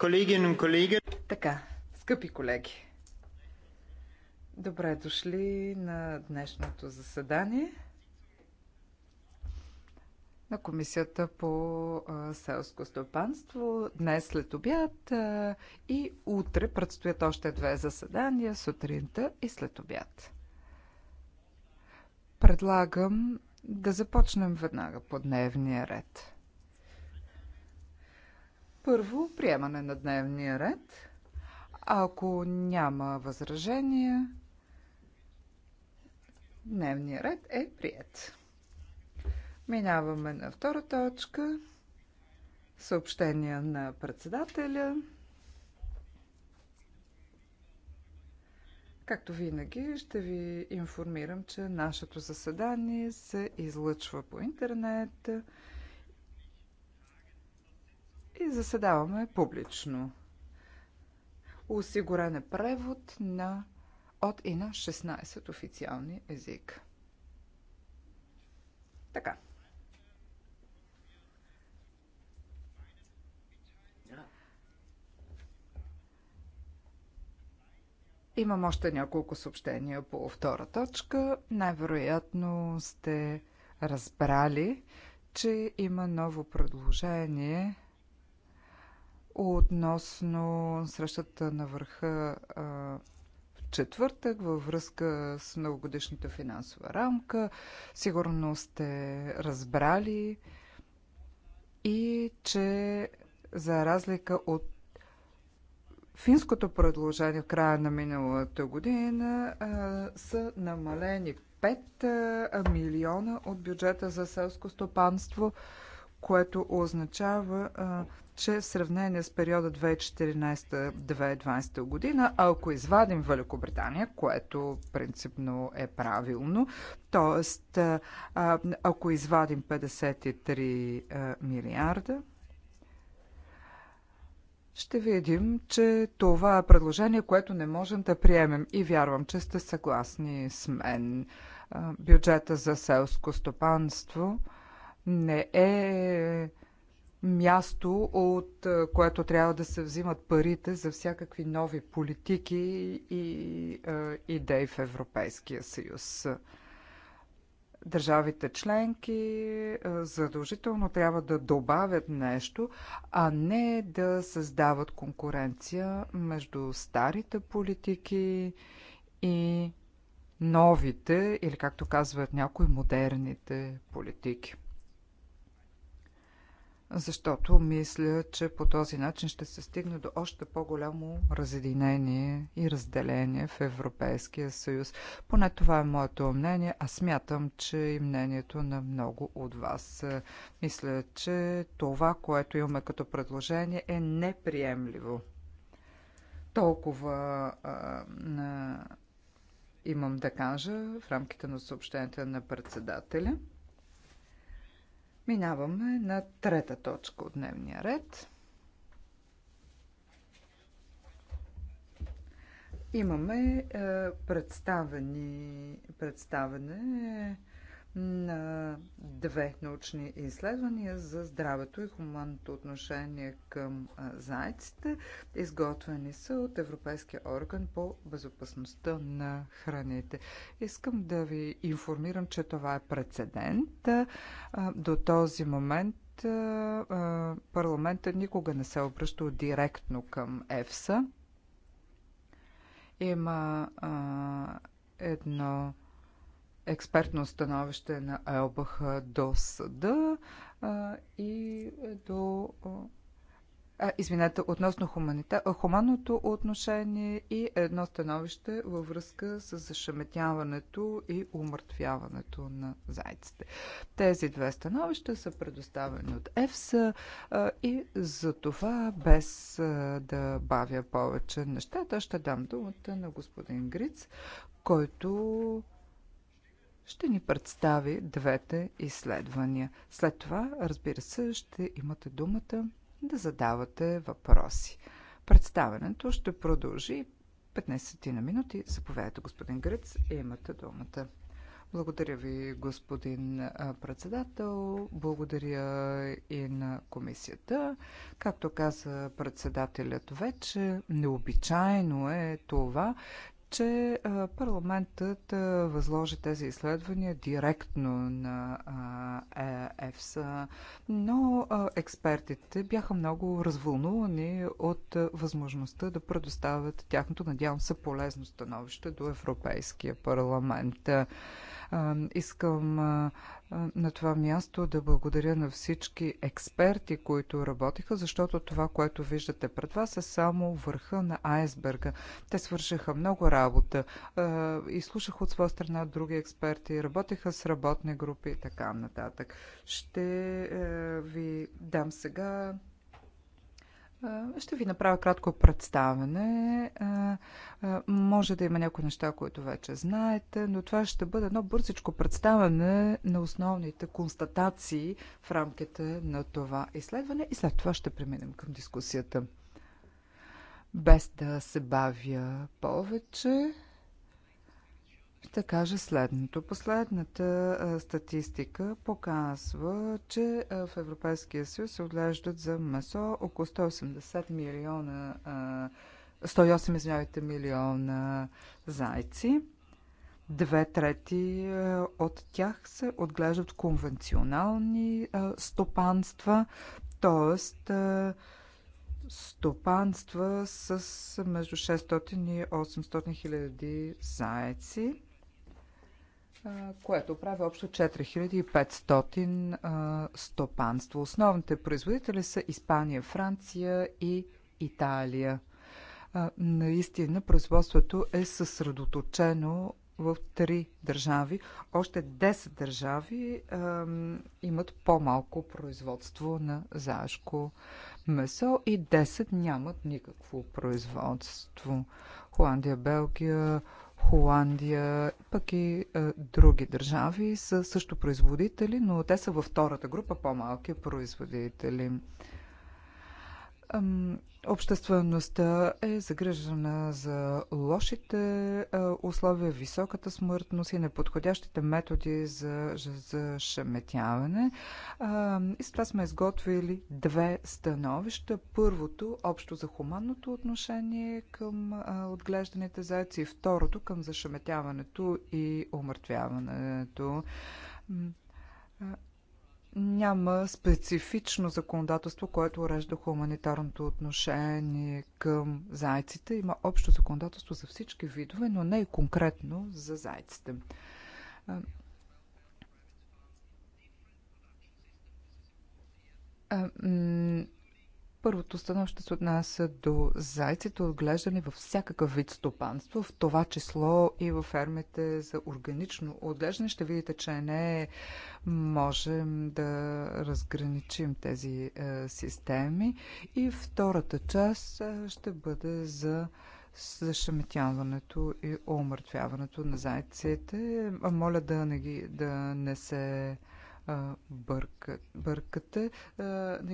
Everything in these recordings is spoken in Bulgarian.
Колеги, колеги. Така, скъпи колеги. Добре дошли на днешното заседание на Комисията по селско стопанство. Днес след обяд и утре предстоят още две заседания сутринта и след обяд. Предлагам да започнем веднага по дневния ред. Първо, приемане на дневния ред. Ако няма възражения, дневния ред е прият. Минаваме на втора точка. Съобщения на председателя. Както винаги, ще ви информирам, че нашето заседание се излъчва по интернет и заседаваме публично. Осигурен е превод на от и на 16 официални език. Така. Имам още няколко съобщения по втора точка. Най-вероятно сте разбрали, че има ново предложение относно срещата на върха в четвъртък във връзка с многогодишната финансова рамка. Сигурно сте разбрали и че за разлика от финското предложение в края на миналата година а, са намалени 5 а, милиона от бюджета за селско стопанство. А, което означава, че в сравнение с периода 2014-2020 година, ако извадим Великобритания, което принципно е правилно, т.е. ако извадим 53 милиарда, ще видим, че това е предложение, което не можем да приемем и вярвам, че сте съгласни с мен. Бюджета за селско стопанство – не е място, от е, което трябва да се взимат парите за всякакви нови политики и е, идеи в Европейския съюз. Държавите членки е, задължително трябва да добавят нещо, а не да създават конкуренция между старите политики и новите, или както казват някои, модерните политики защото мисля, че по този начин ще се стигне до още по-голямо разединение и разделение в Европейския съюз. Поне това е моето мнение, а смятам, че и мнението на много от вас. Мисля, че това, което имаме като предложение е неприемливо. Толкова а, на, имам да кажа в рамките на съобщенията на председателя. Минаваме на трета точка от дневния ред. Имаме е, представени, представене на две научни изследвания за здравето и хуманното отношение към зайците. Изготвени са от Европейския орган по безопасността на храните. Искам да ви информирам, че това е прецедент. До този момент парламента никога не се е обръща директно към ЕФСА. Има едно експертно становище на ЕЛБХ до съда а, и до. А, извинете, относно хуманита... хуманното отношение и едно становище във връзка с зашеметяването и умъртвяването на зайците. Тези две становища са предоставени от ЕФСА а, и за това, без а, да бавя повече нещата, ще дам думата на господин Гриц, който ще ни представи двете изследвания. След това, разбира се, ще имате думата да задавате въпроси. Представенето ще продължи 15 на минути. Заповядайте, господин Гръц, имате думата. Благодаря ви, господин председател. Благодаря и на комисията. Както каза председателят вече, необичайно е това, че парламентът възложи тези изследвания директно на е, ЕФСА, но експертите бяха много развълнувани от възможността да предоставят тяхното, надявам се, полезно становище до Европейския парламент. Искам на това място да благодаря на всички експерти, които работиха, защото това, което виждате пред вас е само върха на айсберга. Те свършиха много работа работа. слушах от своя страна други експерти, работеха с работни групи и така нататък. Ще е, ви дам сега е, ще ви направя кратко представене. Е, може да има някои неща, които вече знаете, но това ще бъде едно бързичко представене на основните констатации в рамките на това изследване и след това ще преминем към дискусията. Без да се бавя повече, ще кажа следното. Последната статистика показва, че в Европейския съюз се отглеждат за месо около 180 милиона, 108 извинявайте, милиона зайци. Две трети от тях се отглеждат конвенционални стопанства, т.е стопанства с между 600 и 800 хиляди заеци, което прави общо 4500 стопанства. Основните производители са Испания, Франция и Италия. Наистина производството е съсредоточено в три държави. Още 10 държави имат по-малко производство на заешко месо и 10 нямат никакво производство. Холандия, Белгия, Холандия, пък и е, други държави са също производители, но те са във втората група по-малки производители. Обществеността е загрижена за лошите условия, високата смъртност и неподходящите методи за, за шеметяване. И с това сме изготвили две становища. Първото общо за хуманното отношение към отглежданите зайци и второто към зашеметяването и умъртвяването няма специфично законодателство, което урежда хуманитарното отношение към зайците. Има общо законодателство за всички видове, но не и конкретно за зайците. Първото становище се отнася до зайците, отглеждане във всякакъв вид стопанство, в това число и във фермите за органично отглеждане. Ще видите, че не можем да разграничим тези е, системи. И втората част е, ще бъде за зашеметяването и омъртвяването на зайците. Моля да не, ги, да не се бърка, бъркате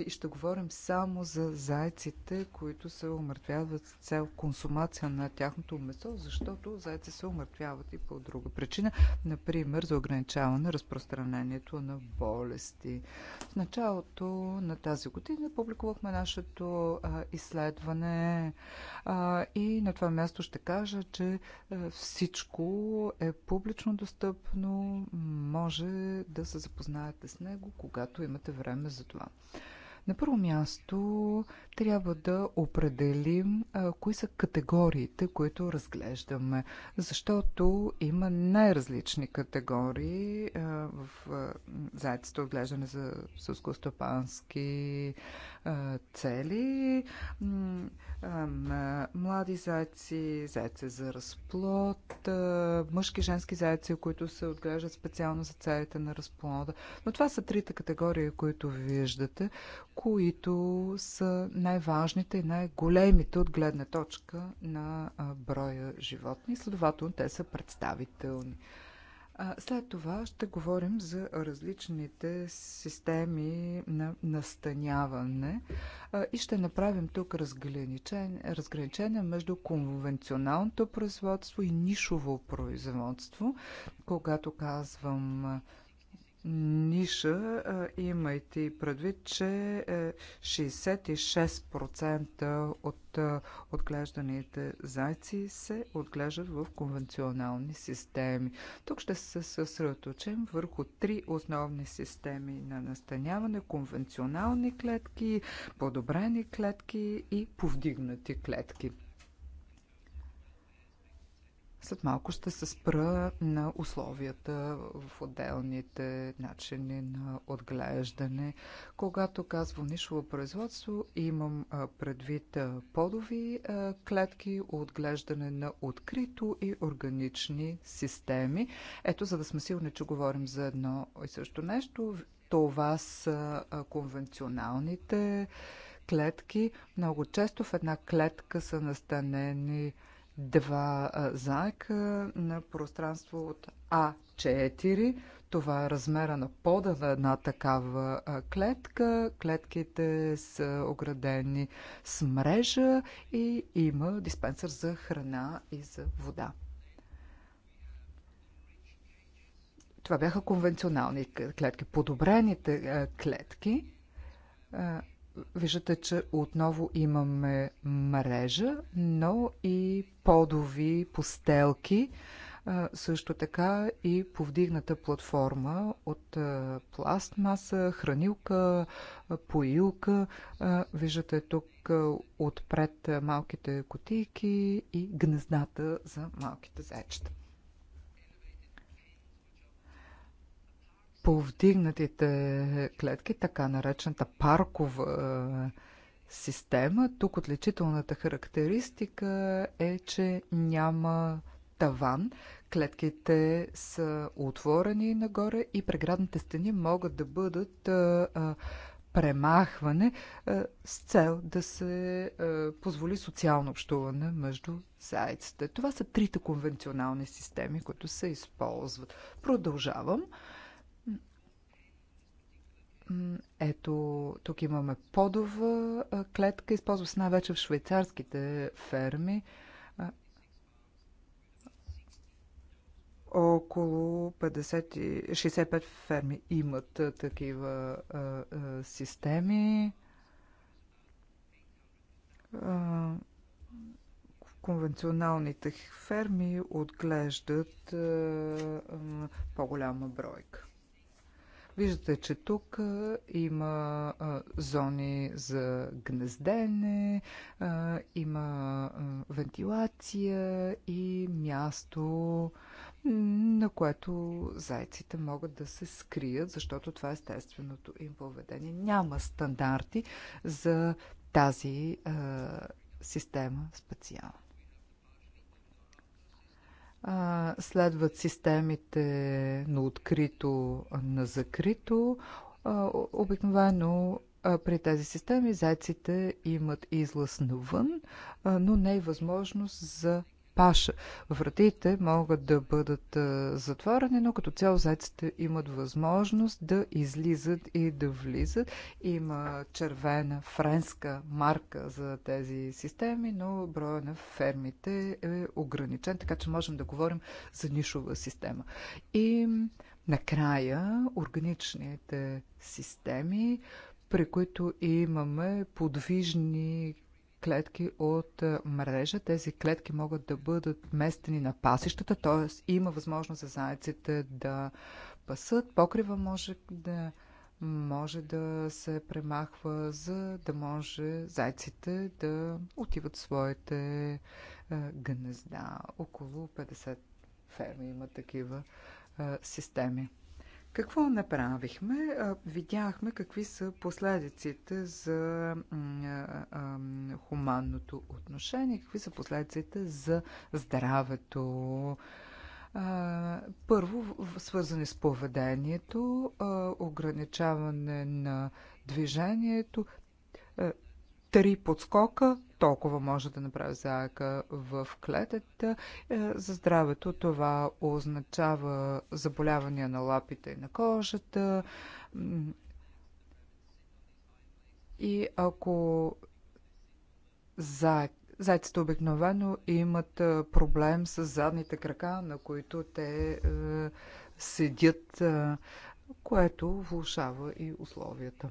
и ще говорим само за зайците, които се умъртвяват с цел консумация на тяхното месо, защото зайци се умъртвяват и по друга причина, например за ограничаване на разпространението на болести. В началото на тази година публикувахме нашето изследване и на това място ще кажа, че всичко е публично достъпно, може да се запознае запознаете с него, когато имате време за това. На първо място трябва да определим а, кои са категориите, които разглеждаме, защото има най-различни категории а, в а, зайците отглеждане за сълскостопански цели. млади зайци, зайци за разплод, мъжки, женски зайци, които се отглеждат специално за целите на разплода. Но това са трите категории, които виждате, които са най-важните и най-големите от гледна точка на броя животни. Следователно, те са представителни. След това ще говорим за различните системи на настаняване и ще направим тук разграничение между конвенционалното производство и нишово производство. Когато казвам ниша, имайте предвид, че 66% е, от е, отглежданите зайци се отглеждат в конвенционални системи. Тук ще се съсредоточим върху три основни системи на настаняване конвенционални клетки, подобрени клетки и повдигнати клетки. След малко ще се спра на условията в отделните начини на отглеждане. Когато казвам нишово производство, имам предвид подови клетки, отглеждане на открито и органични системи. Ето, за да сме сигурни, че говорим за едно и също нещо, това са конвенционалните клетки. Много често в една клетка са настанени два заека на пространство от А4. Това е размера на пода на една такава клетка. Клетките са оградени с мрежа и има диспенсър за храна и за вода. Това бяха конвенционални клетки. Подобрените клетки Виждате, че отново имаме мрежа, но и подови постелки, също така и повдигната платформа от пластмаса, хранилка, поилка. Виждате тук отпред малките котийки и гнездата за малките зайчета. повдигнатите клетки, така наречената паркова е, система. Тук отличителната характеристика е, че няма таван. Клетките са отворени нагоре и преградните стени могат да бъдат е, е, премахване с цел да се позволи социално общуване между зайците. Това са трите конвенционални системи, които се използват. Продължавам. Ето, тук имаме подова клетка, използва се най-вече в швейцарските ферми. Около 50, 65 ферми имат такива системи. конвенционалните ферми отглеждат по-голяма бройка. Виждате, че тук има зони за гнездене, има вентилация и място, на което зайците могат да се скрият, защото това е естественото им поведение. Няма стандарти за тази система специално а, следват системите на открито, на закрито. А, обикновено а, при тези системи зайците имат излъз навън, а, но не е възможност за паша. Вратите могат да бъдат затворени, но като цяло зайците имат възможност да излизат и да влизат. Има червена френска марка за тези системи, но броя на фермите е ограничен, така че можем да говорим за нишова система. И накрая органичните системи, при които имаме подвижни клетки от е, мрежа. Тези клетки могат да бъдат местени на пасищата, т.е. има възможност за зайците да пасат. Покрива може да може да се премахва, за да може зайците да отиват в своите е, гнезда. Около 50 ферми има такива е, системи. Какво направихме? Видяхме какви са последиците за хуманното отношение, какви са последиците за здравето. Първо, свързани с поведението, ограничаване на движението, три подскока, толкова може да направи заека в клетата. Е, за здравето това означава заболявания на лапите и на кожата. И ако заек Зайците обикновено имат е, проблем с задните крака, на които те е, седят, е, което влушава и условията.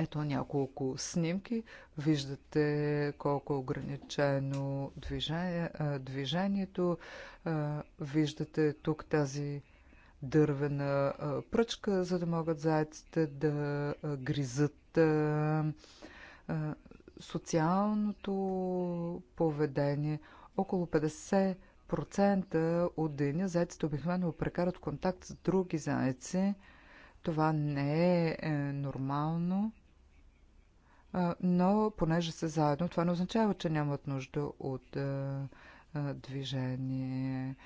Ето няколко снимки. Виждате колко е ограничено движение, движението. Виждате тук тази дървена пръчка, за да могат зайците да гризат социалното поведение. Около 50% от деня зайците обикновено прекарат контакт с други зайци. Това не е, е нормално но понеже са заедно, това не означава, че нямат нужда от движение.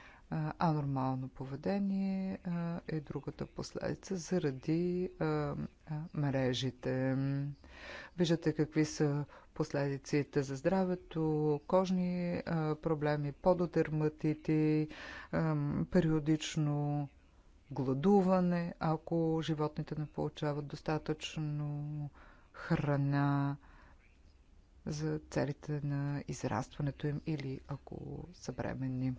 Анормално поведение е другата последица заради мрежите. Виждате какви са последиците за здравето, кожни проблеми, пододерматити, периодично гладуване, ако животните не получават достатъчно храна за целите на израстването им или ако са бременни.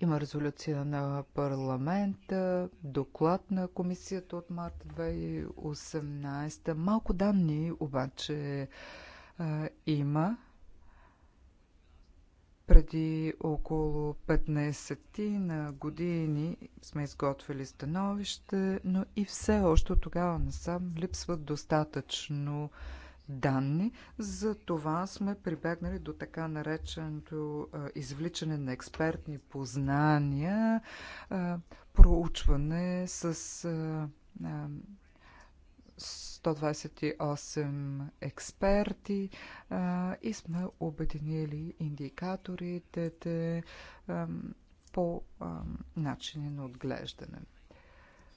Има резолюция на парламента, доклад на комисията от март 2018. Малко данни обаче има. Преди около 15 на години сме изготвили становище, но и все още от тогава насам липсват достатъчно данни. За това сме прибегнали до така нареченото извличане на експертни познания, проучване с 128 експерти а, и сме обединили индикаторите а, по а, начини на отглеждане.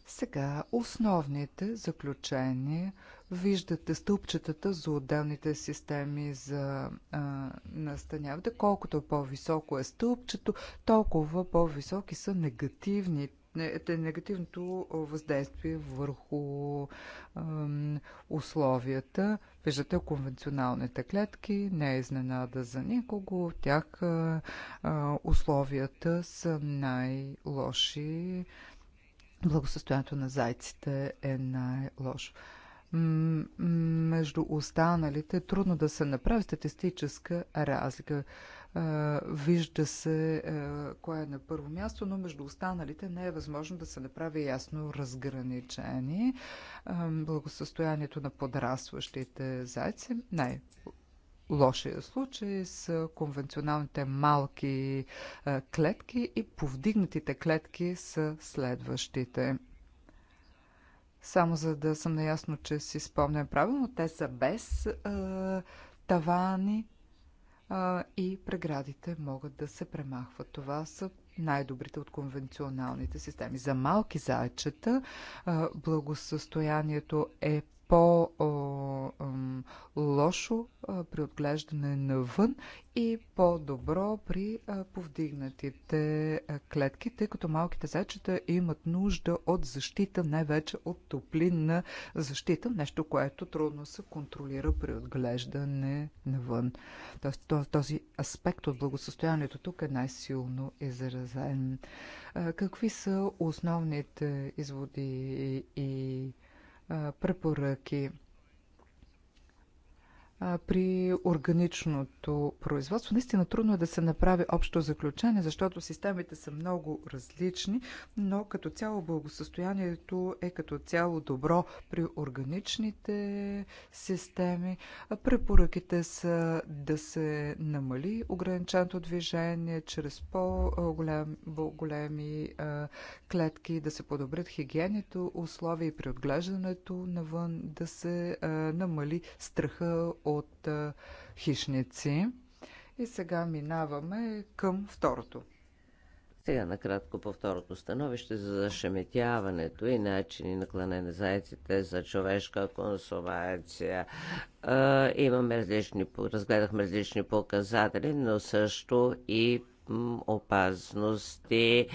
Сега основните заключения. Виждате стълбчетата за отделните системи за а, настаняване. Колкото по-високо е стълбчето, толкова по-високи са негативните негативното въздействие върху условията. Виждате конвенционалните клетки, не е изненада за никого. В тях условията са най-лоши. Благосъстоянието на зайците е най-лошо между останалите трудно да се направи статистическа разлика вижда се кое е на първо място, но между останалите не е възможно да се направи ясно разграничение. Благосъстоянието на подрастващите зайци най- лошия случай с конвенционалните малки клетки и повдигнатите клетки са следващите. Само за да съм наясно, че си спомням правилно, те са без тавани, а, и преградите могат да се премахват. Това са най-добрите от конвенционалните системи. За малки зайчета благосъстоянието е по-лошо при отглеждане навън и по-добро при повдигнатите клетки, тъй като малките зайчета имат нужда от защита, най-вече от топлинна защита, нещо, което трудно се контролира при отглеждане навън. Тоест, този аспект от благосостоянието тук е най-силно изразен. Какви са основните изводи и препоръки при органичното производство. Наистина трудно е да се направи общо заключение, защото системите са много различни, но като цяло благосъстоянието е като цяло добро при органичните системи. Препоръките са да се намали ограниченото движение чрез по-големи клетки, да се подобрят хигиените условия и при отглеждането навън, да се намали страха от хищници. И сега минаваме към второто. Сега накратко по второто становище за зашеметяването и начини на клане на зайците за човешка консумация. имаме различни, разгледахме различни показатели, но също и опасности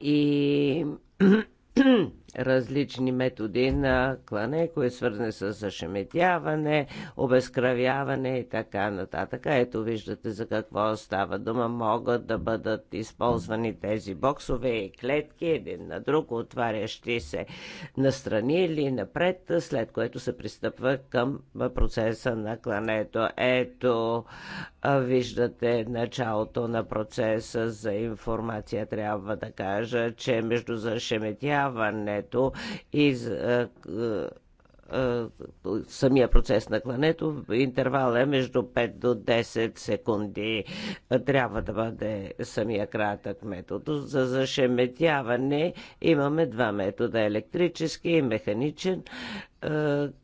и различни методи на клане, е свързани с зашеметяване, обезкравяване и така нататък. Ето виждате за какво става дума. Могат да бъдат използвани тези боксове и клетки един на друг, отварящи се настрани или напред, след което се пристъпва към процеса на клането. Ето виждате началото на процеса за информация. Трябва да кажа, че между зашеметяване наклоняването и самия процес на клането. Интервал е между 5 до 10 секунди. Трябва да бъде самия кратък метод. За зашеметяване имаме два метода електрически и механичен.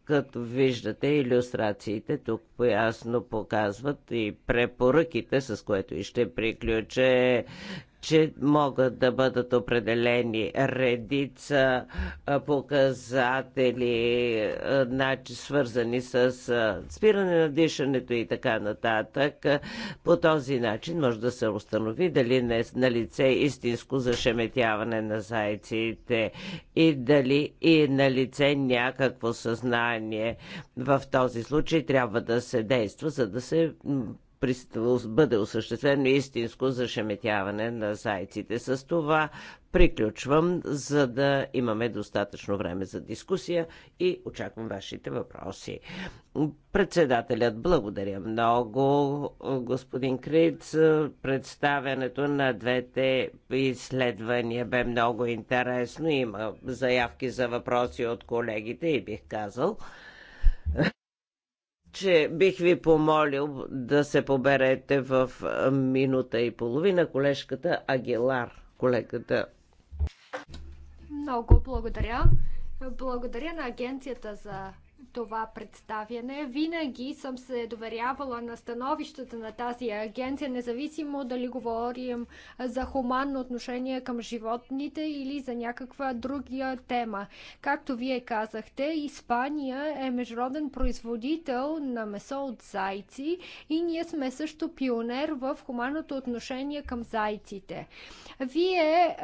Като виждате, иллюстрациите тук поясно показват и препоръките, с което и ще приключе че могат да бъдат определени редица показатели, значи свързани с спиране на дишането и така нататък. По този начин може да се установи дали не е на лице истинско зашеметяване на зайците и дали и на лице някакво съзнание. В този случай трябва да се действа, за да се бъде осъществено истинско зашеметяване на зайците. С това приключвам, за да имаме достатъчно време за дискусия и очаквам вашите въпроси. Председателят, благодаря много, господин Криц. Представянето на двете изследвания бе много интересно. Има заявки за въпроси от колегите и бих казал че бих ви помолил да се поберете в минута и половина колежката Агилар, колегата. Много благодаря. Благодаря на агенцията за това представяне. Винаги съм се доверявала на становищата на тази агенция, независимо дали говорим за хуманно отношение към животните или за някаква друга тема. Както вие казахте, Испания е международен производител на месо от зайци и ние сме също пионер в хуманното отношение към зайците. Вие е,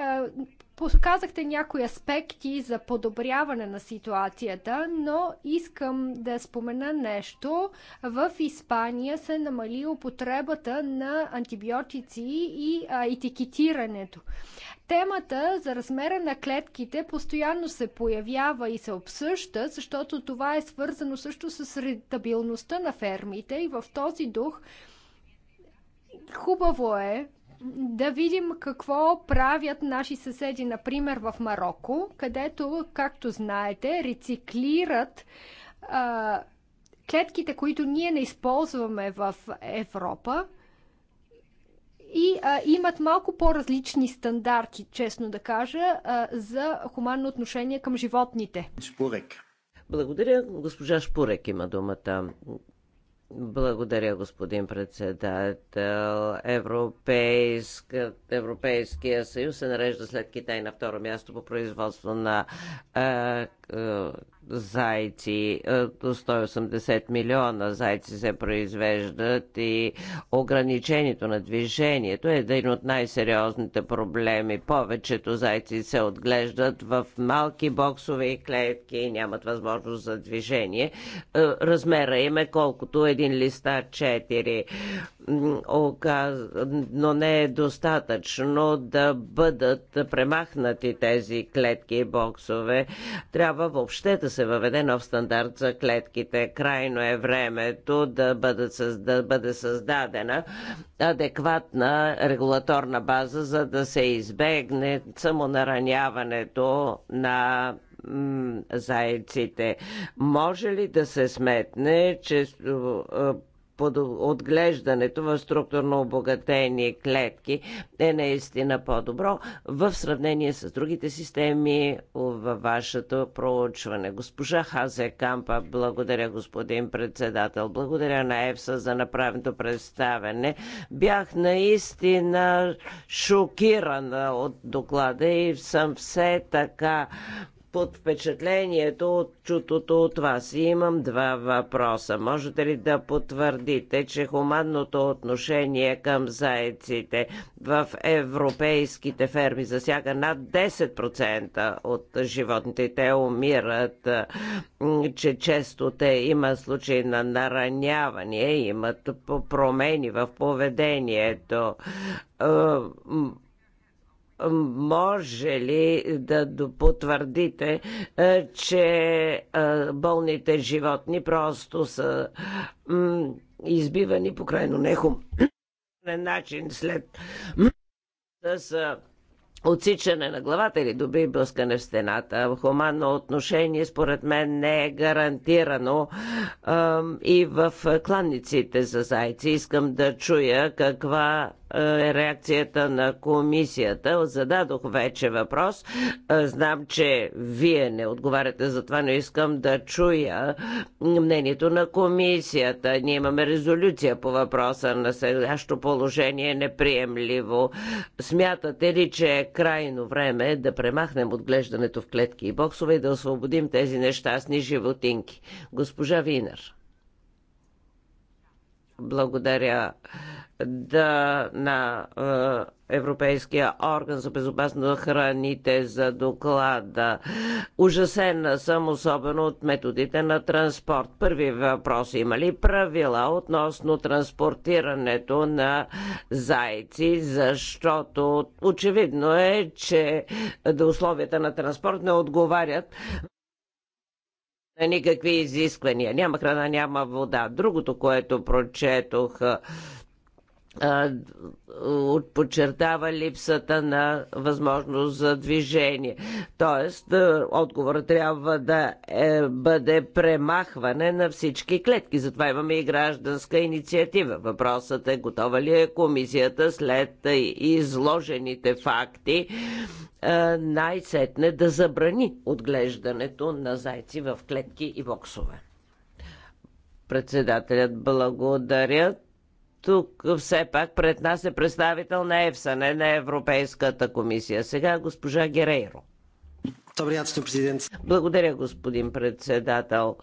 Показахте някои аспекти за подобряване на ситуацията, но искам да спомена нещо. В Испания се намали употребата на антибиотици и а, етикетирането. Темата за размера на клетките постоянно се появява и се обсъжда, защото това е свързано също с рентабилността на фермите и в този дух хубаво е да видим какво правят наши съседи, например в Марокко, където, както знаете, рециклират а, клетките, които ние не използваме в Европа и а, имат малко по-различни стандарти, честно да кажа, а, за хуманно отношение към животните. Шпурек. Благодаря. Госпожа Шпурек има думата. Благодаря, господин председател. Европейска, Европейския съюз се нарежда след Китай на второ място по производство на е, е, зайци, 180 е, милиона зайци се произвеждат и ограничението на движението е един от най-сериозните проблеми. Повечето зайци се отглеждат в малки боксове и клетки и нямат възможност за движение. Е, размера им е колкото един листа 4. Но не е достатъчно да бъдат премахнати тези клетки и боксове. Трябва въобще да се въведе нов стандарт за клетките. Крайно е времето да, бъде, да бъде създадена адекватна регулаторна база, за да се избегне самонараняването на зайците. Може ли да се сметне, че под отглеждането в структурно обогатени клетки е наистина по-добро в сравнение с другите системи във вашето проучване. Госпожа Хазе Кампа, благодаря господин председател, благодаря на ЕФСА за направеното представене. Бях наистина шокирана от доклада и съм все така под впечатлението от чутото от вас. И имам два въпроса. Можете ли да потвърдите, че хуманното отношение към зайците в европейските ферми засяга над 10% от животните? Те умират, че често те има случаи на наранявания, имат промени в поведението е, може ли да потвърдите, е, че е, болните животни просто са избивани по крайно нехум начин след са отсичане на главата или доби блъскане в стената. Хуманно отношение според мен не е гарантирано и в кланниците за зайци. Искам да чуя каква е, реакцията на комисията. Зададох вече въпрос. Е, знам, че вие не отговаряте за това, но искам да чуя мнението на комисията. Ние имаме резолюция по въпроса на сегашното положение е неприемливо. Смятате ли, че е крайно време да премахнем отглеждането в клетки и боксове и да освободим тези нещастни животинки? Госпожа Винер. Благодаря да, на е, Европейския орган за безопасност на храните за доклада. Ужасена съм особено от методите на транспорт. Първи въпрос има ли правила относно транспортирането на зайци, защото очевидно е, че да условията на транспорт не отговарят на никакви изисквания. Няма храна, няма вода. Другото, което прочетох подчертава липсата на възможност за движение. Тоест, отговор трябва да е, бъде премахване на всички клетки. Затова имаме и гражданска инициатива. Въпросът е готова ли е комисията след изложените факти най-сетне да забрани отглеждането на зайци в клетки и боксове. Председателят благодаря тук все пак пред нас е представител на ЕФСА, не на Европейската комисия. Сега госпожа Герейро. Добре, президент. Благодаря, господин председател.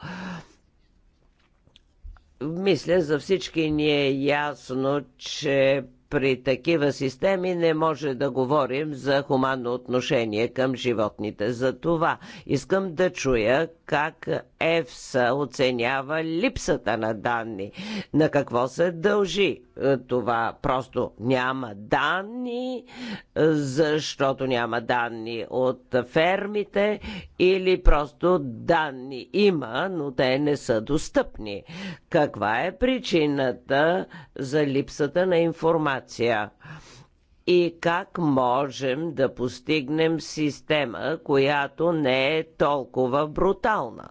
Мисля, за всички ни е ясно, че при такива системи не може да говорим за хуманно отношение към животните. За това искам да чуя как ЕФСА оценява липсата на данни. На какво се дължи е, това? Просто няма данни, е, защото няма данни от фермите или просто данни има, но те не са достъпни. Каква е причината за липсата на информация? и как можем да постигнем система, която не е толкова брутална.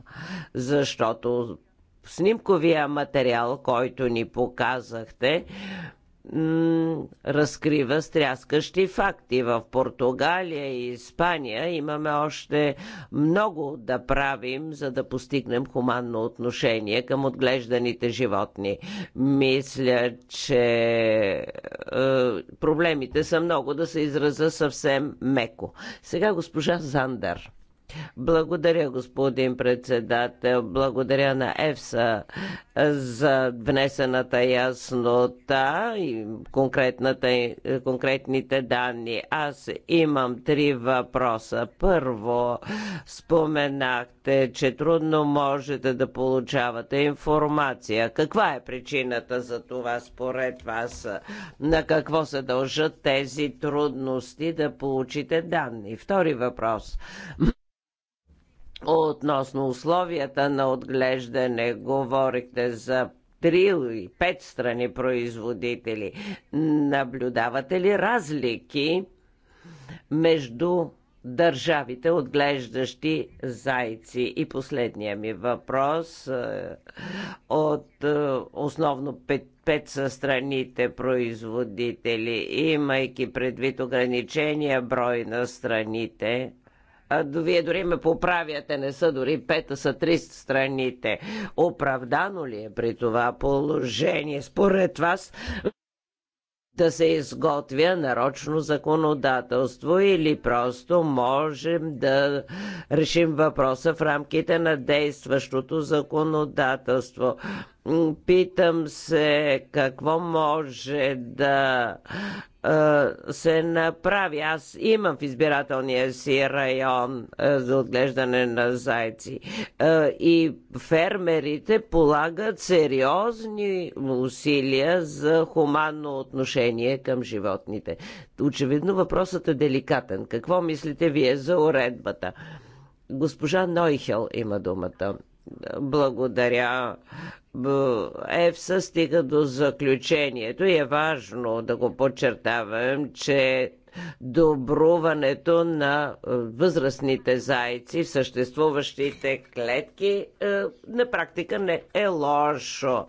Защото снимковия материал, който ни показахте, разкрива стряскащи факти. В Португалия и Испания имаме още много да правим, за да постигнем хуманно отношение към отглежданите животни. Мисля, че е, проблемите са много да се израза съвсем меко. Сега госпожа Зандър. Благодаря, господин председател. Благодаря на ЕФСА за внесената яснота и конкретните данни. Аз имам три въпроса. Първо, споменахте, че трудно можете да получавате информация. Каква е причината за това според вас? На какво се дължат тези трудности да получите данни? Втори въпрос Относно условията на отглеждане, говорихте за три или пет страни производители. Наблюдавате ли разлики между държавите, отглеждащи зайци. И последния ми въпрос е, от е, основно пет, пет са страните производители, имайки предвид ограничения брой на страните, а, вие дори ме поправяте, не са дори пета, са три страните. Оправдано ли е при това положение според вас? да се изготвя нарочно законодателство или просто можем да решим въпроса в рамките на действащото законодателство. Питам се какво може да се направи. Аз имам в избирателния си район за отглеждане на зайци. И фермерите полагат сериозни усилия за хуманно отношение към животните. Очевидно въпросът е деликатен. Какво мислите вие за уредбата? Госпожа Нойхел има думата. Благодаря. ЕФСА стига до заключението и е важно да го подчертавам, че добруването на е, възрастните зайци в съществуващите клетки е, на практика не е лошо.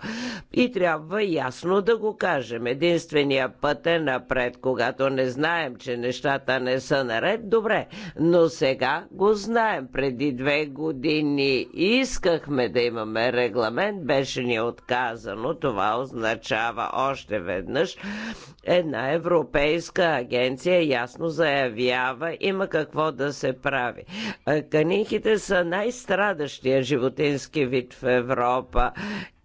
И трябва ясно да го кажем. Единствения път е напред, когато не знаем, че нещата не са наред, добре, но сега го знаем. Преди две години искахме да имаме регламент, беше че ни е отказано. Това означава още веднъж една европейска агенция ясно заявява, има какво да се прави. Канихите са най-страдащия животински вид в Европа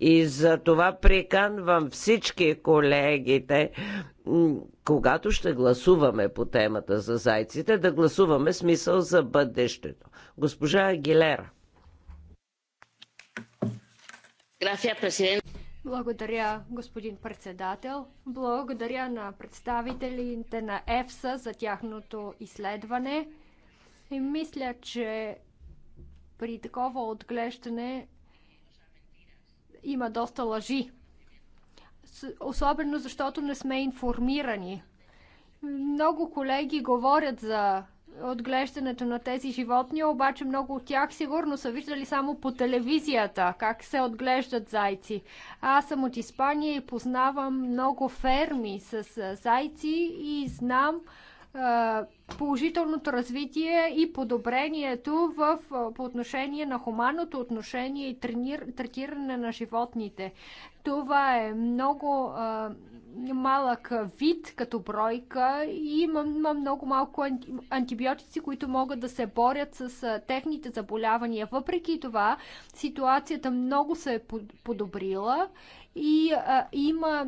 и за това приканвам всички колегите, когато ще гласуваме по темата за зайците, да гласуваме смисъл за бъдещето. Госпожа Агилера. Благодаря, господин председател. Благодаря на представителите на ЕФСА за тяхното изследване. И мисля, че при такова отглеждане има доста лъжи. Особено защото не сме информирани. Много колеги говорят за отглеждането на тези животни, обаче много от тях сигурно са виждали само по телевизията как се отглеждат зайци. Аз съм от Испания и познавам много ферми с зайци и знам, положителното развитие и подобрението в, по отношение на хуманното отношение и тренир, третиране на животните. Това е много а, малък вид като бройка и има, има много малко антибиотици, които могат да се борят с а, техните заболявания. Въпреки това, ситуацията много се е подобрила и а, има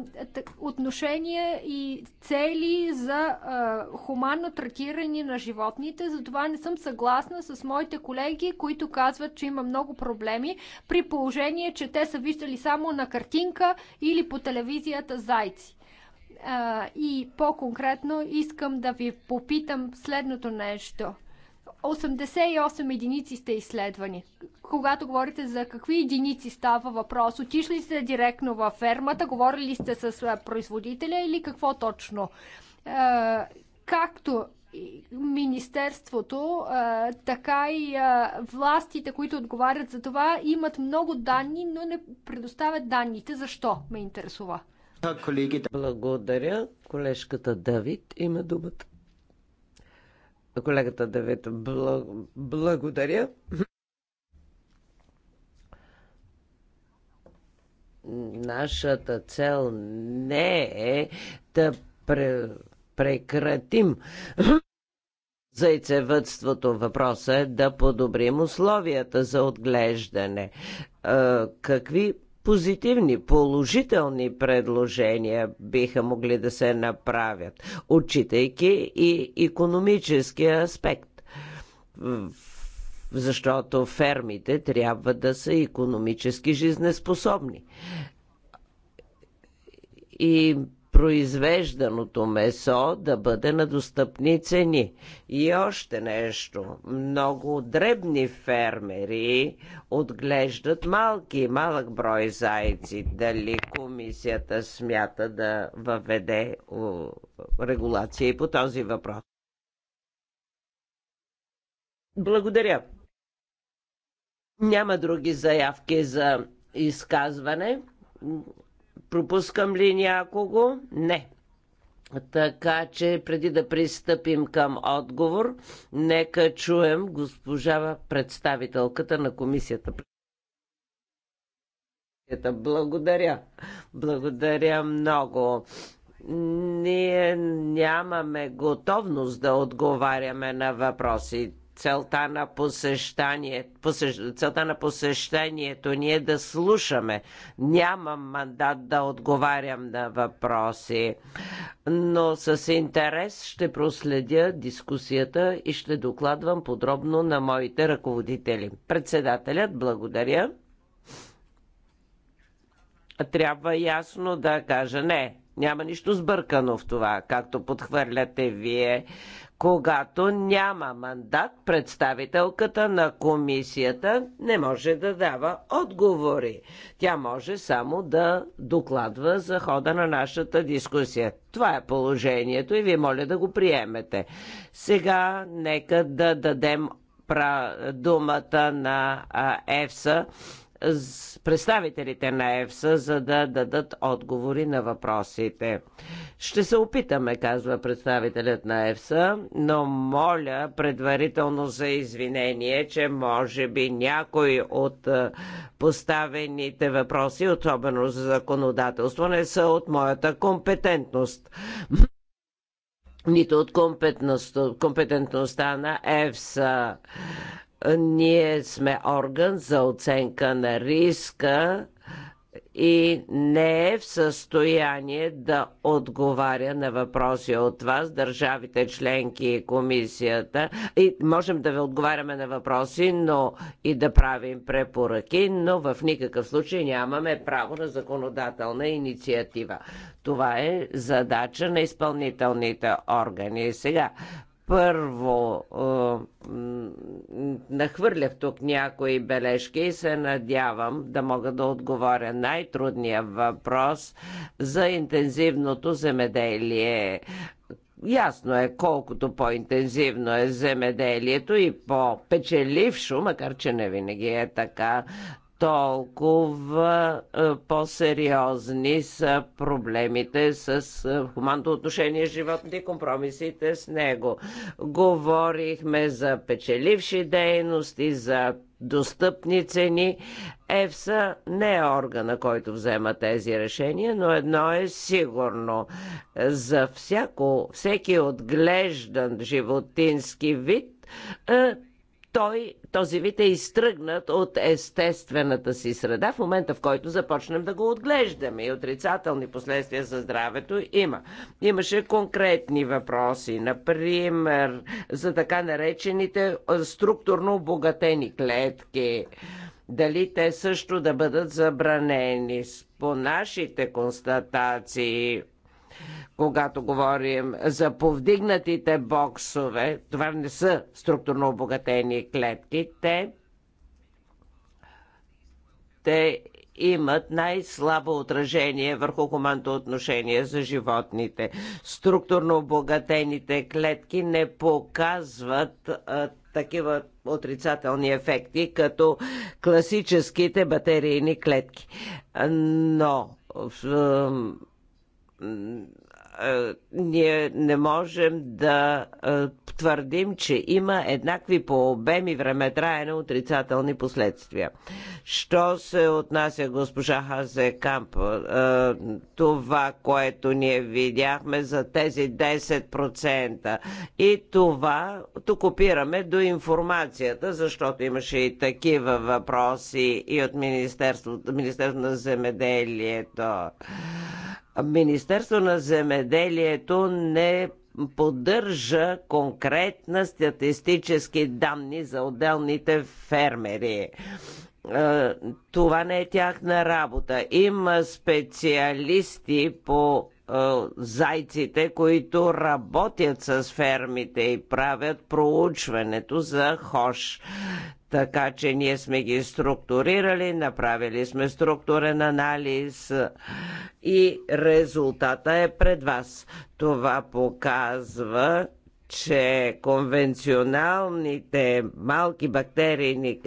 отношения и цели за а, хуманно третиране на животните. Затова не съм съгласна с моите колеги, които казват, че има много проблеми при положение, че те са виждали само на картинка или по телевизията зайци. А, и по-конкретно искам да ви попитам следното нещо – 88 единици сте изследвани. Когато говорите за какви единици става въпрос, отишли сте директно във фермата, говорили сте с производителя или какво точно? Както Министерството, така и властите, които отговарят за това, имат много данни, но не предоставят данните. Защо ме интересува? Благодаря. Колежката Давид има думата. Колегата Давид, благодаря. Нашата цел не е да пре, прекратим зайцевътството. Въпросът е да подобрим условията за отглеждане. Какви позитивни, положителни предложения биха могли да се направят, отчитайки и економическия аспект. Защото фермите трябва да са економически жизнеспособни. И произвежданото месо да бъде на достъпни цени. И още нещо. Много дребни фермери отглеждат малки, и малък брой зайци. Дали комисията смята да въведе регулация и по този въпрос? Благодаря. Няма други заявки за изказване. Пропускам ли някого? Не. Така че преди да пристъпим към отговор, нека чуем госпожа представителката на комисията. Благодаря. Благодаря много ние нямаме готовност да отговаряме на въпросите целта на, посещание, посещ, целта на посещението ни е да слушаме. Нямам мандат да отговарям на въпроси, но с интерес ще проследя дискусията и ще докладвам подробно на моите ръководители. Председателят, благодаря. Трябва ясно да кажа не. Няма нищо сбъркано в това, както подхвърляте вие. Когато няма мандат, представителката на комисията не може да дава отговори. Тя може само да докладва за хода на нашата дискусия. Това е положението и ви моля да го приемете. Сега нека да дадем думата на ЕФСА с представителите на ЕФСА, за да дадат отговори на въпросите. Ще се опитаме, казва представителят на ЕФСА, но моля предварително за извинение, че може би някой от поставените въпроси, особено за законодателство, не са от моята компетентност нито от компетентността на ЕФСА. Ние сме орган за оценка на риска и не е в състояние да отговаря на въпроси от вас, държавите членки и комисията. И можем да ви отговаряме на въпроси, но и да правим препоръки, но в никакъв случай нямаме право на законодателна инициатива. Това е задача на изпълнителните органи. Сега, първо, е, нахвърлях тук някои бележки и се надявам да мога да отговоря най-трудния въпрос за интензивното земеделие. Ясно е, колкото по-интензивно е земеделието и по-печелившо, макар че не винаги е така, толкова е, по-сериозни са проблемите с е, хуманното отношение с животните и компромисите с него. Говорихме за печеливши дейности, за достъпни цени. ЕФСА не е органа, който взема тези решения, но едно е сигурно. За всяко, всеки отглеждан животински вид е, той този вид е изтръгнат от естествената си среда в момента, в който започнем да го отглеждаме. И отрицателни последствия за здравето има. Имаше конкретни въпроси, например, за така наречените структурно обогатени клетки дали те също да бъдат забранени. По нашите констатации когато говорим за повдигнатите боксове, това не са структурно обогатени клетки, те, те имат най-слабо отражение върху хуманто отношение за животните. Структурно обогатените клетки не показват а, такива отрицателни ефекти, като класическите батерийни клетки. Но в. Е, ние не можем да е, твърдим, че има еднакви по обеми време времетраене отрицателни последствия. Що се отнася госпожа Хазе Камп, е, това, което ние видяхме за тези 10% и това тук опираме до информацията, защото имаше и такива въпроси и от Министерството, Министерството на земеделието. Министерство на земеделието не поддържа конкретна статистически данни за отделните фермери е, това не е тяхна работа. Има специалисти по е, зайците, които работят с фермите и правят проучването за хош. Така че ние сме ги структурирали, направили сме структурен анализ и резултата е пред вас. Това показва, че конвенционалните малки бактерийни,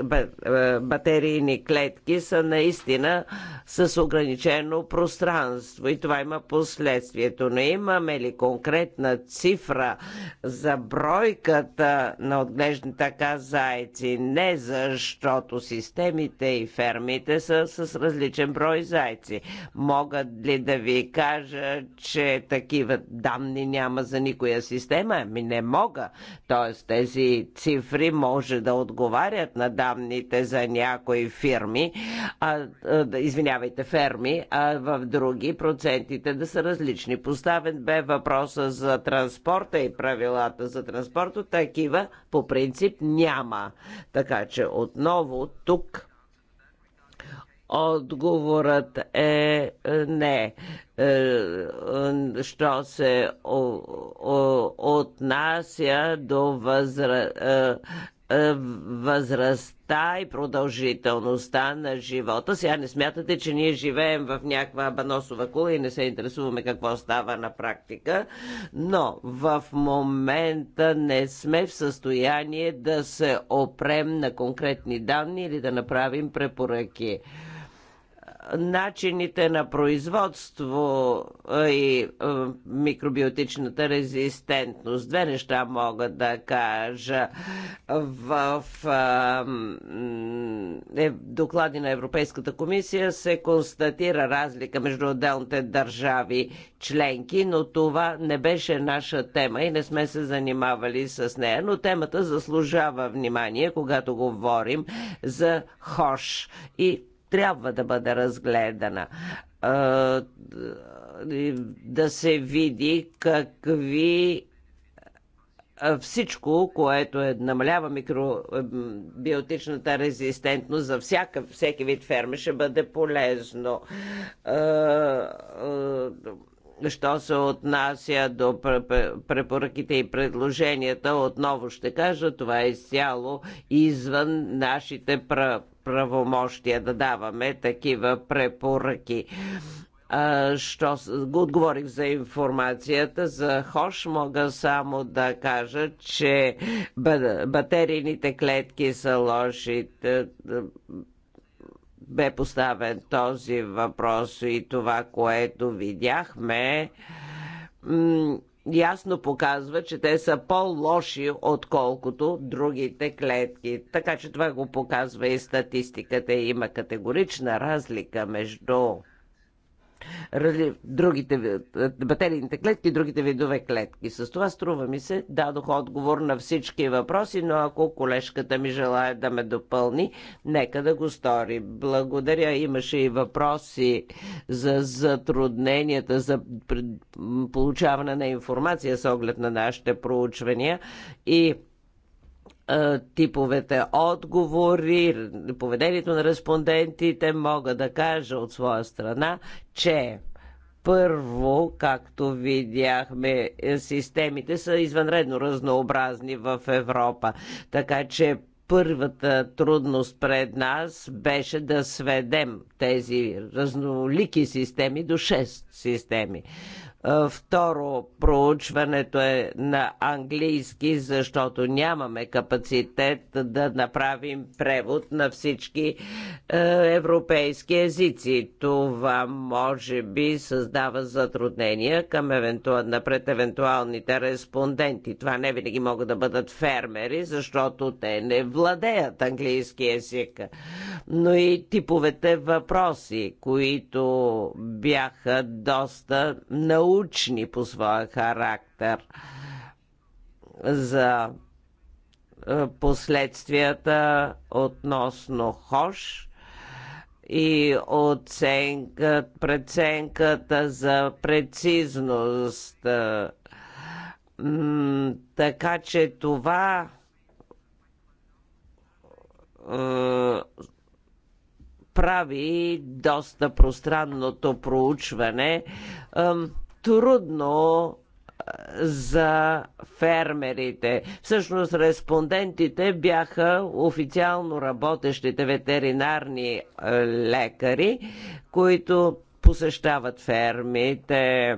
батерийни е, клетки са наистина с ограничено пространство и това има последствието. Но имаме ли конкретна цифра за бройката на отглеждани така зайци? Не защото системите и фермите са с различен брой зайци. Могат ли да ви кажа, че такива данни няма за никоя система? Ами не мога. Т.е. тези цифри може да отговарят на данните за някои фирми, а, извинявайте, ферми, а в други процентите да са различни. Поставен бе въпроса за транспорта и правилата за транспорта. Такива по принцип няма. Така че отново тук Отговорът е, е не. Е, е, що се отнася до възрастта и продължителността на живота. Сега не смятате, че ние живеем в някаква баносова кула и не се интересуваме какво става на практика, но в момента не сме в състояние да се опрем на конкретни данни или да направим препоръки начините на производство и е, микробиотичната резистентност. Две неща мога да кажа. В е, е, доклади на Европейската комисия се констатира разлика между отделните държави членки, но това не беше наша тема и не сме се занимавали с нея. Но темата заслужава внимание, когато говорим за ХОШ и трябва да бъде разгледана. Да се види какви всичко, което е, намалява микробиотичната резистентност за всяка, всеки вид ферми ще бъде полезно Що се отнася до препоръките и предложенията, отново ще кажа, това е изцяло извън нашите правомощия да даваме такива препоръки що го отговорих за информацията за Хош, мога само да кажа, че батерийните клетки са лоши бе поставен този въпрос и това, което видяхме, ясно показва, че те са по-лоши, отколкото другите клетки. Така че това го показва и статистиката. Има категорична разлика между разли... другите, батерийните клетки, другите видове клетки. С това струва ми се, дадох отговор на всички въпроси, но ако колежката ми желая да ме допълни, нека да го стори. Благодаря. Имаше и въпроси за затрудненията, за получаване на информация с оглед на нашите проучвания и е, типовете отговори, поведението на респондентите, мога да кажа от своя страна, че първо, както видяхме, е, системите са извънредно разнообразни в Европа. Така че първата трудност пред нас беше да сведем тези разнолики системи до 6 системи. Е, второ, проучването е на английски, защото нямаме капацитет да направим превод на всички е, европейски езици. Това може би създава затруднения към евентуал, пред евентуалните респонденти. Това не винаги могат да бъдат фермери, защото те не владеят английски език. Но и типовете въпроси, които бяха доста научни научни по своя характер за е, последствията относно ХОШ и оценка, преценката за прецизност. Е, така че това е, прави доста пространното проучване трудно за фермерите. Всъщност респондентите бяха официално работещите ветеринарни е, лекари, които посещават фермите,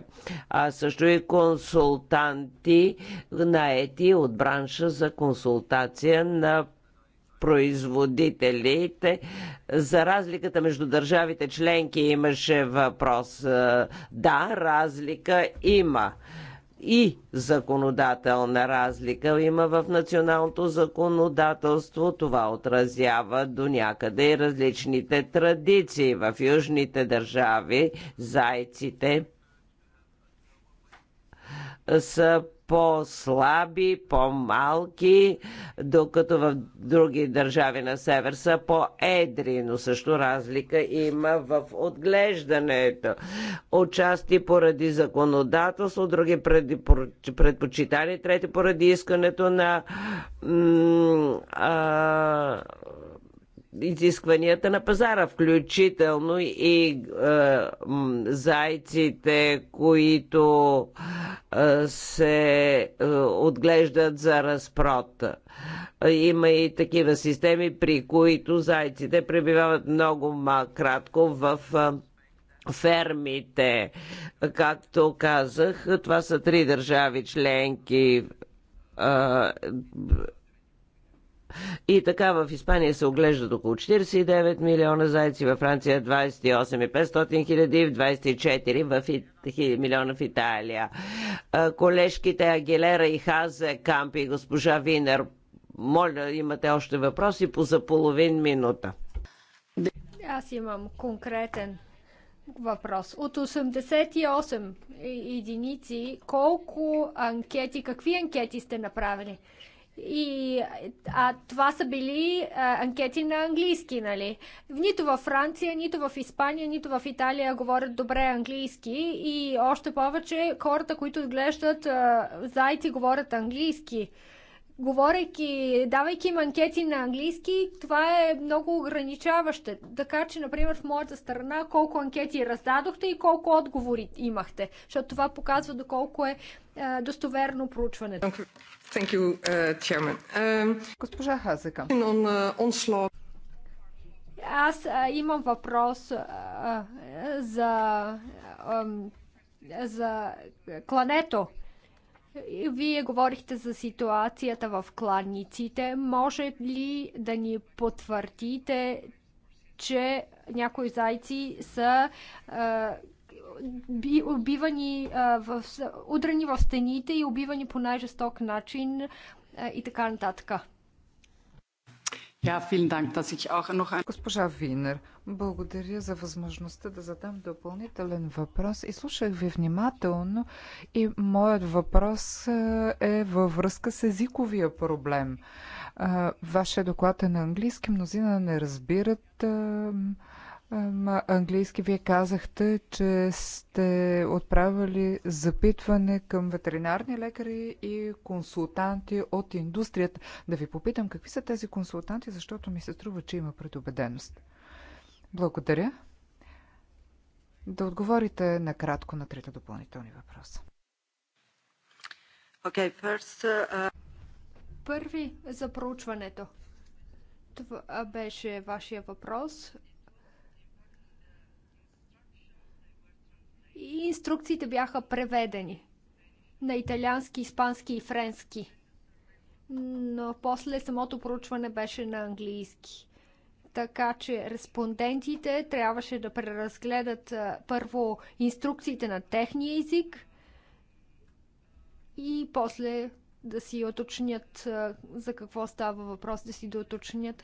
а също и консултанти, наети от бранша за консултация на производителите. За разликата между държавите членки имаше въпрос. Е, да, разлика има и законодателна разлика има в националното законодателство. Това отразява до някъде и различните традиции. В южните държави зайците са по-слаби, по-малки, докато в други държави на север са по-едри, но също разлика има в отглеждането. Отчасти поради законодателство, други предпочитания, трети поради искането на а, изискванията на пазара, включително и е, зайците, които е, се е, отглеждат за разпрота. Има и такива системи, при които зайците пребивават много кратко в е, фермите. Както казах, това са три държави членки е, и така в Испания се оглеждат около 49 милиона зайци, във Франция 28 и в 24 в и... милиона в Италия. Колежките Агилера и Хазе Кампи и госпожа Винер, моля, имате още въпроси по за половин минута. Аз имам конкретен въпрос. От 88 единици, колко анкети, какви анкети сте направили? И, а това са били а, анкети на английски, нали? Нито във Франция, нито в Испания, нито в Италия говорят добре английски и още повече хората, които отглеждат а, зайци, говорят английски говорейки, давайки им анкети на английски, това е много ограничаваще. Така че, например, в моята страна, колко анкети раздадохте и колко отговори имахте, защото това показва доколко е, е достоверно проучването. Thank you, uh, chairman. Um, Госпожа Хазека. On, uh, Аз uh, имам въпрос uh, uh, за, а, за клането. Вие говорихте за ситуацията в кланиците. Може ли да ни потвърдите, че някои зайци са а, убивани, а, в, удрани в стените и убивани по най-жесток начин а, и така нататък? Госпожа Винер, благодаря за възможността да задам допълнителен въпрос. И слушах ви внимателно и моят въпрос е, е във връзка с езиковия проблем. Вашия е доклад е на английски, мнозина не разбират английски вие казахте, че сте отправили запитване към ветеринарни лекари и консултанти от индустрията. Да ви попитам какви са тези консултанти, защото ми се струва, че има предубеденост. Благодаря. Да отговорите накратко на трите допълнителни въпроса. Okay, first, uh... Първи за проучването. Това беше вашия въпрос. И инструкциите бяха преведени на италиански, испански и френски. Но после самото проучване беше на английски. Така че респондентите трябваше да преразгледат първо инструкциите на техния език и после да си оточнят за какво става въпрос, да си доуточнят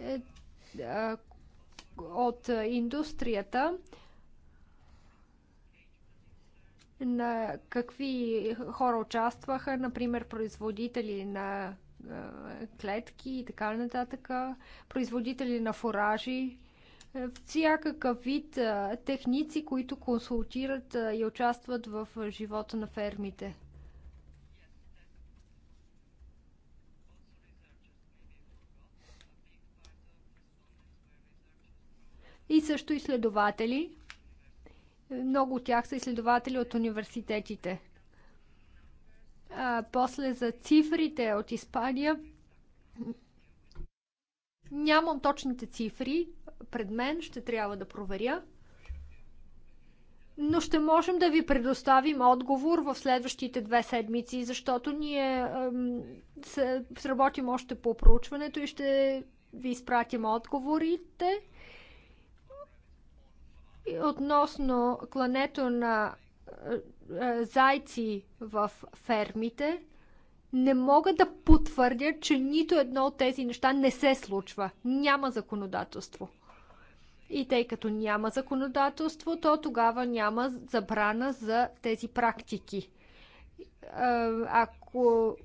е, от индустрията на какви хора участваха, например производители на клетки и така нататък, производители на фуражи, всякакъв вид техници, които консултират и участват в живота на фермите. И също изследователи, много от тях са изследователи от университетите. А, после за цифрите от Испания. Нямам точните цифри пред мен, ще трябва да проверя. Но ще можем да ви предоставим отговор в следващите две седмици, защото ние ем, се, работим още по проучването и ще ви изпратим отговорите относно клането на е, е, зайци в фермите, не мога да потвърдя, че нито едно от тези неща не се случва. Няма законодателство. И тъй като няма законодателство, то тогава няма забрана за тези практики. Е, ако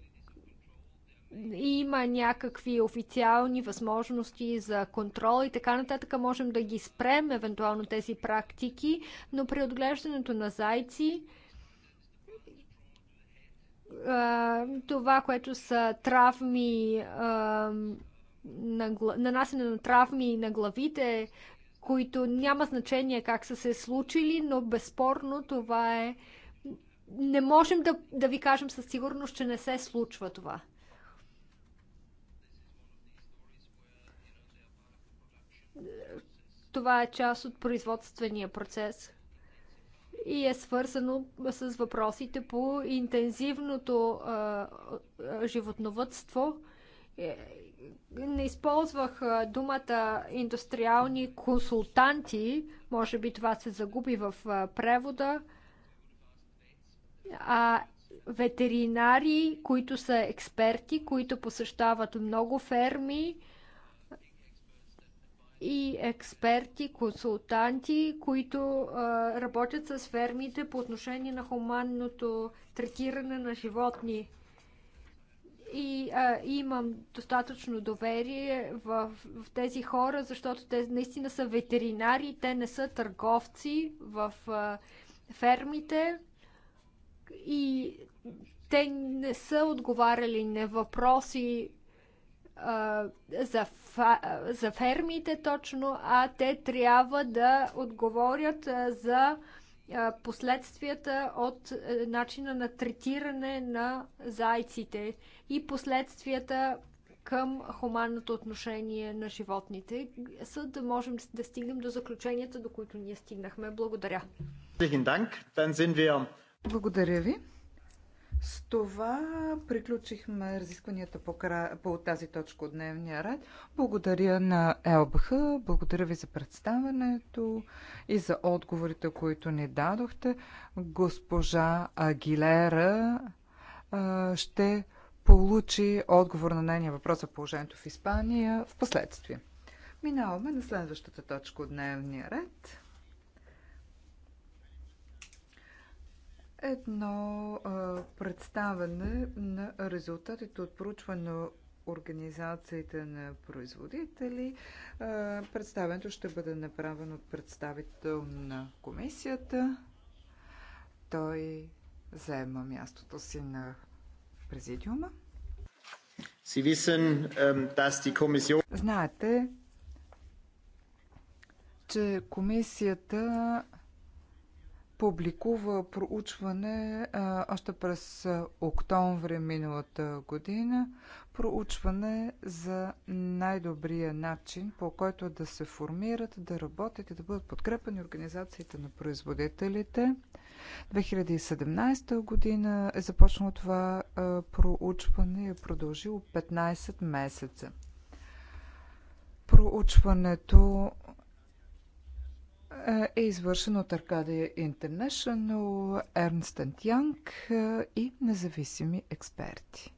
има някакви официални възможности за контрол и така нататък, можем да ги спрем, евентуално тези практики, но при отглеждането на зайци това, което са травми, нанасене на травми на главите, които няма значение как са се случили, но безспорно това е. Не можем да, да ви кажем със сигурност, че не се случва това. Това е част от производствения процес и е свързано с въпросите по интензивното животновътство. Е, не използвах думата индустриални консултанти, може би това се загуби в превода, а ветеринари, които са експерти, които посещават много ферми и експерти, консултанти, които а, работят с фермите по отношение на хуманното третиране на животни. И а, имам достатъчно доверие в, в тези хора, защото те наистина са ветеринари, те не са търговци в а, фермите и те не са отговаряли на въпроси за, за фермите точно, а те трябва да отговорят за последствията от е, начина на третиране на зайците и последствията към хуманното отношение на животните, за да можем да стигнем до заключенията, до които ние стигнахме. Благодаря. Благодаря ви. С това приключихме разискванията по, кра... по тази точка от дневния ред. Благодаря на ЛБХ, благодаря ви за представенето и за отговорите, които ни дадохте. Госпожа Агилера а, ще получи отговор на нейния въпрос за положението в Испания в последствие. Минаваме на следващата точка от дневния ред. едно а, представяне на резултатите от проучване на организациите на производители. А, представенето ще бъде направено от представител на комисията. Той заема мястото си на президиума. Ähm, Знаете, че комисията публикува проучване а, още през октомври миналата година. Проучване за най-добрия начин, по който да се формират, да работят и да бъдат подкрепени организациите на производителите. 2017 година е започнало това а, проучване и е продължило 15 месеца. Проучването е извършен от Arcadia International, Ernst Young е, и независими експерти.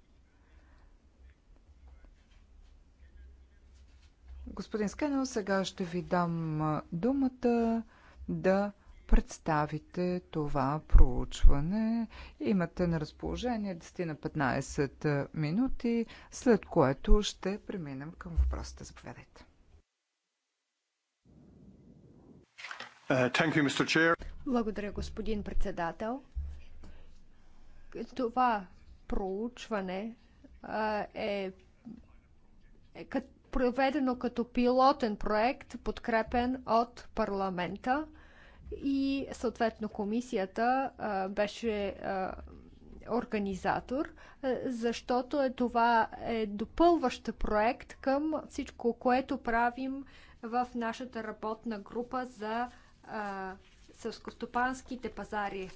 Господин Скенел, сега ще ви дам е, думата да представите това проучване. Имате на разположение 10 на 15 е, минути, след което ще преминем към въпросите. Заповядайте. Благодаря, господин председател. Това проучване е, е проведено като пилотен проект, подкрепен от парламента и съответно комисията беше организатор, защото е това е допълващ проект към всичко, което правим в нашата работна група за сълскостопанските пазари.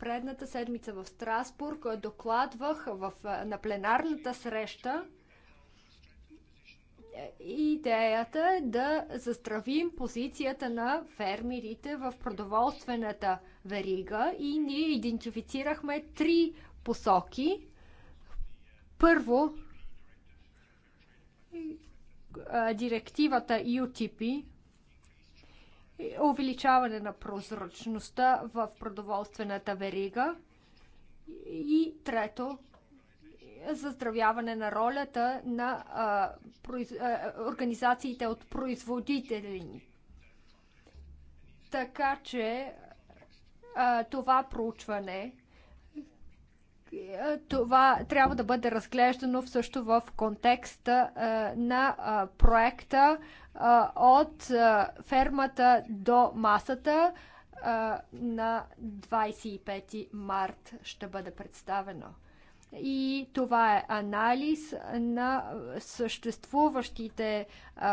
Предната седмица в Страсбург докладвах в, на пленарната среща идеята е да застравим позицията на фермерите в продоволствената верига и ние идентифицирахме три посоки. Първо, директивата UTP, увеличаване на прозрачността в продоволствената верига и трето заздравяване на ролята на а, произ... а, организациите от производители. Така че а, това проучване е, това трябва да бъде разглеждано също в контекста е, на е, проекта от фермата до масата на 25 март ще бъде представено. И това е анализ на съществуващите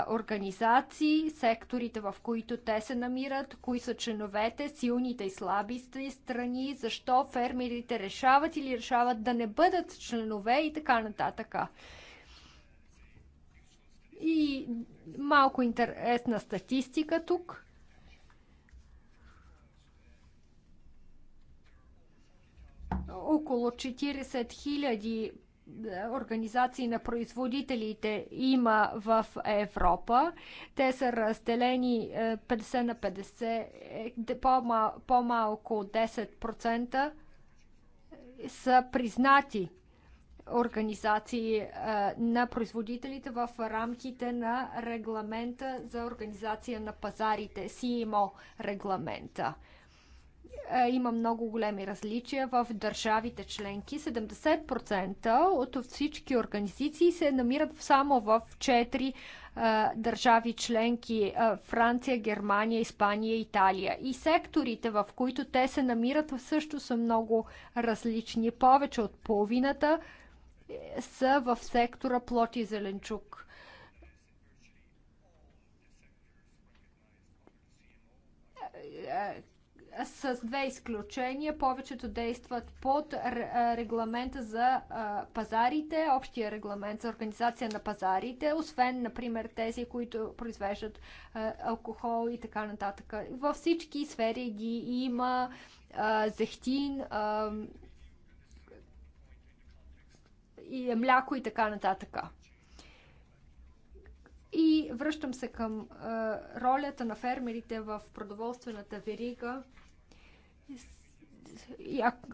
организации, секторите, в които те се намират, кои са членовете, силните и слабите страни, защо фермерите решават или решават да не бъдат членове и така нататък. И малко интересна статистика тук. около 40 хиляди е, организации на производителите има в Европа. Те са разделени 50 е, на 50, е, по-малко 10% са признати организации на производителите в рамките на регламента за организация на пазарите, СИМО регламента. Е, има много големи различия в държавите членки. 70% от всички организации се намират само в 4 е, държави членки е, Франция, Германия, Испания, Италия. И секторите, в които те се намират, също са много различни. Повече от половината са в сектора плод и зеленчук с две изключения. Повечето действат под регламента за пазарите, общия регламент за организация на пазарите, освен, например, тези, които произвеждат алкохол и така нататък. Във всички сфери ги има зехтин, и мляко и така нататък. И връщам се към ролята на фермерите в продоволствената верига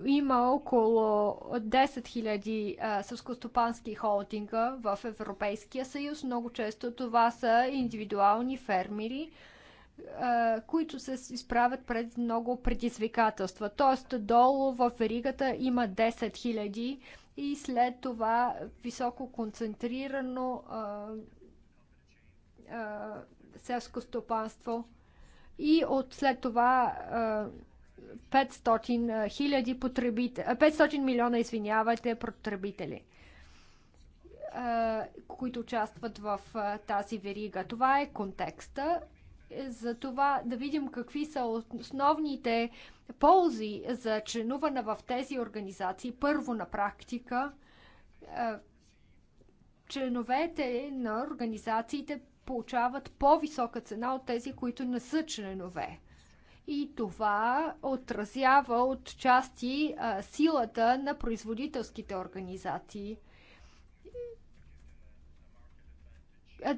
има около 10 000 съвскостопански холдинга в Европейския съюз. Много често това са индивидуални фермери, които се изправят пред много предизвикателства. Тоест, долу в веригата има 10 000 и след това високо концентрирано селско стопанство и от след това а, 500 хиляди потребители, 500 милиона, извинявайте, потребители, които участват в тази верига. Това е контекста. Е, за това да видим какви са основните ползи за членуване в тези организации. Първо на практика, членовете на организациите получават по-висока цена от тези, които не са членове и това отразява от части силата на производителските организации.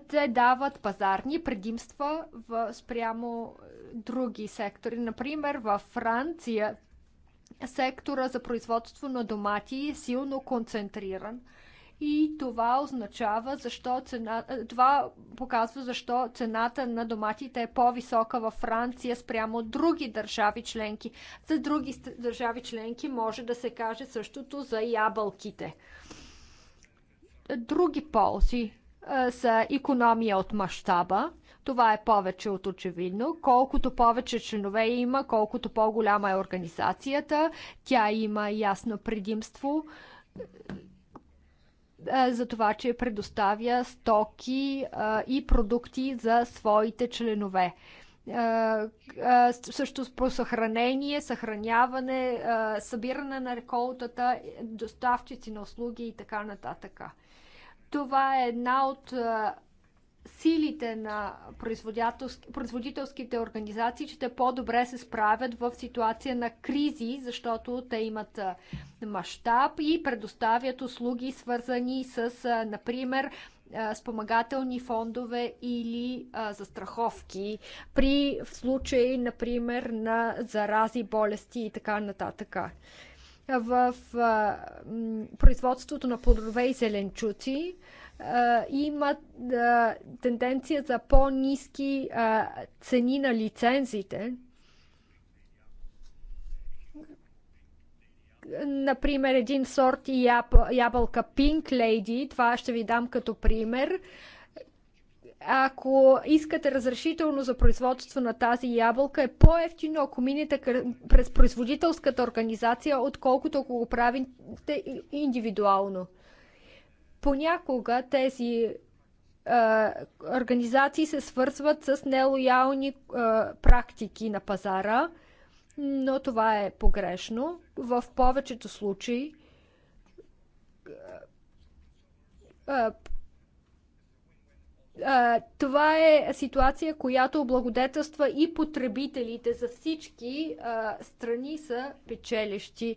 Те дават пазарни предимства в, спрямо други сектори. Например, във Франция сектора за производство на домати е силно концентриран – и това означава защо цена, е, това показва защо цената на доматите е по-висока във Франция спрямо други държави членки. За други държави членки може да се каже същото за ябълките. Други ползи е, са економия от мащаба. Това е повече от очевидно. Колкото повече членове има, колкото по-голяма е организацията, тя има ясно предимство е, за това, че предоставя стоки е, и продукти за своите членове. Е, също по съхранение, съхраняване, събиране на реколтата, доставчици на услуги и така нататък. Това е една от силите на производителските организации, че те по-добре се справят в ситуация на кризи, защото те имат мащаб и предоставят услуги, свързани с, например, спомагателни фондове или застраховки при в случай, например, на зарази, болести и така нататък. В а, м, производството на плодове и зеленчуци има тенденция за по-низки цени на лицензите. Например, един сорт ябълка Pink Lady, това ще ви дам като пример. Ако искате разрешително за производство на тази ябълка, е по-ефтино, ако минете през производителската организация, отколкото ако го правите индивидуално. Понякога тези организации се свързват с нелоялни практики на пазара, но това е погрешно. В повечето случаи това е ситуация, която облагодетелства и потребителите. За всички страни са печелищи,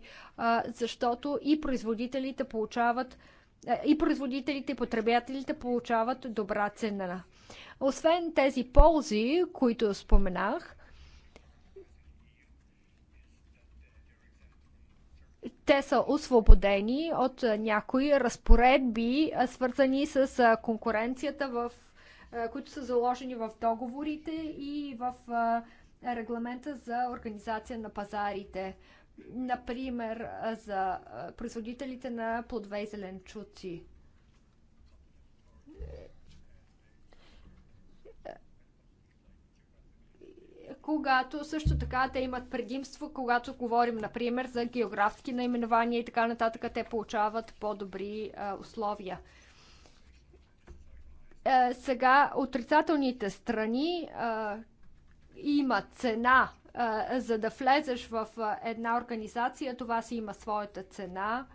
защото и производителите получават е, и производителите, и потребителите получават добра цена. Освен тези ползи, които споменах, те са освободени от някои разпоредби, свързани с конкуренцията, в, които са заложени в договорите и в регламента за организация на пазарите например, за производителите на плодове и зеленчуци. Когато също така те имат предимство, когато говорим, например, за географски наименования и така нататък, те получават по-добри условия е, сега отрицателните страни а, има цена за да влезеш в една организация, това си има своята цена.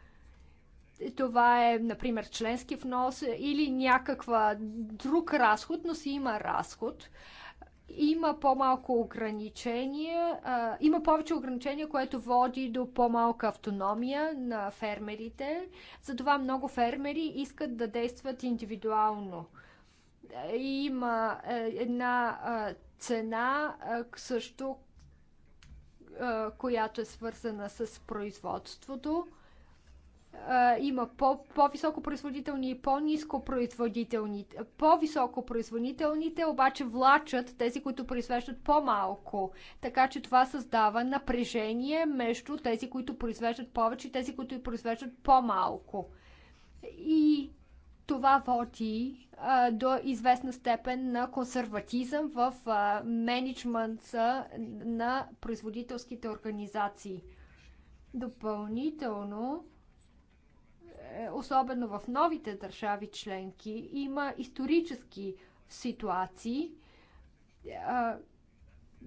Това е, например, членски внос или някаква друг разход, но си има разход. Има по-малко ограничения, има повече ограничения, което води до по-малка автономия на фермерите. Затова много фермери искат да действат индивидуално. Има е, една цена също, която е свързана с производството. Има по-високо -по производителни и по-низко производителни. По-високо производителните обаче влачат тези, които произвеждат по-малко. Така че това създава напрежение между тези, които произвеждат повече и тези, които произвеждат по-малко. И това води а, до известна степен на консерватизъм в а, менеджмента на производителските организации. Допълнително, е, особено в новите държави членки, има исторически ситуации,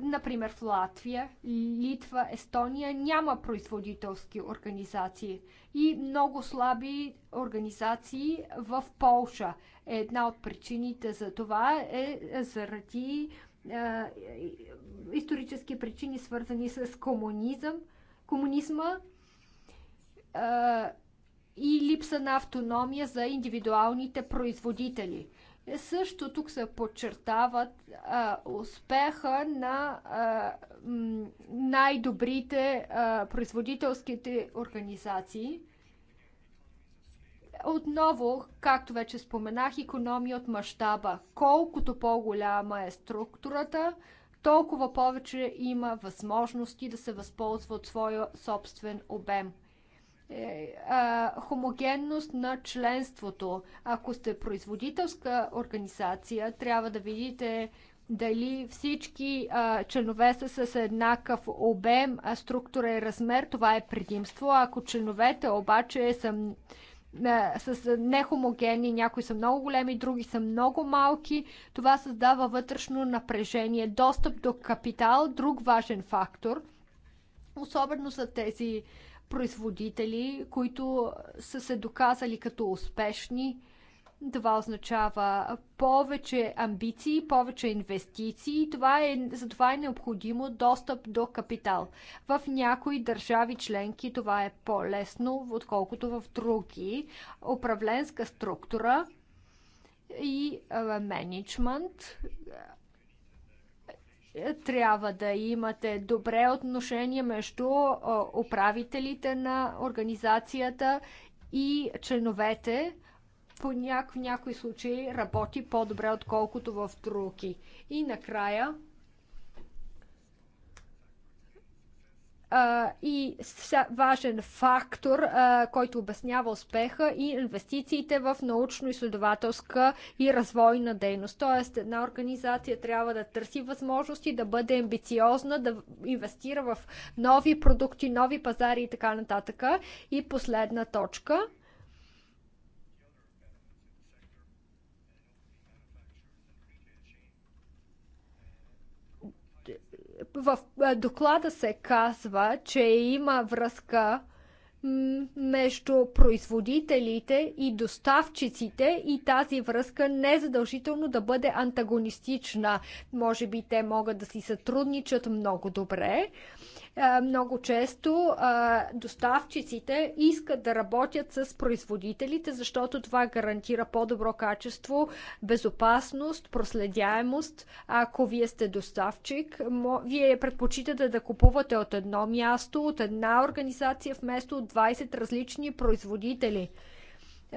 Например, в Латвия, Литва, Естония няма производителски организации и много слаби организации в Полша. Една от причините за това е заради е, исторически причини, свързани с комунизъм, комунизма е, и липса на автономия за индивидуалните производители – е, също тук се подчертават а, успеха на най-добрите производителските организации. Отново, както вече споменах, економия от мащаба. Колкото по-голяма е структурата, толкова повече има възможности да се възползва от своя собствен обем – е, а, хомогенност на членството. Ако сте производителска организация, трябва да видите дали всички а, членове са с еднакъв обем, а структура и размер. Това е предимство. Ако членовете обаче са с нехомогенни, някои са много големи, други са много малки. Това създава вътрешно напрежение, достъп до капитал, друг важен фактор, особено за тези производители, които са се доказали като успешни. Това означава повече амбиции, повече инвестиции. Това е, за това е необходимо достъп до капитал. В някои държави членки това е по-лесно, отколкото в други. Управленска структура и менеджмент трябва да имате добре отношение между управителите на организацията и членовете. По няко, някои случаи работи по-добре, отколкото в други. И накрая, и важен фактор, който обяснява успеха и инвестициите в научно-изследователска и развойна дейност. Тоест, една организация трябва да търси възможности, да бъде амбициозна, да инвестира в нови продукти, нови пазари и така нататък. И последна точка – В е, доклада се казва, че има връзка между производителите и доставчиците и тази връзка не е задължително да бъде антагонистична. Може би те могат да си сътрудничат много добре е, много често е, доставчиците искат да работят с производителите, защото това гарантира по-добро качество, безопасност, проследяемост. Ако вие сте доставчик, вие предпочитате да купувате от едно място, от една организация, вместо от 20 различни производители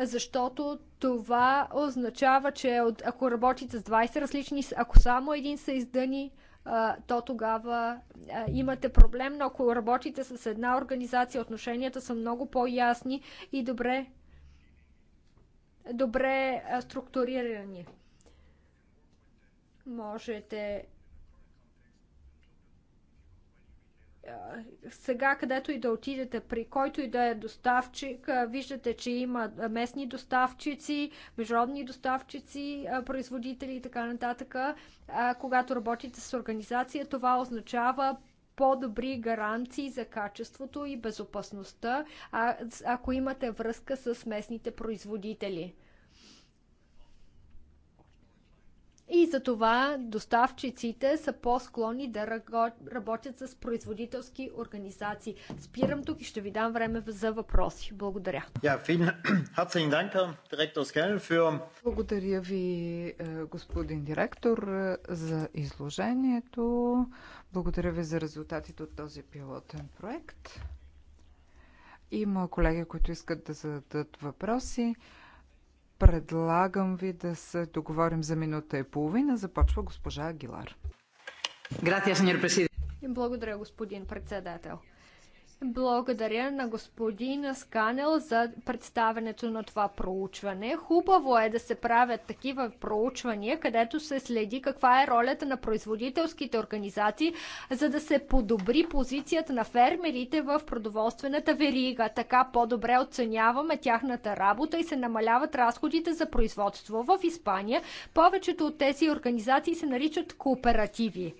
защото това означава, че ако работите с 20 различни, ако само един са издъни, то тогава имате проблем, но ако работите с една организация, отношенията са много по-ясни и добре, добре структурирани. Можете сега където и да отидете, при който и да е доставчик, виждате, че има местни доставчици, международни доставчици, производители и така нататък. когато работите с организация, това означава по-добри гаранции за качеството и безопасността, ако имате връзка с местните производители. И затова доставчиците са по-склонни да работят с производителски организации. Спирам тук и ще ви дам време за въпроси. Благодаря. Благодаря ви, е, господин директор, е, за изложението. Благодаря ви за резултатите от този пилотен проект. Има колеги, които искат да зададат въпроси. Предлагам ви да се договорим за минута и половина. Започва госпожа Агилар. Благодаря, господин председател. Благодаря на господин Сканел за представенето на това проучване. Хубаво е да се правят такива проучвания, където се следи каква е ролята на производителските организации, за да се подобри позицията на фермерите в продоволствената верига. Така по-добре оценяваме тяхната работа и се намаляват разходите за производство. В Испания повечето от тези организации се наричат кооперативи.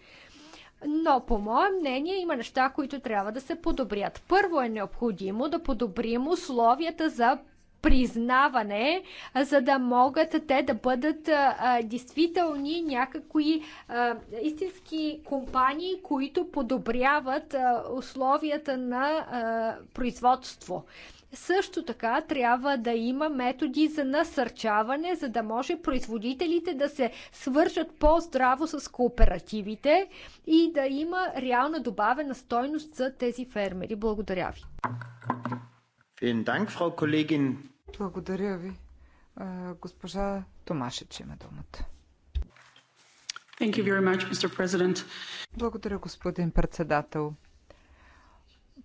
Но, по мое мнение, има неща, които трябва да се подобрят. Първо е необходимо да подобрим условията за признаване, за да могат те да бъдат а, действителни някакви а, истински компании, които подобряват а, условията на а, производство. Също така трябва да има методи за насърчаване, за да може производителите да се свържат по-здраво с кооперативите и да има реална добавена стойност за тези фермери. Благодаря ви. Благодаря ви. Госпожа Томашич има думата. Благодаря, господин председател.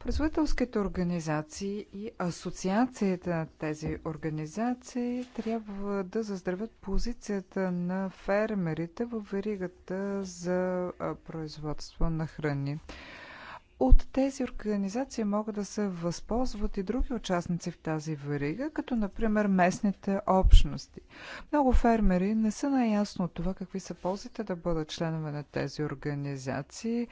Производителските организации и асоциацията на тези организации трябва да заздравят позицията на фермерите в веригата за производство на храни. От тези организации могат да се възползват и други участници в тази верига, като например местните общности. Много фермери не са наясно от това какви са ползите да бъдат членове на тези организации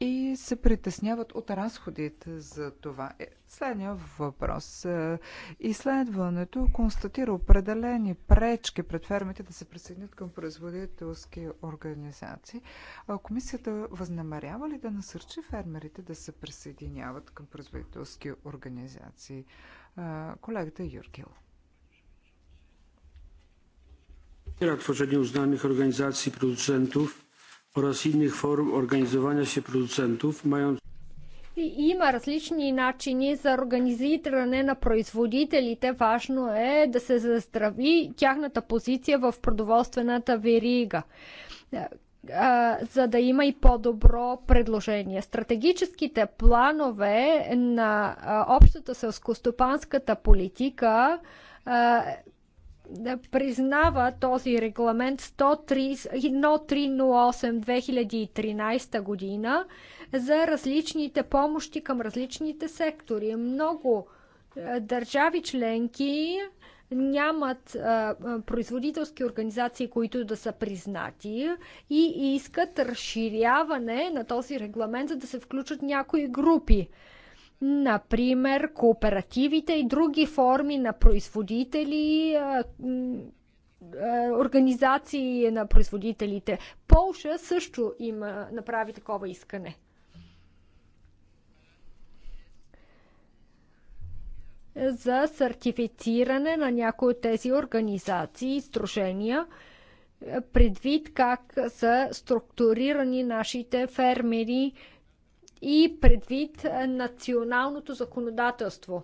и се притесняват от разходите за това. Е, следния въпрос. Е, изследването констатира определени пречки пред фермите да се присъединят към производителски организации. Комисията възнамерява ли да насърчи фермерите да се присъединяват към производителски организации? Е, колегата Юргил. Рад tworzenie uznanych organizacji продуцентов – oraz innych form organizowania się producentów, mając и има различни начини за организиране на производителите. Важно е да се заздрави тяхната позиция в продоволствената верига, за да има и по-добро предложение. Стратегическите планове на общата селскостопанската политика да признава този регламент 1308-2013 година за различните помощи към различните сектори. Много е, държави членки нямат а, е, производителски организации, които да са признати и искат разширяване на този регламент, за да се включат някои групи. Например, кооперативите и други форми на производители, организации на производителите. Полша също има направи такова искане. за сертифициране на някои от тези организации и сдружения, предвид как са структурирани нашите фермери, и предвид националното законодателство.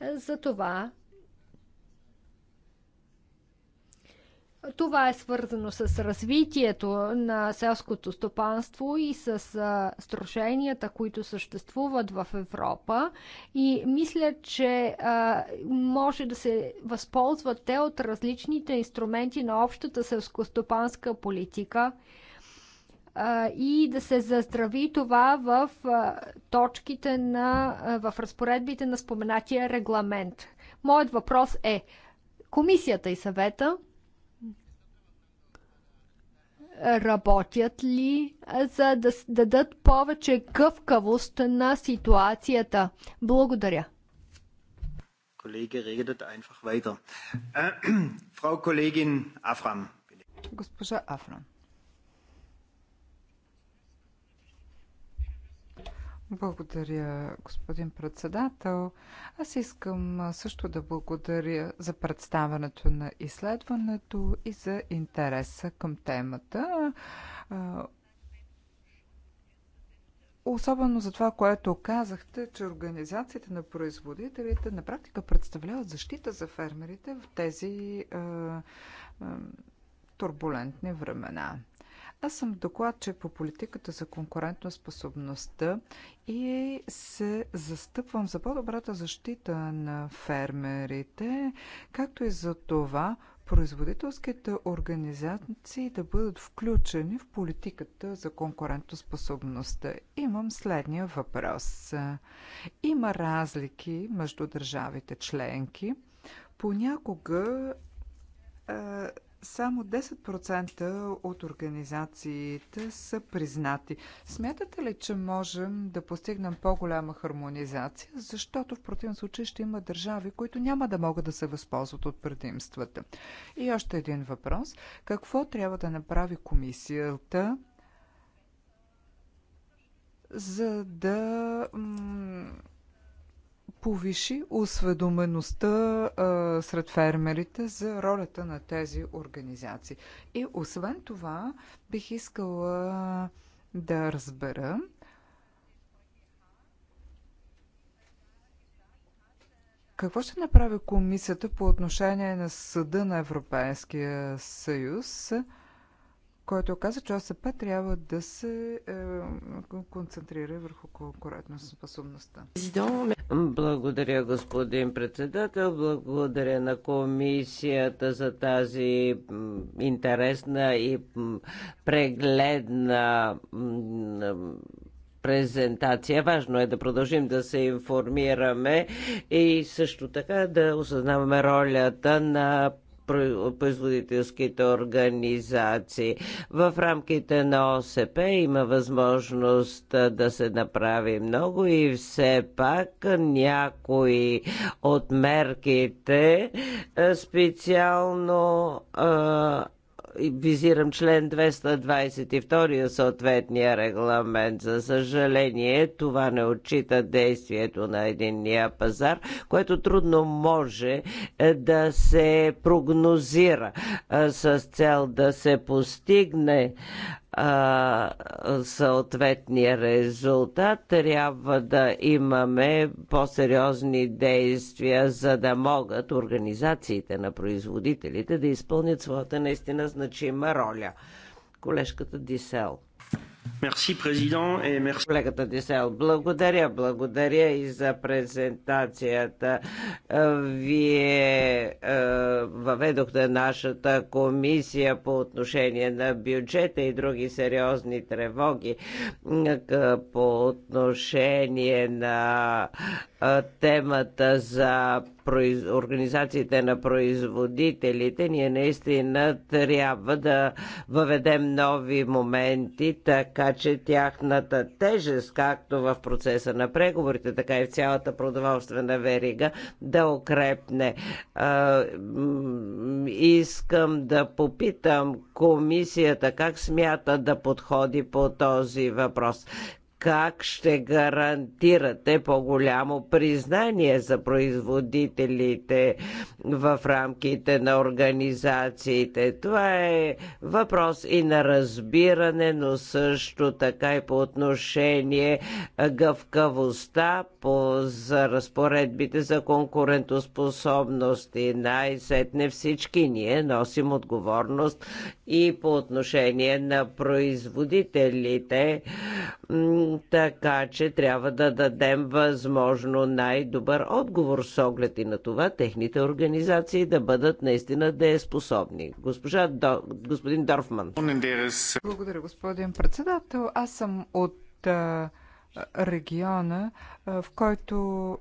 Затова Това е свързано с развитието на селското стопанство и с струшенията, които съществуват в Европа. И мисля, че а, може да се възползват те от различните инструменти на общата селскостопанска политика. политика и да се заздрави това в точките на, в разпоредбите на споменатия регламент. Моят въпрос е, комисията и съвета работят ли, за да дадат повече гъвкавост на ситуацията? Благодаря. Колеги, redet einfach э, Госпожа Афрам. Благодаря, господин председател. Аз искам също да благодаря за представането на изследването и за интереса към темата. Особено за това, което казахте, че организациите на производителите на практика представляват защита за фермерите в тези турбулентни времена. Аз съм докладчик по политиката за конкурентоспособността и се застъпвам за по-добрата защита на фермерите, както и за това производителските организации да бъдат включени в политиката за конкурентоспособността. Имам следния въпрос. Има разлики между държавите членки. Понякога е, само 10% от организациите са признати. Смятате ли, че можем да постигнем по-голяма хармонизация? Защото в противен случай ще има държави, които няма да могат да се възползват от предимствата. И още един въпрос. Какво трябва да направи комисията, за да повиши осведомеността а, сред фермерите за ролята на тези организации. И освен това, бих искала да разбера какво ще направи комисията по отношение на съда на Европейския съюз – който каза, че ОСП трябва да се е, концентрира върху способността. Благодаря, господин председател. Благодаря на комисията за тази интересна и прегледна презентация. Важно е да продължим да се информираме и също така да осъзнаваме ролята на производителските организации. В рамките на ОСП има възможност да се направи много и все пак някои от мерките специално а, визирам член 222 съответния регламент. За съжаление, това не отчита действието на единния пазар, което трудно може е, да се прогнозира е, с цел да се постигне а, съответния резултат, трябва да имаме по-сериозни действия, за да могат организациите на производителите да изпълнят своята наистина значима роля. Колежката Дисел. Колегата Дисел, благодаря, благодаря и за презентацията. Е, вие е, въведохте нашата комисия по отношение на бюджета и други сериозни тревоги е, по отношение на темата за произ... организациите на производителите, ние наистина трябва да въведем нови моменти, така че тяхната тежест, както в процеса на преговорите, така и в цялата продоволствена верига, да укрепне. Искам да попитам комисията как смята да подходи по този въпрос как ще гарантирате по-голямо признание за производителите в рамките на организациите? Това е въпрос и на разбиране, но също така и по отношение е, гъвкавостта по, за разпоредбите за конкурентоспособност и най-сетне всички ние носим отговорност и по отношение на производителите така че трябва да дадем възможно най-добър отговор с оглед и на това техните организации да бъдат наистина дееспособни. Госпожа До... господин Дорфман. Благодаря, господин председател. Аз съм от а, региона, а, в който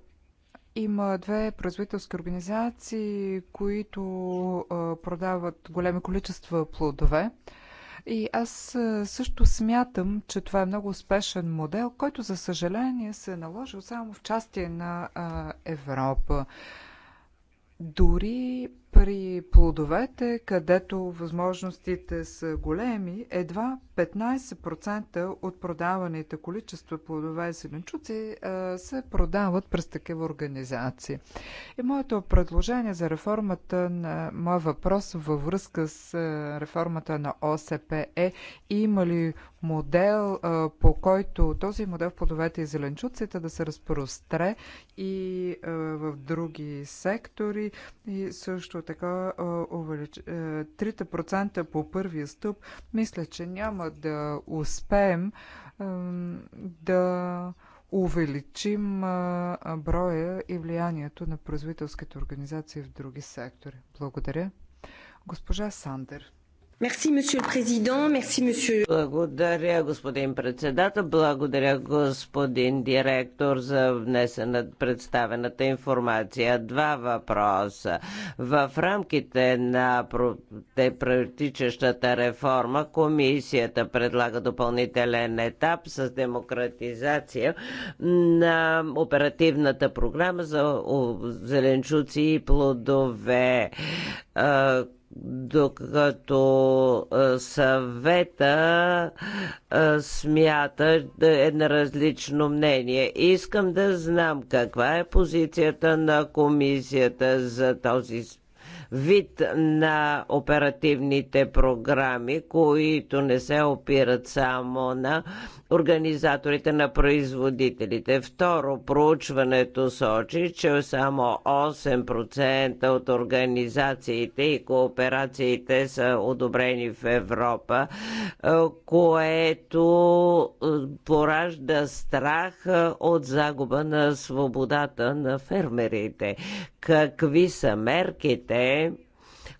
има две производителски организации, които а, продават големи количества плодове. А, и аз също смятам, че това е много успешен модел, който за съжаление се е наложил само в части на Европа. Дори при плодовете, където възможностите са големи, едва 15% от продаваните количества плодове и зеленчуци се продават през такива организации. И моето предложение за реформата на моя въпрос във връзка с реформата на ОСП е има ли модел, по който този модел в плодовете и зеленчуците да се разпростре и в други сектори и също също така 3% е, по първия стъп, мисля, че няма да успеем да увеличим броя и влиянието на производителските организации в други сектори. Благодаря. Госпожа Сандер. Благодаря, господин председател. Благодаря, господин директор, за внесена представената информация. Два въпроса. В рамките на практичащата реформа комисията предлага допълнителен етап с демократизация на оперативната програма за зеленчуци и плодове докато съвета смята е на различно мнение. Искам да знам каква е позицията на комисията за този вид на оперативните програми, които не се опират само на организаторите на производителите. Второ, проучването сочи, че само 8% от организациите и кооперациите са одобрени в Европа, е, което е, поражда страх е, от загуба на свободата на фермерите. Какви са мерките,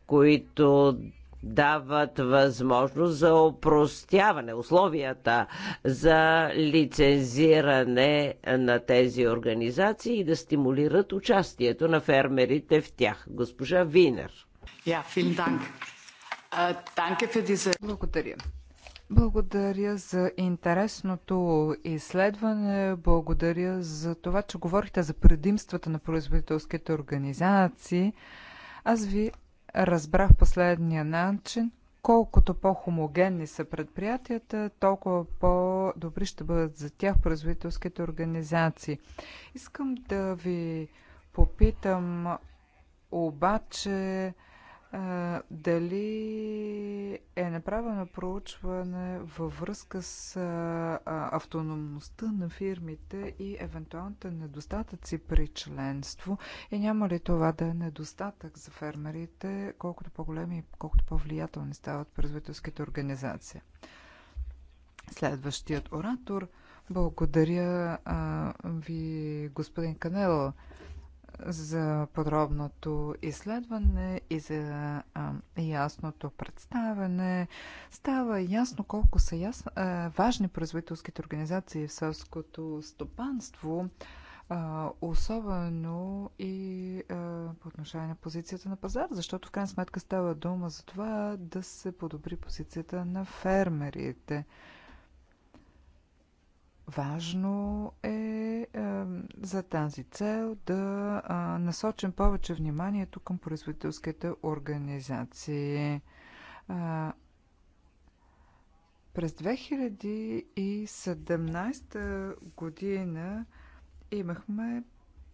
които дават възможност за опростяване условията за лицензиране на тези организации и да стимулират участието на фермерите в тях. Госпожа Винер. Yeah, äh, uh, Благодаря. Благодаря за интересното изследване. Благодаря за това, че говорихте за предимствата на производителските организации. Аз ви разбрах последния начин. Колкото по-хомогенни са предприятията, толкова по-добри ще бъдат за тях производителските организации. Искам да ви попитам обаче дали е направено проучване във връзка с автономността на фирмите и евентуалните недостатъци при членство и няма ли това да е недостатък за фермерите, колкото по-големи и колкото по-влиятелни стават производителските организации? Следващият оратор. Благодаря а, ви, господин Канело за подробното изследване и за а, ясното представяне. Става ясно колко са яс... а, важни производителските организации в селското стопанство, а, особено и а, по отношение на позицията на пазар, защото в крайна сметка става дума за това да се подобри позицията на фермерите. А, Важно е, е, за тази цел да насочим повече вниманието към производителските организации. През 2017 година имахме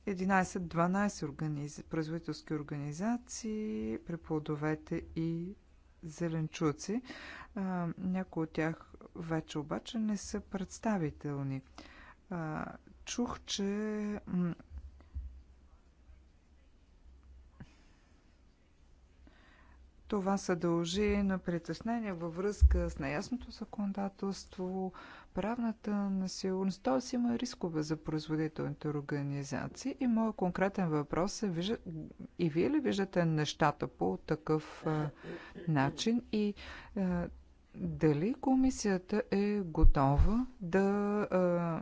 11-12 организ... производителски организации при плодовете и зеленчуци. някои от тях вече обаче не са представителни. Чух, че Това се дължи на притеснения във връзка с неясното законодателство, правната насилност. Тоест има рискове за производителните организации. И моят конкретен въпрос е, вижда, и вие ли виждате нещата по такъв а, начин и а, дали комисията е готова да а,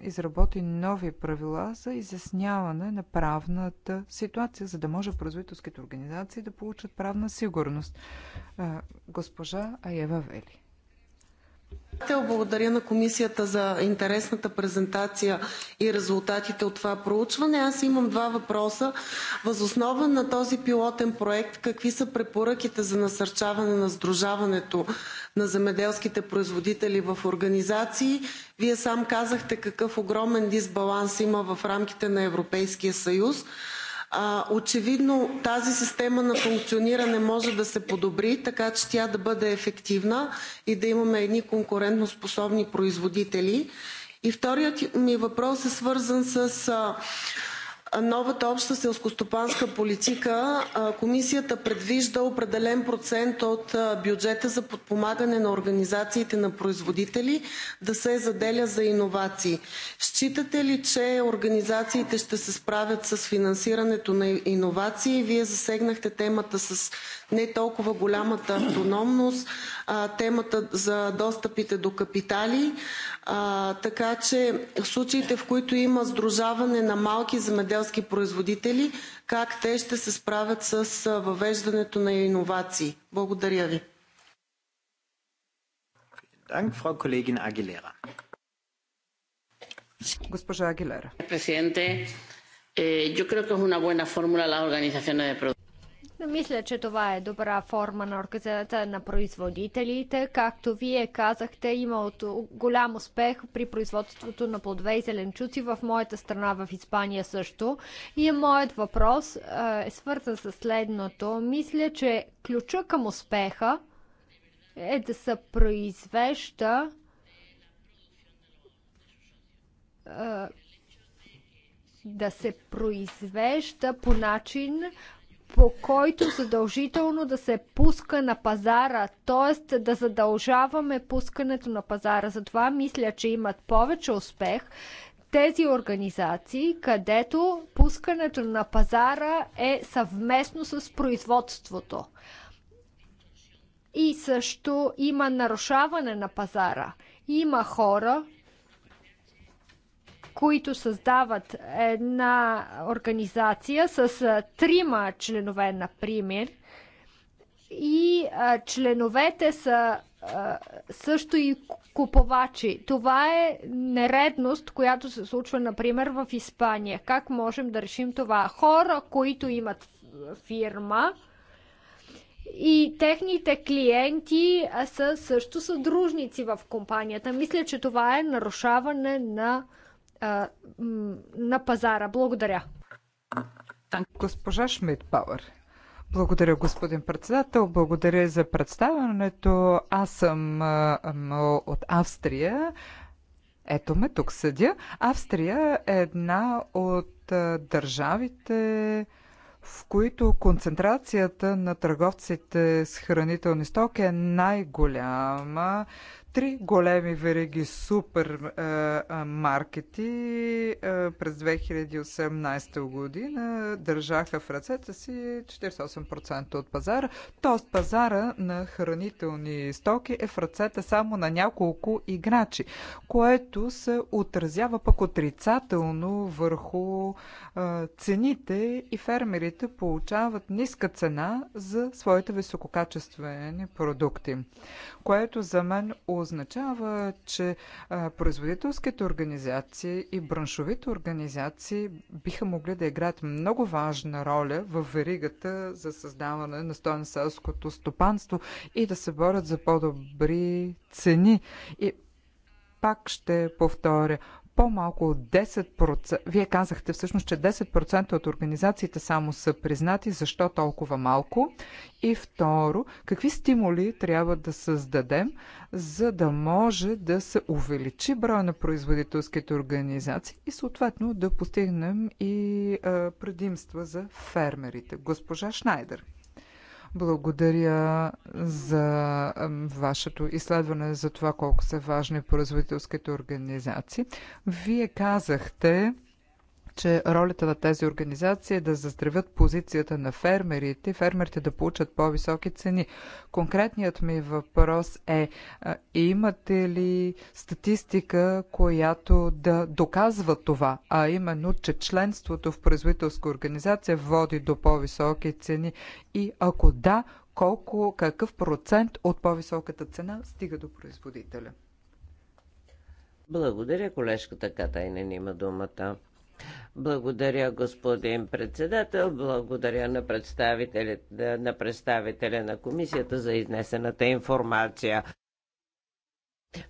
изработи нови правила за изясняване на правната ситуация, за да може производителските организации да получат правна сигурност? А, госпожа Аева Вели. Благодаря на комисията за интересната презентация и резултатите от това проучване. Аз имам два въпроса. Въз основа на този пилотен проект какви са препоръките за насърчаване на сдружаването на земеделските производители в организации? Вие сам казахте какъв огромен дисбаланс има в рамките на Европейския съюз. Очевидно тази система на функциониране може да се подобри, така че тя да бъде ефективна и да имаме едни конкурентоспособни производители. И вторият ми въпрос е свързан с новата обща селскостопанска политика комисията предвижда определен процент от бюджета за подпомагане на организациите на производители да се заделя за иновации. Считате ли, че организациите ще се справят с финансирането на иновации? Вие засегнахте темата с не толкова голямата автономност, темата за достъпите до капитали. А, така че в случаите, в които има сдружаване на малки земеделски производители, как те ще се справят с въвеждането на иновации? Благодаря ви. Dank, Frau Kollegin Aguilera. Госпожа Агилера. Президенте, eh, yo creo que es una buena fórmula las organizaciones de productores. Мисля, че това е добра форма на организацията на производителите. Както вие казахте, има голям успех при производството на плодове и зеленчуци в моята страна, в Испания също. И моят въпрос е, е свързан с следното. Мисля, че ключа към успеха е да се произвежда е, да се произвежда по начин, по който задължително да се пуска на пазара, т.е. да задължаваме пускането на пазара. Затова мисля, че имат повече успех тези организации, където пускането на пазара е съвместно с производството. И също има нарушаване на пазара. Има хора, които създават една организация с трима членове, например, и а, членовете са а, също и купувачи. Това е нередност, която се случва, например, в Испания. Как можем да решим това? Хора, които имат фирма и техните клиенти са също съдружници в компанията. Мисля, че това е нарушаване на на пазара. Благодаря. Госпожа Шмидт-Пауър. Благодаря, господин председател. Благодаря за представянето. Аз съм от Австрия. Ето ме, тук съдя. Австрия е една от държавите, в които концентрацията на търговците с хранителни стоки е най-голяма три големи вериги супермаркети е, е, е, през 2018 година държаха в ръцете си 48% от пазара. Тоест пазара на хранителни стоки е в ръцете само на няколко играчи, което се отразява пък отрицателно върху цените и фермерите получават ниска цена за своите висококачествени продукти, което за мен от означава, че производителските организации и браншовите организации биха могли да играят много важна роля в веригата за създаване на стоен селското стопанство и да се борят за по-добри цени. И пак ще повторя, по-малко от 10%. Вие казахте всъщност, че 10% от организациите само са признати. Защо толкова малко? И второ, какви стимули трябва да създадем, за да може да се увеличи броя на производителските организации и съответно да постигнем и предимства за фермерите? Госпожа Шнайдер. Благодаря за вашето изследване за това колко са важни производителските организации. Вие казахте, че ролята на тези организации е да заздравят позицията на фермерите и фермерите да получат по-високи цени. Конкретният ми въпрос е, имате ли статистика, която да доказва това, а именно, че членството в производителска организация води до по-високи цени и ако да, колко, какъв процент от по-високата цена стига до производителя? Благодаря, колежката Катайнен има думата. Благодаря, господин председател. Благодаря на, на представителя на комисията за изнесената информация.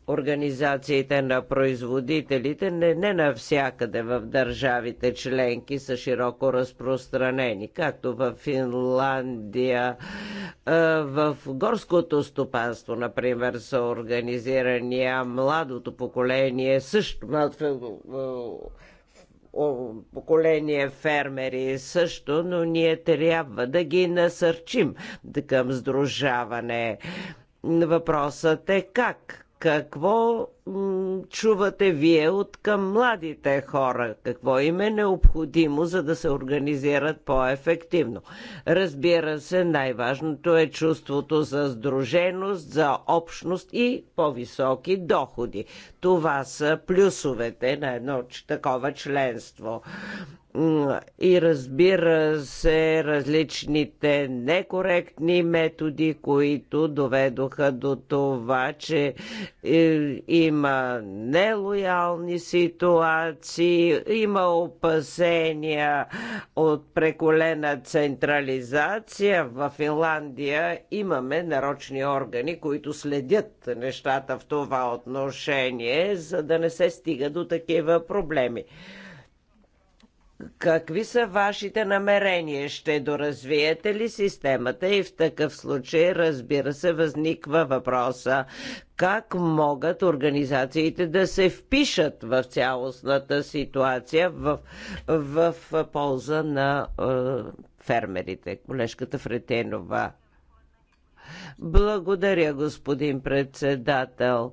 Организациите на производителите не, не навсякъде в държавите членки са широко разпространени, както в Финландия, е, в горското стопанство, например, са организирани, а младото поколение също е, е, поколение фермери също, но ние трябва да ги насърчим към сдружаване. Въпросът е как? Какво чувате вие от към младите хора? Какво им е необходимо, за да се организират по-ефективно? Разбира се, най-важното е чувството за сдруженост, за общност и по-високи доходи. Това са плюсовете на едно такова членство и разбира се различните некоректни методи, които доведоха до това, че е, има нелоялни ситуации, има опасения от преколена централизация. В Финландия имаме нарочни органи, които следят нещата в това отношение, за да не се стига до такива проблеми. Какви са вашите намерения? Ще доразвиете ли системата? И в такъв случай, разбира се, възниква въпроса как могат организациите да се впишат в цялостната ситуация в, в, в полза на е, фермерите. Колежката Фретенова. Благодаря, господин председател.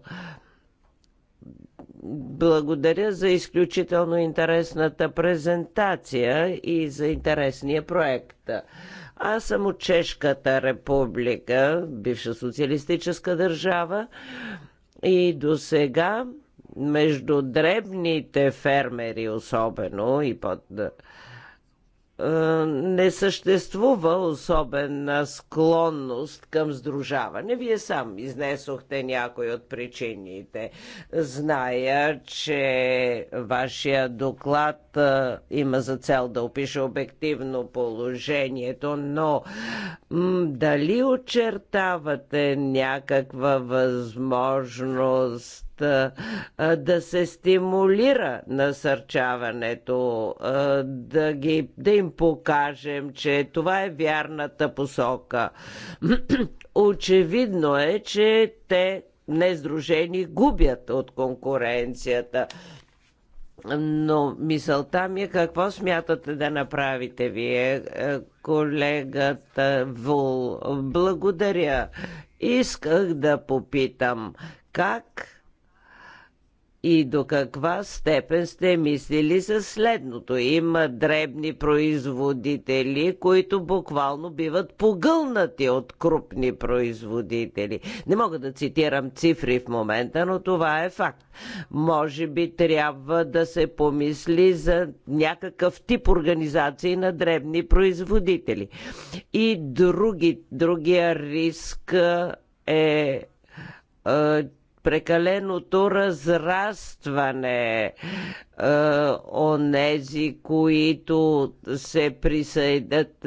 Благодаря за изключително интересната презентация и за интересния проект. Аз съм от Чешката република, бивша социалистическа държава и до сега между дребните фермери особено и под е, не съществува особена склонност към сдружаване. Вие сам изнесохте някои от причините. Зная, че вашия доклад е, има за цел да опише обективно положението, но дали очертавате някаква възможност да се стимулира насърчаването, да, ги, да им покажем, че това е вярната посока. Очевидно е, че те нездружени губят от конкуренцията. Но мисълта ми е какво смятате да направите вие, е, колегата Вул. Благодаря. Исках да попитам как и до каква степен сте мислили за следното? Има дребни производители, които буквално биват погълнати от крупни производители. Не мога да цитирам цифри в момента, но това е факт. Може би трябва да се помисли за някакъв тип организации на дребни производители. И други, другия риск е, е прекаленото разрастване е, онези, които се присъединят.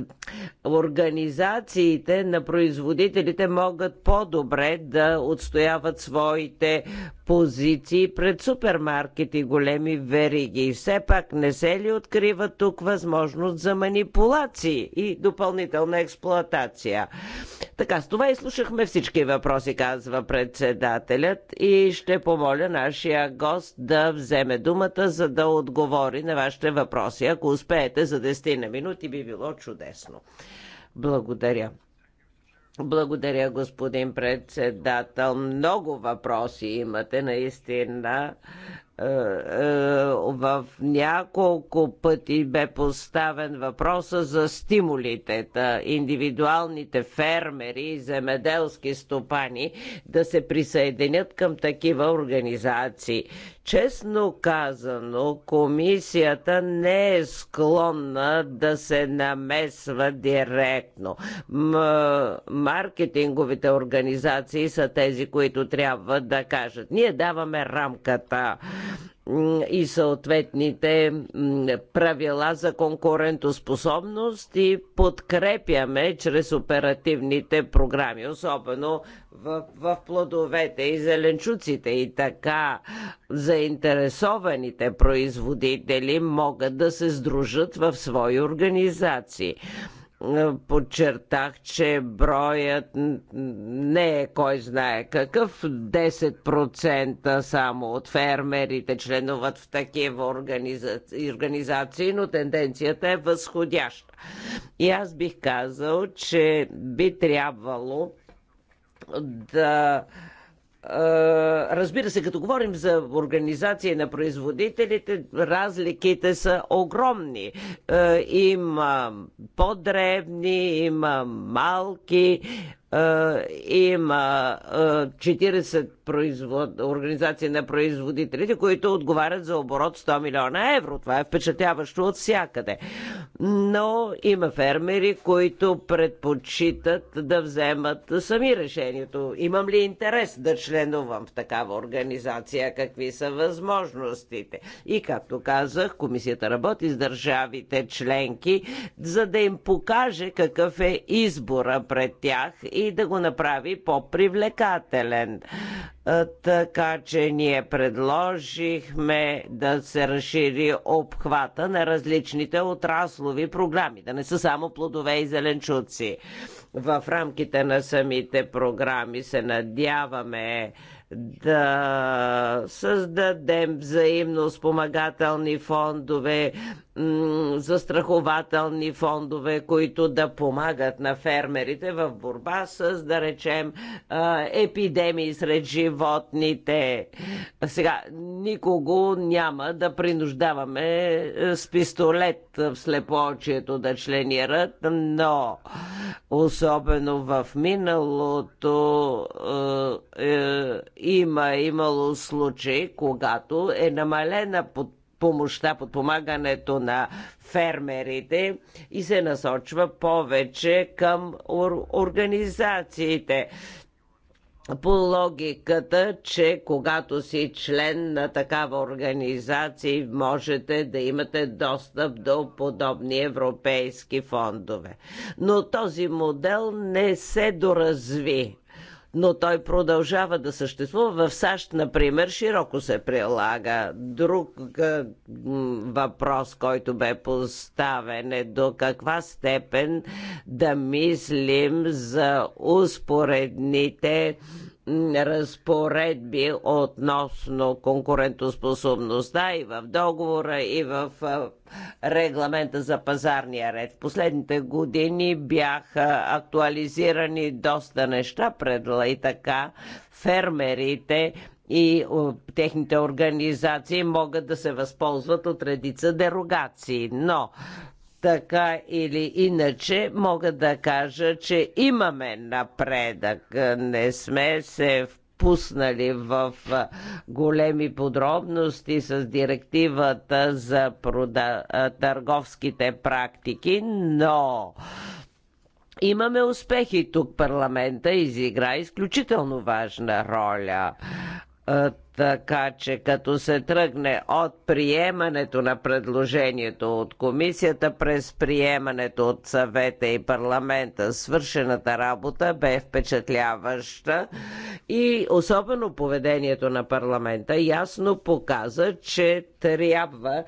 Организациите на производителите могат по-добре да отстояват своите позиции пред супермаркети, големи вериги. все пак не се ли открива тук възможност за манипулации и допълнителна експлоатация? Така, с това изслушахме всички въпроси, казва председателят и ще помоля нашия гост да вземе думата за за да отговори на вашите въпроси. Ако успеете за 10 на минути, би било чудесно. Благодаря. Благодаря, господин председател. Много въпроси имате наистина. Е, е, в няколко пъти бе поставен въпроса за стимулите, индивидуалните фермери и земеделски стопани да се присъединят към такива организации. Честно казано, комисията не е склонна да се намесва директно. М- маркетинговите организации са тези, които трябва да кажат. Ние даваме рамката и съответните правила за конкурентоспособност и подкрепяме чрез оперативните програми, особено в, в плодовете и зеленчуците и така заинтересованите производители могат да се сдружат в свои организации подчертах, че броят не е кой знае какъв. 10% само от фермерите членуват в такива организа... организации, но тенденцията е възходяща. И аз бих казал, че би трябвало да е, разбира се, като говорим за организация на производителите, разликите са огромни. Е, има по-древни, има малки, е, има 40 е, производ... организации на производителите, които отговарят за оборот 100 милиона евро. Това е впечатляващо от всякъде. Но има фермери, които предпочитат да вземат сами решението. Имам ли интерес да членувам в такава организация? Какви са възможностите? И както казах, комисията работи с държавите членки, за да им покаже какъв е избора пред тях и да го направи по-привлекателен. Така че ние предложихме да се разшири обхвата на различните отраслови програми, да не са само плодове и зеленчуци. В рамките на самите програми се надяваме да създадем взаимно спомагателни фондове, застрахователни фондове, които да помагат на фермерите в борба с, да речем, епидемии сред животните. Сега, никого няма да принуждаваме е, с пистолет в слепочието да членират, но особено в миналото е, е, има имало случаи, когато е намалена под помощта, подпомагането на фермерите и се насочва повече към организациите по логиката, че когато си член на такава организация, можете да имате достъп до подобни европейски фондове. Но този модел не се доразви но той продължава да съществува. В САЩ, например, широко се прилага. Друг въпрос, който бе поставен е до каква степен да мислим за успоредните разпоредби относно конкурентоспособността и в договора, и в регламента за пазарния ред. В последните години бяха актуализирани доста неща, предла и така фермерите и техните организации могат да се възползват от редица дерогации. Но така или иначе мога да кажа, че имаме напредък. Не сме се впуснали в големи подробности с директивата за прода... търговските практики, но Имаме успехи тук. Парламента изигра изключително важна роля. Така че като се тръгне от приемането на предложението от комисията през приемането от съвета и парламента, свършената работа бе впечатляваща и особено поведението на парламента ясно показа, че трябва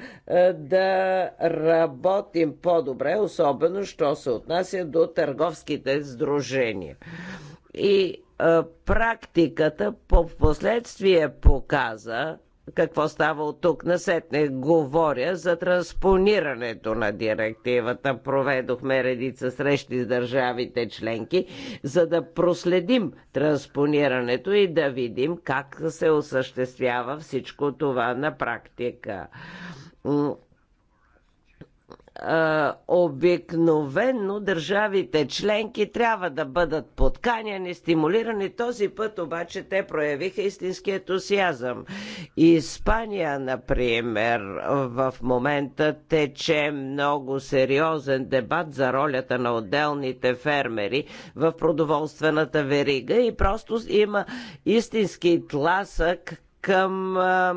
да работим по-добре, особено що се отнася до търговските сдружения. И е, практиката по последствие показа какво става от тук на сетне. Говоря за транспонирането на директивата. Проведохме редица срещи с държавите членки, за да проследим транспонирането и да видим как се осъществява всичко това на практика е, обикновенно държавите членки трябва да бъдат подканяни, стимулирани. Този път обаче те проявиха истински ентусиазъм. Испания, например, в момента тече много сериозен дебат за ролята на отделните фермери в продоволствената верига и просто има истински тласък към а,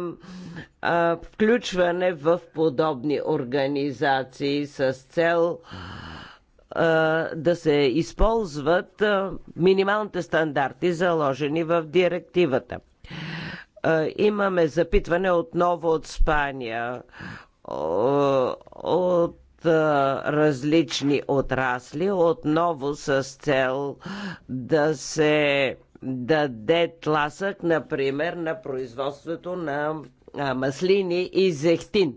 а, включване в подобни организации с цел а, да се използват а, минималните стандарти, заложени в директивата. А, имаме запитване отново от Спания, от различни отрасли, отново с цел да се даде тласък, например, на производството на маслини и зехтин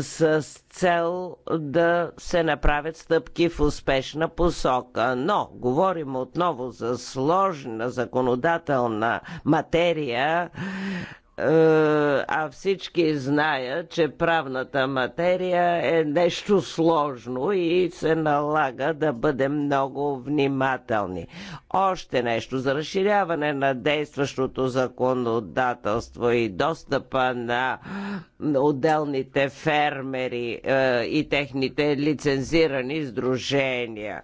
с цел да се направят стъпки в успешна посока. Но говорим отново за сложна законодателна материя е, а всички знаят, че правната материя е нещо сложно и се налага да бъдем много внимателни. Още нещо за разширяване на действащото законодателство и достъпа на отделните фермери е, и техните лицензирани сдружения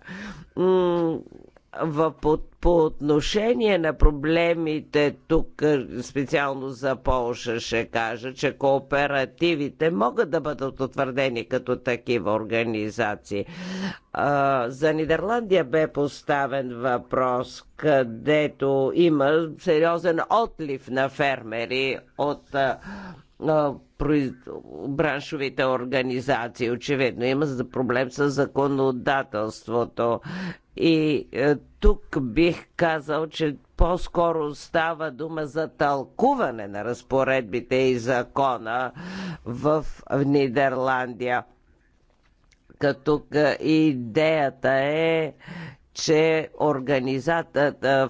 в, по, по отношение на проблемите тук, е, специално за Полша, ще кажа, че кооперативите могат да бъдат утвърдени като такива организации. А, за Нидерландия бе поставен въпрос, където има сериозен отлив на фермери от браншовите организации. Очевидно има проблем с законодателството и е, тук бих казал, че по-скоро става дума за тълкуване на разпоредбите и закона в Нидерландия като идеята е че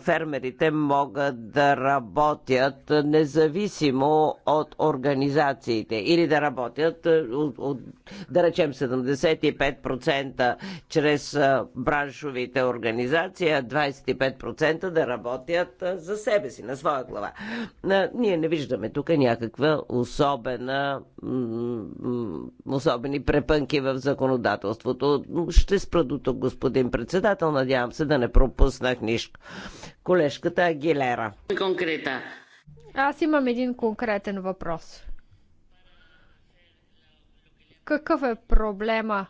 фермерите могат да работят независимо от организациите или да работят от, от да речем 75% чрез браншовите организации, а 25% да работят за себе си, на своя глава. Ние не виждаме тук някаква особена особени препънки в законодателството. Ще спра до тук, господин председател. Надявам Надявам се да не пропуснах нищо. Колежката Агилера. Конкрета. Аз имам един конкретен въпрос. Какъв е проблема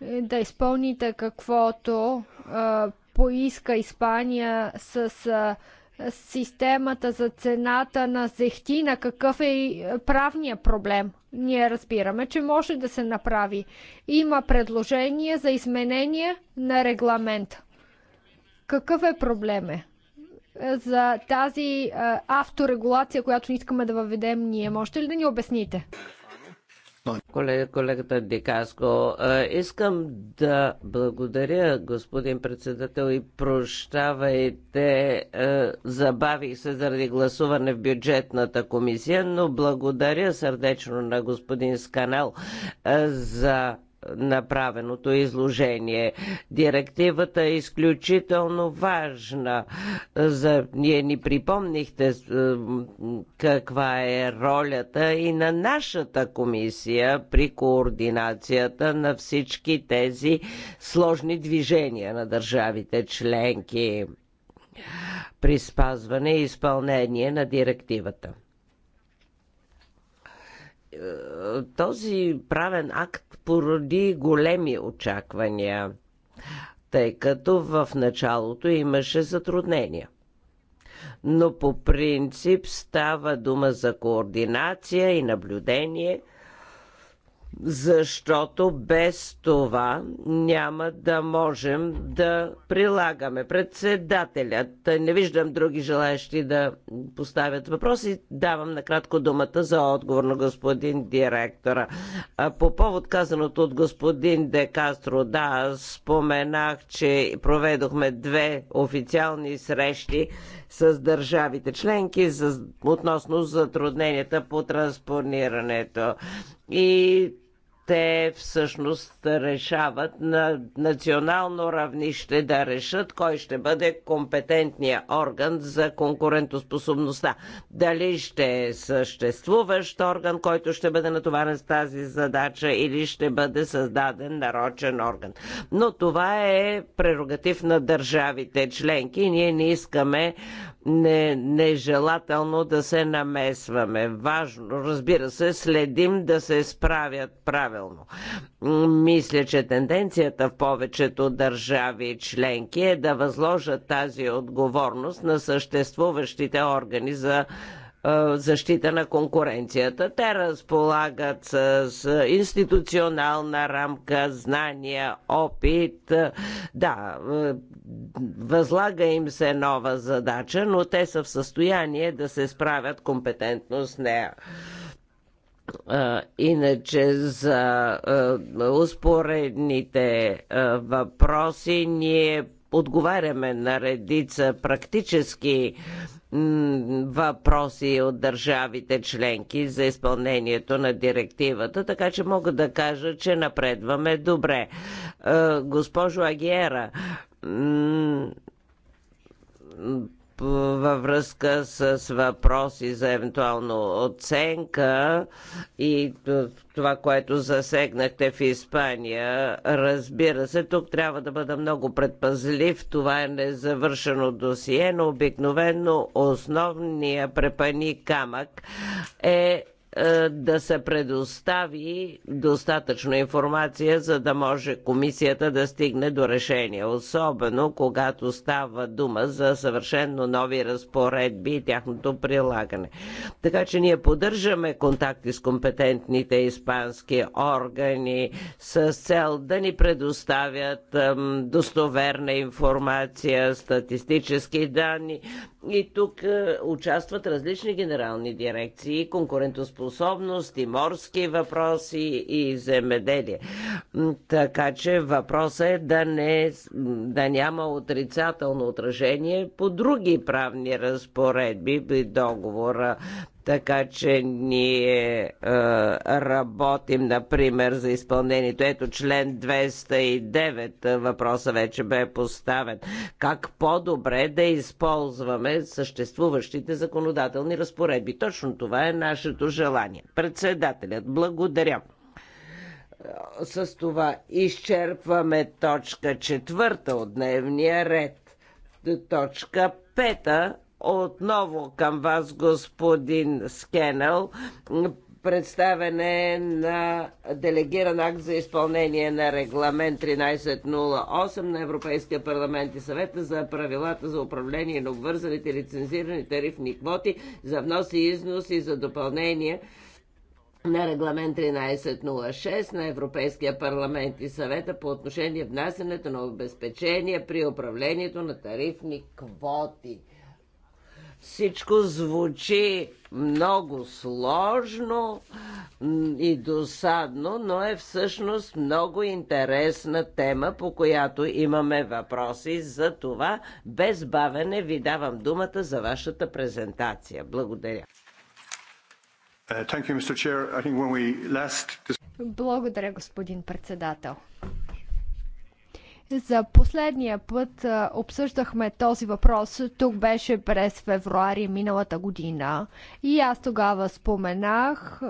е, да изпълните каквото а, поиска Испания с а, системата за цената на зехтина, какъв е правния проблем? Ние разбираме, че може да се направи. Има предложение за изменение на регламента. Какъв е проблеме? Е, за тази а, е, авторегулация, която искаме да въведем ние, можете ли да ни обясните? Колега, колегата Дикаско, е, искам да благодаря господин председател и прощавайте, забавих се заради гласуване в бюджетната комисия, но благодаря сърдечно на господин Сканел за направеното изложение. Директивата е изключително важна. За... Ние ни припомнихте е, каква е ролята и на нашата комисия при координацията на всички тези сложни движения на държавите членки при спазване и изпълнение на директивата. Е, този правен акт породи големи очаквания, тъй като в началото имаше затруднения но по принцип става дума за координация и наблюдение защото без това няма да можем да прилагаме. Председателят, не виждам други желаящи да поставят въпроси, давам накратко думата за отговор на господин директора. По повод казаното от господин Де Кастро, да, споменах, че проведохме две официални срещи с държавите членки за, относно затрудненията по транспонирането. И те всъщност решават на национално равнище да решат кой ще бъде компетентният орган за конкурентоспособността. Дали ще е съществуващ орган, който ще бъде натоварен с тази задача или ще бъде създаден нарочен орган. Но това е прерогатив на държавите членки и ние не искаме не, нежелателно да се намесваме. Важно, разбира се, следим да се справят правилно правилно. Мисля, че тенденцията в повечето държави членки е да възложат тази отговорност на съществуващите органи за е, защита на конкуренцията. Те разполагат с институционална рамка, знания, опит. Да, е, възлага им се нова задача, но те са в състояние да се справят компетентно с нея. Иначе за успоредните въпроси ние отговаряме на редица практически въпроси от държавите членки за изпълнението на директивата, така че мога да кажа, че напредваме добре. Госпожо Агиера, във връзка с въпроси за евентуално оценка и това, което засегнахте в Испания. Разбира се, тук трябва да бъда много предпазлив. Това е незавършено досие, но обикновено основния препани камък е е, да се предостави достатъчно информация, за да може комисията да стигне до решение, особено когато става дума за съвършенно нови разпоредби и тяхното прилагане. Така че ние поддържаме контакти с компетентните испански органи с цел да ни предоставят достоверна информация, статистически данни, и тук е, участват различни генерални дирекции, конкурентоспособност, и морски въпроси, и земеделие. Така че въпросът е да, не, да няма отрицателно отражение по други правни разпоредби при договора. Така че ние е, работим, например, за изпълнението. Ето член 209 е, въпроса вече бе поставен. Как по-добре да използваме съществуващите законодателни разпоредби? Точно това е нашето желание. Председателят, благодаря с това изчерпваме точка четвърта от дневния ред. Точка пета отново към вас, господин Скенел, представене на делегиран акт за изпълнение на регламент 1308 на Европейския парламент и съвета за правилата за управление на обвързаните лицензирани тарифни квоти за внос и износ и за допълнение на регламент 1306 на Европейския парламент и съвета по отношение внасянето на обезпечения при управлението на тарифни квоти. Всичко звучи много сложно и досадно, но е всъщност много интересна тема, по която имаме въпроси. За това без бавене ви давам думата за вашата презентация. Благодаря. Uh, Благодаря, господин председател. За последния път обсъждахме този въпрос. Тук беше през февруари миналата година. И аз тогава споменах,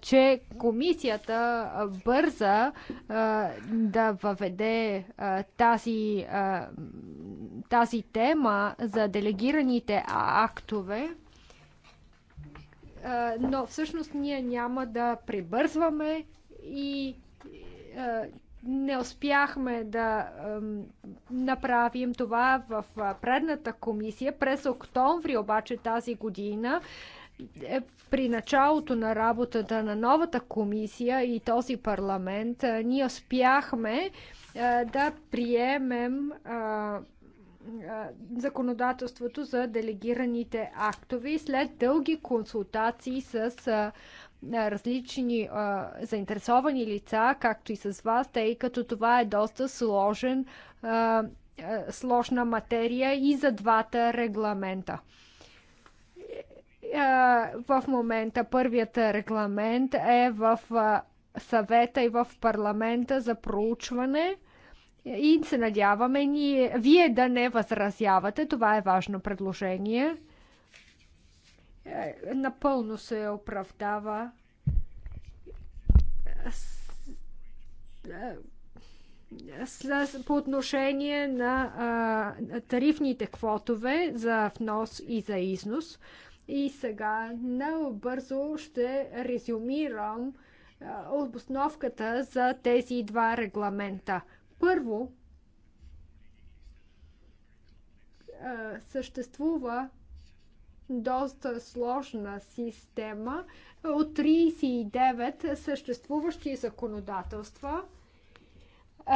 че комисията бърза да въведе тази, тази тема за делегираните актове но всъщност ние няма да прибързваме и не успяхме да направим това в предната комисия. През октомври обаче тази година е при началото на работата на новата комисия и този парламент ние успяхме да приемем законодателството за делегираните актови след дълги консултации с различни а, заинтересовани лица, както и с вас, тъй като това е доста сложен, а, а, сложна материя и за двата регламента. в момента първият регламент е в съвета и в парламента за проучване и се надяваме ние, вие да не възразявате. Това е важно предложение. Е, напълно се оправдава е, по отношение на тарифните квотове за внос и за износ. И сега много бързо ще резюмирам е, обосновката за тези два регламента. Първо, съществува доста сложна система от 39 съществуващи законодателства.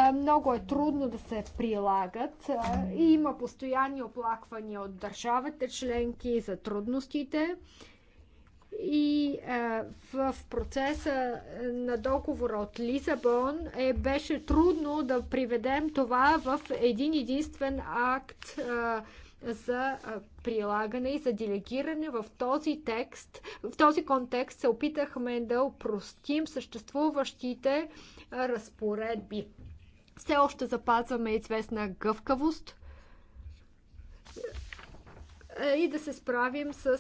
Е, много е трудно да се прилагат и е, има постоянни оплаквания от държавите членки за трудностите. И е, в процеса на договора от Лисабон е, беше трудно да приведем това в един единствен акт за прилагане и за делегиране в този текст. В този контекст се опитахме да упростим съществуващите разпоредби. Все още запазваме известна гъвкавост и да се справим с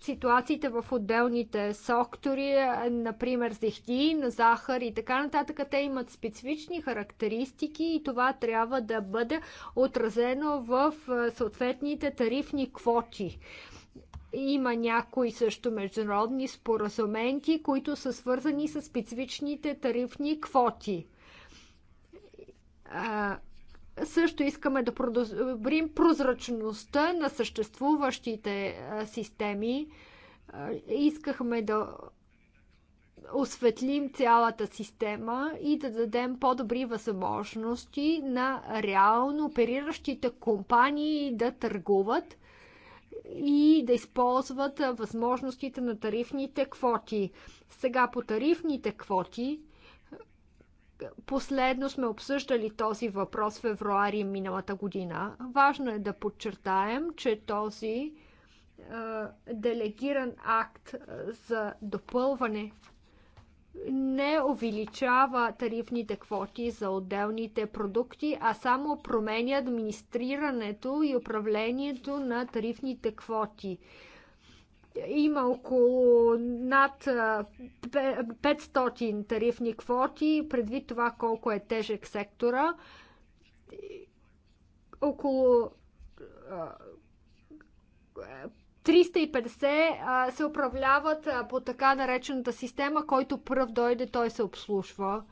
ситуациите в отделните сектори, например зехтин, захар и така нататък, те имат специфични характеристики и това трябва да бъде отразено в съответните тарифни квоти. Има някои също международни споразументи, които са свързани с специфичните тарифни квоти. Също искаме да подобрим прозрачността на съществуващите системи. Искахме да осветлим цялата система и да дадем по-добри възможности на реално опериращите компании да търгуват и да използват възможностите на тарифните квоти. Сега по тарифните квоти Последно сме обсъждали този въпрос в февруари миналата година. Важно е да подчертаем, че този делегиран акт за допълване не увеличава тарифните квоти за отделните продукти, а само променя администрирането и управлението на тарифните квоти. Има около над 500 тарифни квоти, предвид това колко е тежък сектора. Около 350 се управляват по така наречената система, който пръв дойде, той се обслужва.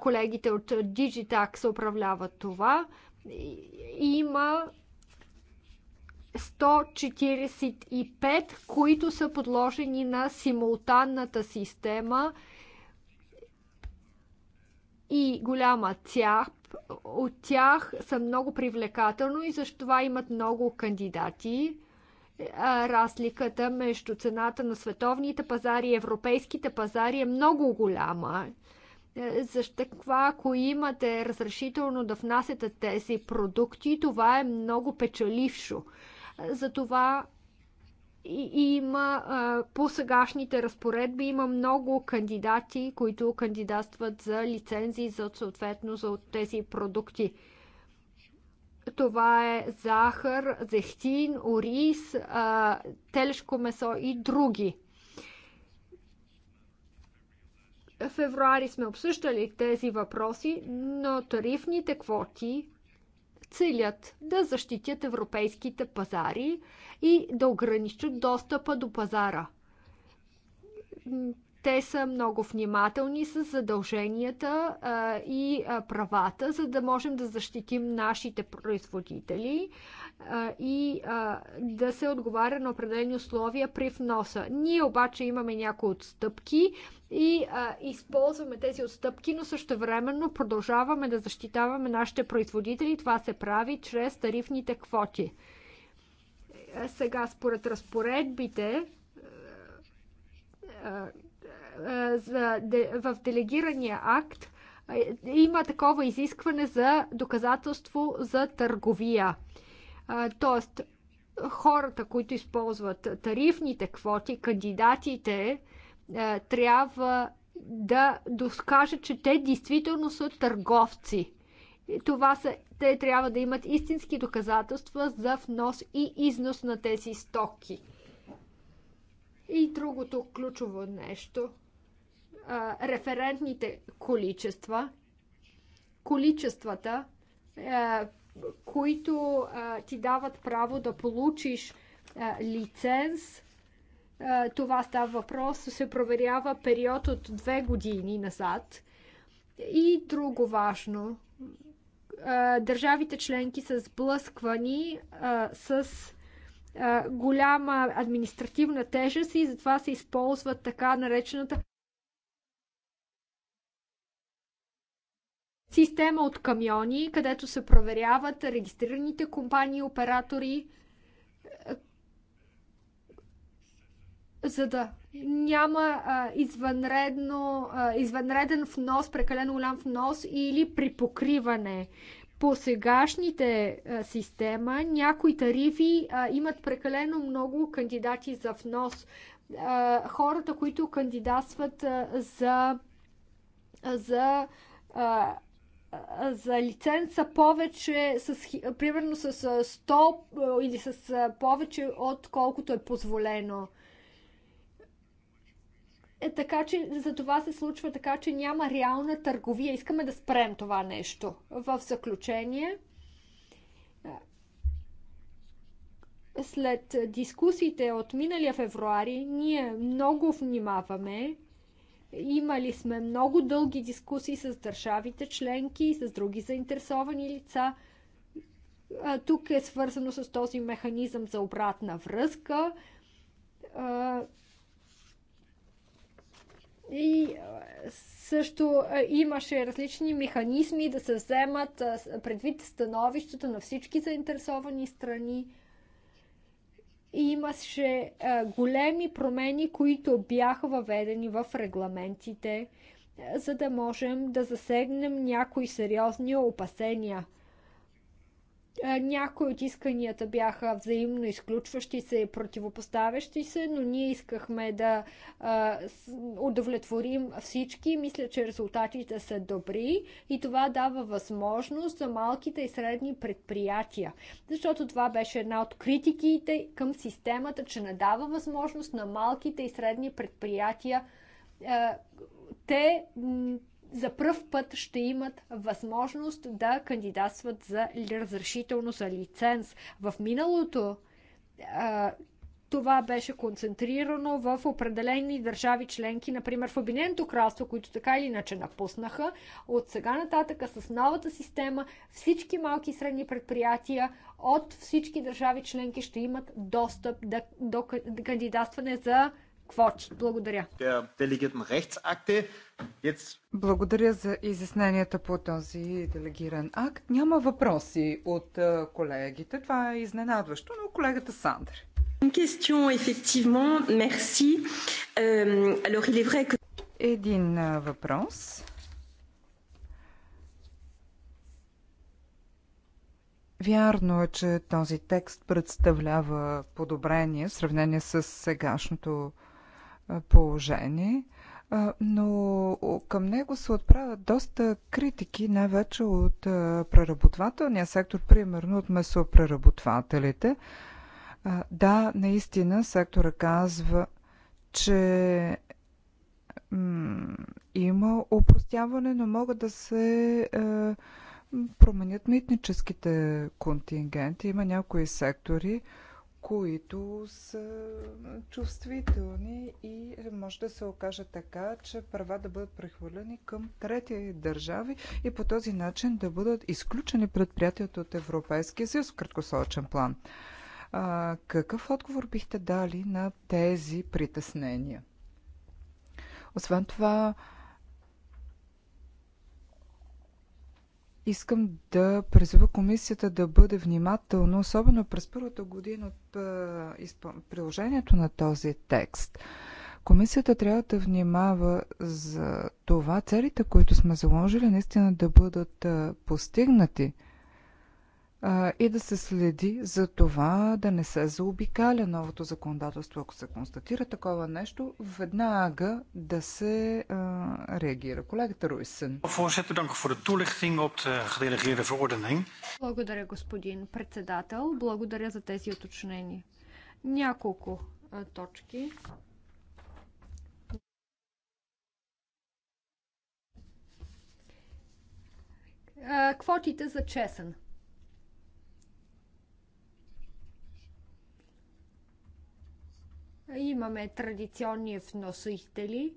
Колегите от Digitax управляват това. и Има 145, които са подложени на симултанната система и голяма тях. От тях са много привлекателно и защо имат много кандидати. Разликата между цената на световните пазари и европейските пазари е много голяма. Е, защо това, ако имате разрешително да внасяте тези продукти, това е много печелившо. Затова и има по сегашните разпоредби има много кандидати, които кандидатстват за лицензии за съответно за тези продукти. Това е захар, зехтин, ориз, телешко месо и други. В февруари сме обсъждали тези въпроси, но тарифните квоти целят да защитят европейските пазари и да ограничат достъпа до пазара. Те са много внимателни с задълженията и правата, за да можем да защитим нашите производители и да се отговаря на определени условия при вноса. Ние обаче имаме някои отстъпки и а, използваме тези отстъпки, но също времено продължаваме да защитаваме нашите производители. Това се прави чрез тарифните квоти. Сега, според разпоредбите, за, в делегирания акт има такова изискване за доказателство за търговия. Тоест, хората, които използват тарифните квоти, кандидатите, е, трябва да доскажат, че те действително са търговци. Това са, те трябва да имат истински доказателства за внос и износ на тези стоки. И другото ключово нещо референтните количества, количествата, които а, ти дават право да получиш а, лиценз. това става въпрос, се проверява период от две години назад. И друго важно, държавите членки са сблъсквани с голяма административна тежест и затова се използват така наречената система от камиони, където се проверяват регистрираните компании, оператори, за да няма а, извънредно, а, извънреден внос, прекалено голям внос или при покриване. По сегашните а, система някои тарифи а, имат прекалено много кандидати за внос. А, хората, които кандидатстват а, за, а, за а, за лиценца повече, с, примерно с 100 или с повече, отколкото е позволено. Е, така че за това се случва така, че няма реална търговия. Искаме да спрем това нещо. В заключение, след дискусиите от миналия февруари, ние много внимаваме Имали сме много дълги дискусии с държавите членки и с други заинтересовани лица. Тук е свързано с този механизъм за обратна връзка. И също имаше различни механизми да се вземат предвид становищата на всички заинтересовани страни имаше а, големи промени, които бяха въведени в регламентите, за да можем да засегнем някои сериозни опасения – е, някои от исканията бяха взаимно изключващи се и противопоставящи се, но ние искахме да удовлетворим всички. Мисля, че резултатите са добри и това дава възможност за малките и средни предприятия. Защото това беше една от критиките към системата, че не дава възможност на малките и средни предприятия е, те за пръв път ще имат възможност да кандидатстват за разрешително за лиценз. В миналото това беше концентрирано в определени държави членки, например в Обединеното кралство, които така или иначе напуснаха. От сега нататъка с новата система всички малки и средни предприятия от всички държави членки ще имат достъп до кандидатстване за квоти. Благодаря. Благодаря за изясненията по този делегиран акт. Няма въпроси от е, колегите. Това е изненадващо, но колегата Сандър. Euh, Един е, въпрос. Вярно е, че този текст представлява подобрение в сравнение с сегашното положение, но към него се отправят доста критики, най-вече от преработвателния сектор, примерно от месопреработвателите. Да, наистина сектора казва, че има упростяване, но могат да се променят митническите контингенти. Има някои сектори, които са чувствителни и може да се окаже така, че права да бъдат прехвърлени към трети държави и по този начин да бъдат изключени предприятията от Европейския съюз в краткосрочен план. А, какъв отговор бихте дали на тези притеснения? Освен това, Искам да призова комисията да бъде внимателна, особено през първата година от приложението на този текст. Комисията трябва да внимава за това целите, които сме заложили, наистина да бъдат постигнати а, и да се следи за това да не се заобикаля новото законодателство. Ако се констатира такова нещо, веднага да се а, реагира. Колегата Руисен. Благодаря, господин председател. Благодаря за тези уточнения. Няколко а, точки. квотите за чесън. Имаме традиционни вносители.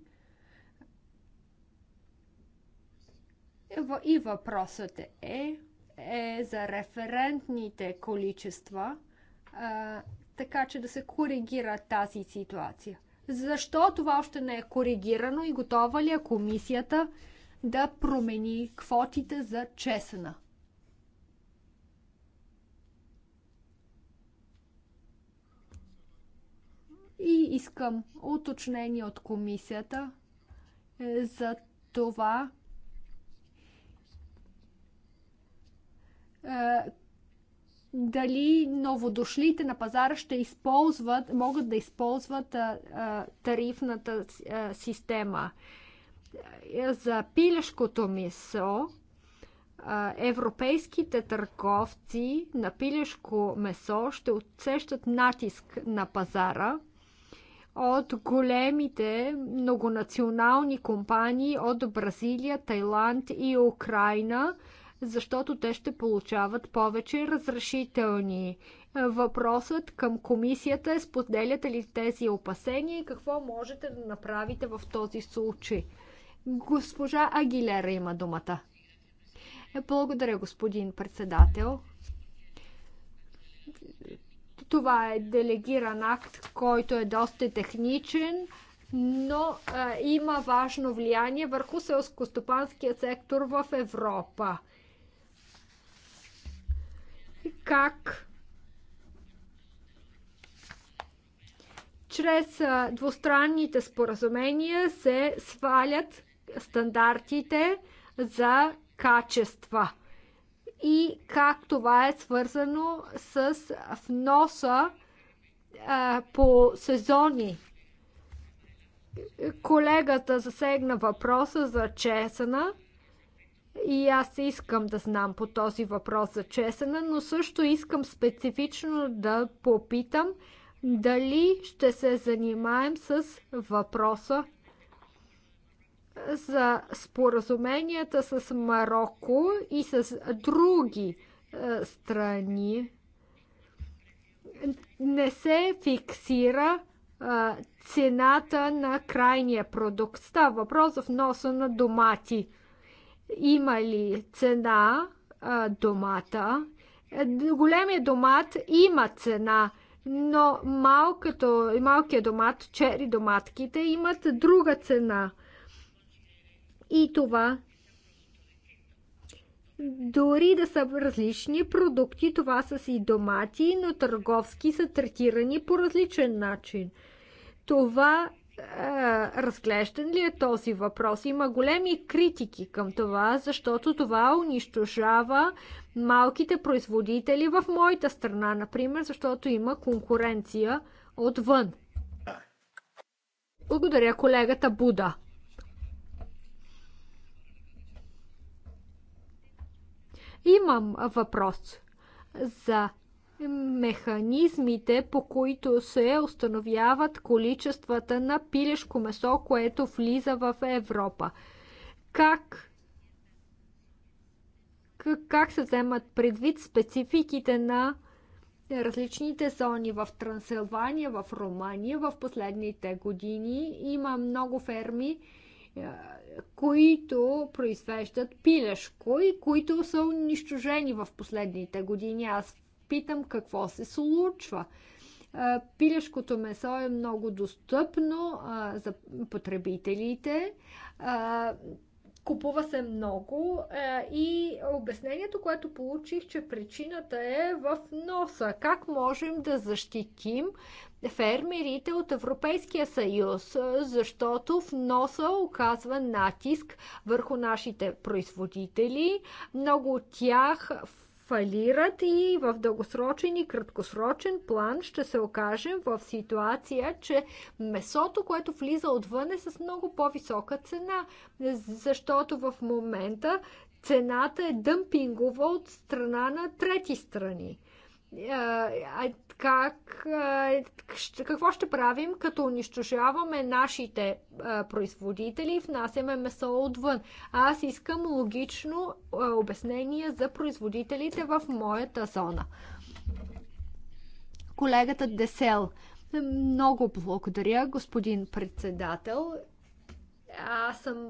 И въпросът е, е за референтните количества, а, така че да се коригира тази ситуация. Защо това още не е коригирано и готова ли е комисията да промени квотите за чесъна? И искам уточнение от комисията е, за това е, дали новодошлите на пазара ще използват, могат да използват е, тарифната система. За пилешкото месо, европейските търговци на пилешко месо ще отсещат натиск на пазара – от големите многонационални компании от Бразилия, Тайланд и Украина, защото те ще получават повече разрешителни. Въпросът към комисията е споделяте ли тези опасения и какво можете да направите в този случай. Госпожа Агилера има думата. Благодаря, господин председател. Това е делегиран акт, който е доста техничен, но а, има важно влияние върху селскостопанския сектор в Европа. Как чрез а, двустранните споразумения се свалят стандартите за качества и как това е свързано с вноса а, по сезони. Колегата засегна въпроса за чесъна и аз искам да знам по този въпрос за чесъна, но също искам специфично да попитам дали ще се занимаем с въпроса за споразуменията с Марокко и с други е, страни не се фиксира е, цената на крайния продукт. Става въпрос за вноса на домати. Има ли цена е, домата? Големия домат има цена, но малкото, малкият домат, чери доматките имат друга цена – и това дори да са различни продукти, това са си домати, но търговски са третирани по различен начин. Това е, разглеждан ли е този въпрос? Има големи критики към това, защото това унищожава малките производители в моята страна, например, защото има конкуренция отвън. Благодаря колегата Буда. Имам въпрос за механизмите, по които се установяват количествата на пилешко месо, което влиза в Европа. Как как се вземат предвид спецификите на различните зони в Трансилвания, в Румъния. В последните години има много ферми, които произвеждат пилешко и които са унищожени в последните години. Аз питам какво се случва. Пилешкото месо е много достъпно за потребителите Купува се много е, и обяснението, което получих, че причината е в носа. Как можем да защитим фермерите от Европейския съюз, защото в носа оказва натиск върху нашите производители. Много от тях фалират и в дългосрочен и краткосрочен план ще се окажем в ситуация, че месото, което влиза отвън е с много по-висока цена, защото в момента цената е дъмпингова от страна на трети страни как, какво ще правим, като унищожаваме нашите производители и внасяме месо отвън. Аз искам логично обяснение за производителите в моята зона. Колегата Десел. Много благодаря, господин председател. Аз съм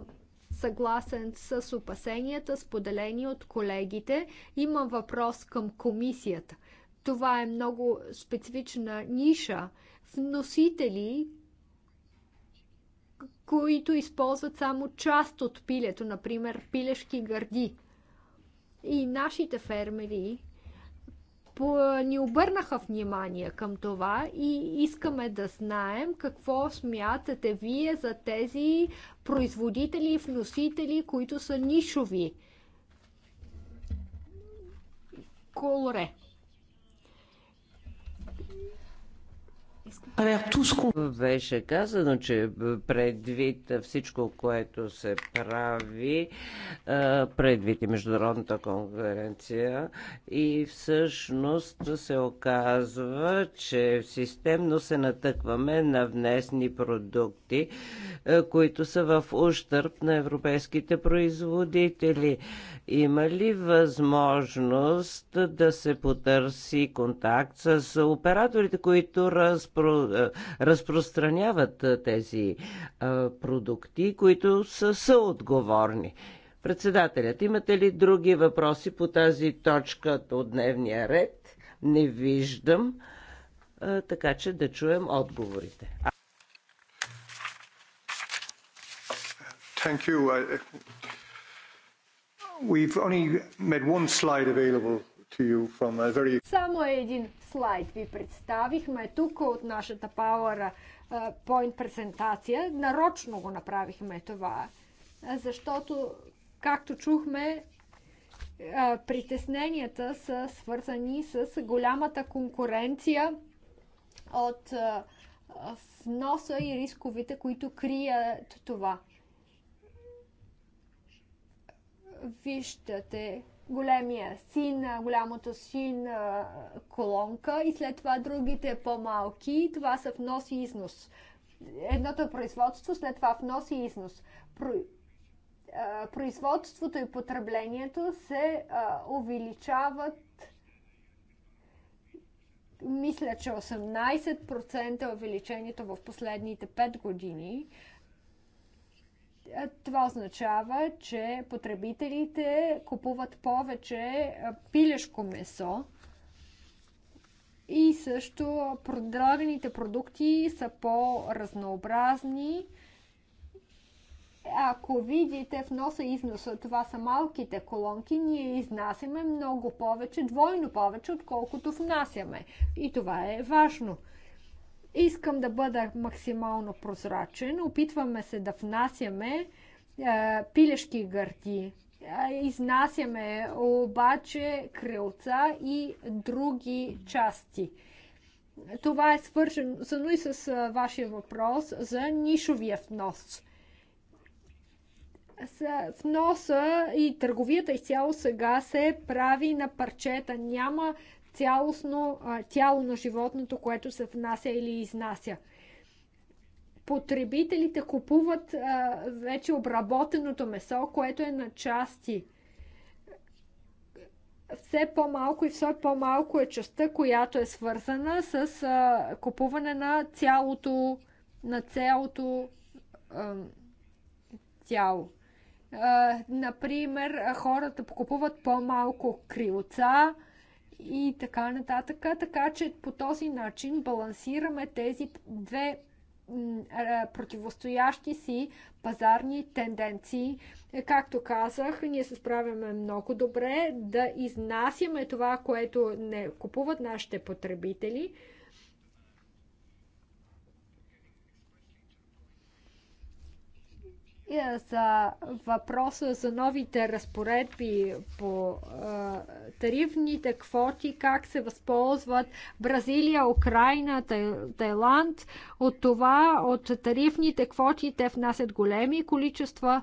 съгласен с опасенията, споделени от колегите. Имам въпрос към комисията – това е много специфична ниша. Вносители, които използват само част от пилето, например пилешки гърди. И нашите фермери ни обърнаха внимание към това и искаме да знаем какво смятате вие за тези производители и вносители, които са нишови. Колоре. Беше казано, че предвид всичко, което се прави, предвид и Международната конференция, и всъщност се оказва, че системно се натъкваме на внесни продукти, които са в ущърп на европейските производители. Има ли възможност да се потърси контакт с операторите, които разпро... Е, разпространяват е, тези е, продукти, които са съотговорни? Председателят, имате ли други въпроси по тази точка от дневния ред? Не виждам, така че да чуем отговорите. Thank you. We've only made one slide available to you from a very... Само един слайд ви представихме тук от нашата PowerPoint презентация. Нарочно го направихме това, защото, както чухме, притесненията са свързани с голямата конкуренция от вноса и рисковите, които крият това. виждате големия син, голямото син колонка и след това другите по-малки. Това са внос и износ. Едното е производство, след това внос и износ. Про... Производството и потреблението се увеличават мисля, че 18% е увеличението в последните 5 години. Е, това означава, че потребителите купуват повече е, пилешко месо и също предлаганите продукти са по-разнообразни. Ако видите вноса и износа, това са малките колонки, ние изнасяме много повече, двойно повече, отколкото внасяме. И това е важно – Искам да бъда максимално прозрачен. Опитваме се да внасяме е, пилешки гърти. Е, изнасяме обаче крилца и други части. Това е свършено и с е, вашия въпрос за нишовия внос. Вноса и търговията изцяло сега се прави на парчета. Няма цялостно а, тяло на животното, което се внася или изнася. Потребителите купуват а, вече обработеното месо, което е на части. Все по-малко и все по-малко е частта, която е свързана с а, купуване на цялото, на цялото а, тяло. А, например, хората купуват по-малко крилца, и така нататък. Така че по този начин балансираме тези две противостоящи си пазарни тенденции. Както казах, ние се справяме много добре да изнасяме това, което не купуват нашите потребители – Е, за въпроса за новите разпоредби по а, тарифните квоти, как се възползват Бразилия, Украина, Тайланд от това, от тарифните квоти те внасят големи количества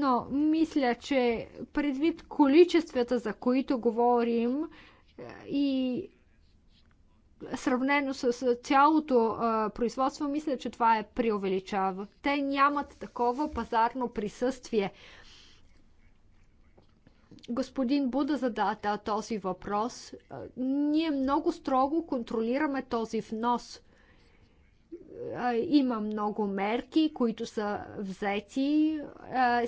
но мисля, че предвид количествата, за които говорим е, и сравнено с цялото производство, мисля, че това е преувеличава. Те нямат такова пазарно присъствие. Господин Буда зададе този въпрос. Е, ние много строго контролираме този внос – има много мерки, които са взети,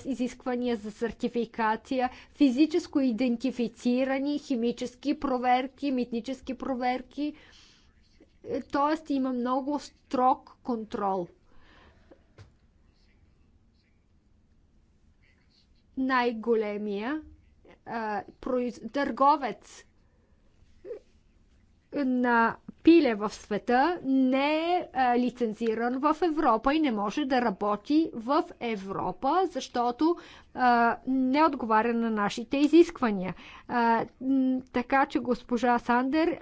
изисквания за сертификация, физическо идентифицирани, химически проверки, митнически проверки. Е, тоест има много строг контрол. Най-големия търговец на пиле в света не е, е лицензиран в Европа и не може да работи в Европа, защото е, не отговаря на нашите изисквания. Е, така че, госпожа Сандер,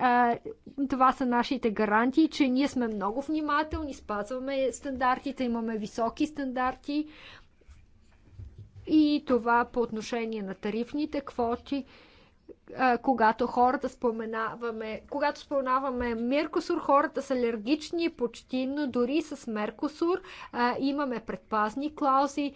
това са нашите гарантии, че ние сме много внимателни, спазваме стандартите, имаме високи стандарти. И това по отношение на тарифните квоти когато хората споменаваме, когато споменаваме Меркосур, хората са алергични почти, но дори с Меркосур а, имаме предпазни клаузи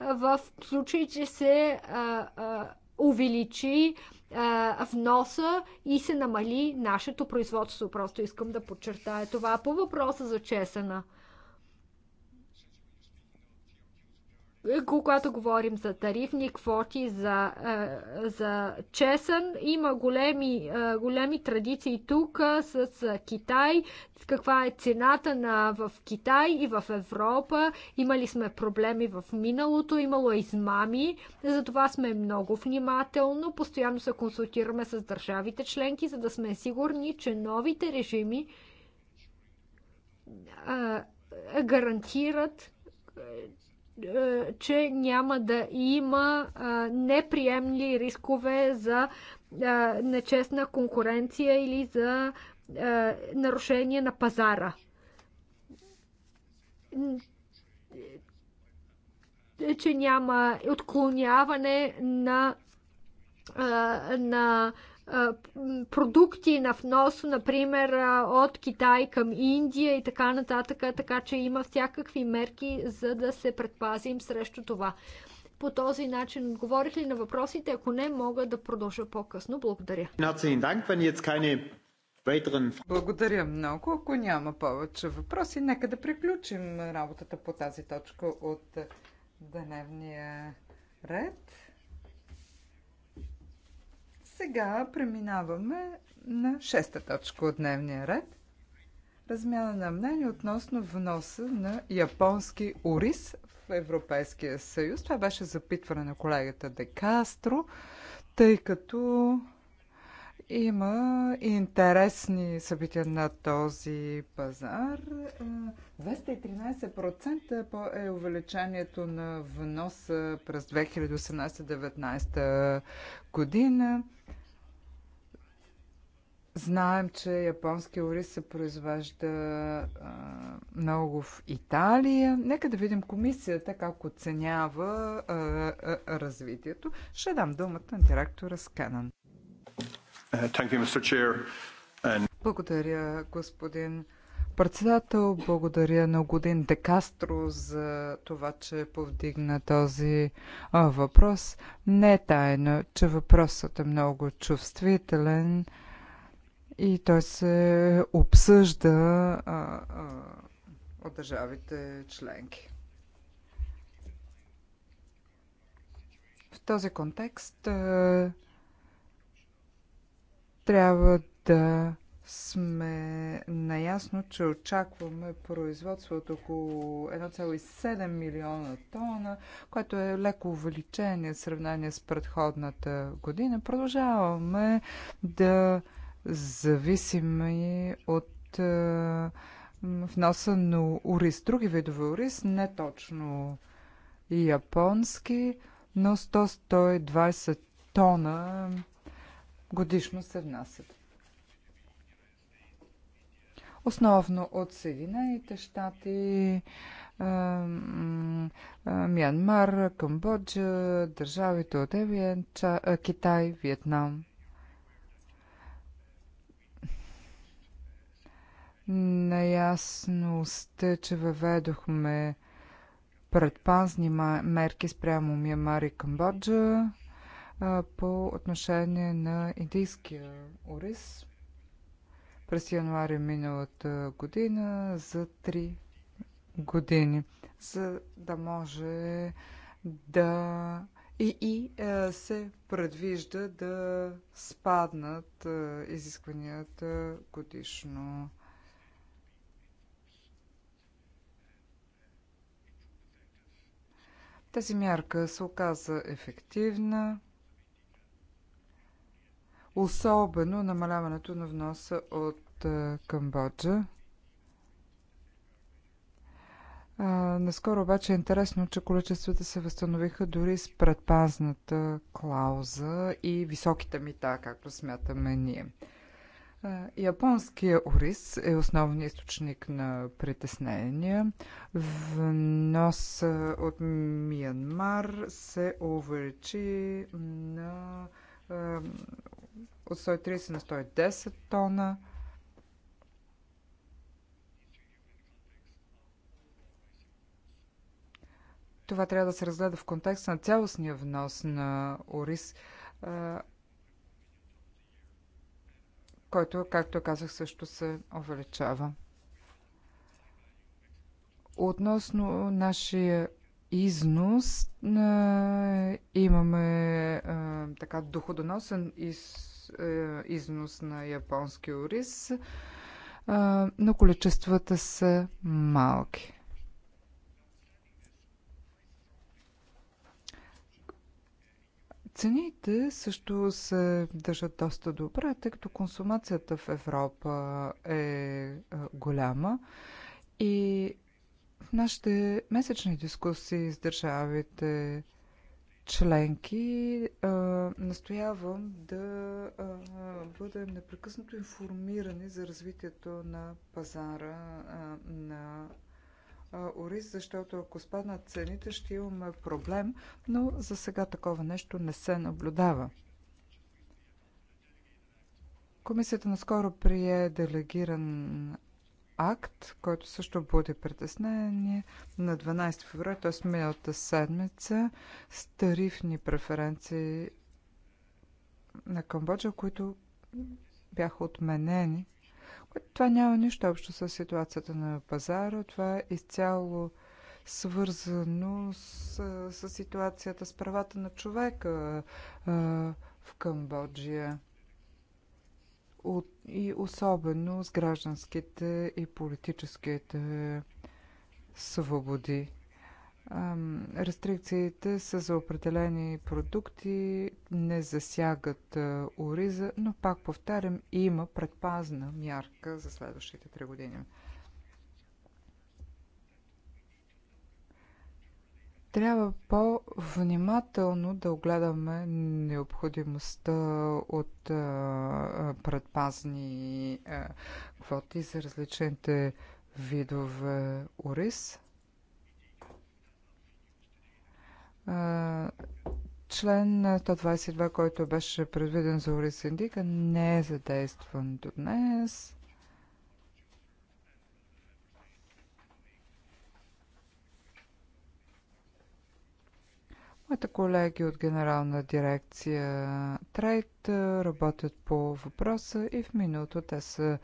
в случай, че се а, а, увеличи а, вноса и се намали нашето производство. Просто искам да подчертая това по въпроса за чесъна. когато говорим за тарифни квоти, за, е, за чесън, има големи, е, големи традиции тук е, с Китай. Каква е цената на, в Китай и в Европа? Имали сме проблеми в миналото, имало измами, затова сме много внимателно. Постоянно се консултираме с държавите членки, за да сме сигурни, че новите режими гарантират е, че няма да има е, неприемни рискове за е, нечестна конкуренция или за нарушение на пазара че няма отклоняване на, на продукти на внос, например, от Китай към Индия и така нататък, така че има всякакви мерки, за да се предпазим срещу това. По този начин отговорих ли на въпросите? Ако не, мога да продължа по-късно. Благодаря. Благодаря много. Ако няма повече въпроси, нека да приключим работата по тази точка от дневния ред. Сега преминаваме на шеста точка от дневния ред. Размяна на мнение относно вноса на японски ориз в Европейския съюз. Това беше запитване на колегата Декастро, тъй като има интересни събития на този пазар. 213% е, е увеличението на вноса през 2018-2019 година. Знаем, че японския ориз се произвежда а, много в Италия. Нека да видим комисията как оценява а, а, развитието. Ще дам думата на директора Сканан. Благодаря, господин председател. Благодаря на Годин Декастро за това, че повдигна този въпрос. Не е тайно, че въпросът е много чувствителен и той се обсъжда от държавите членки. В този контекст трябва да сме наясно, че очакваме производство от около 1,7 милиона тона, което е леко увеличение в сравнение с предходната година. Продължаваме да зависим и от е, вноса на ориз. Други видове ориз, не точно японски, но 100-120 тона годишно се внасят. Основно от Съединените щати, Мянмар, Камбоджа, държавите от Евиен, Китай, Виетнам. Наясно сте, че въведохме предпазни мерки спрямо Мянмар и Камбоджа по отношение на индийския ориз през януари миналата година за 3 години, за да може да и, и а, се предвижда да спаднат а, изискванията годишно. Тази мярка се оказа ефективна особено намаляването на вноса от е, Камбоджа. Наскоро обаче е интересно, че количествата се възстановиха дори с предпазната клауза и високите мита, както смятаме ние. Японския ориз е основният източник на притеснения. Внос е, от Миянмар се увеличи на е, от 130 на 110 тона. Това трябва да се разгледа в контекста на цялостния внос на Орис. който, както казах, също се увеличава. Относно нашия износ, имаме така доходоносен износ е, износ на японски ориз, е, но количествата са малки. Цените също се държат доста добре, тъй като консумацията в Европа е, е голяма и в нашите месечни дискусии с държавите членки а, настоявам да а, бъдем непрекъснато информирани за развитието на пазара а, на ориз, защото ако спаднат цените, ще имаме проблем, но за сега такова нещо не се наблюдава. Комисията наскоро прие делегиран акт, който също буди притеснение. На 12 февруари, т.е. миналата седмица, с тарифни преференции на Камбоджа, които бяха отменени. Това няма нищо общо с ситуацията на пазара. Това е изцяло свързано с, с ситуацията с правата на човека а, в Камбоджия от, и особено с гражданските и политическите свободи. Рестрикциите са за определени продукти, не засягат ориза, но пак повтарям, има предпазна мярка за следващите три години. Трябва по-внимателно да огледаме необходимостта от предпазни квоти за различните видове ориз. Член 122, който беше предвиден за Орис Индика, не е задействан до днес. Моите колеги от Генерална дирекция Трейд работят по въпроса и в минуто те са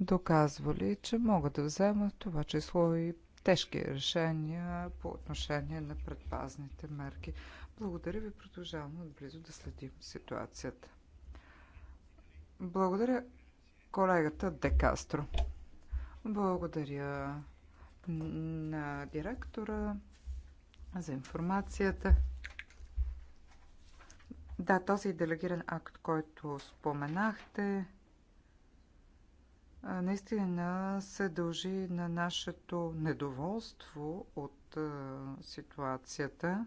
доказвали, че могат да вземат това число и тежки решения по отношение на предпазните мерки. Благодаря ви, продължаваме отблизо да следим ситуацията. Благодаря колегата Декастро. Благодаря на директора за информацията. Да, този делегиран акт, който споменахте, наистина се дължи на нашето недоволство от ситуацията.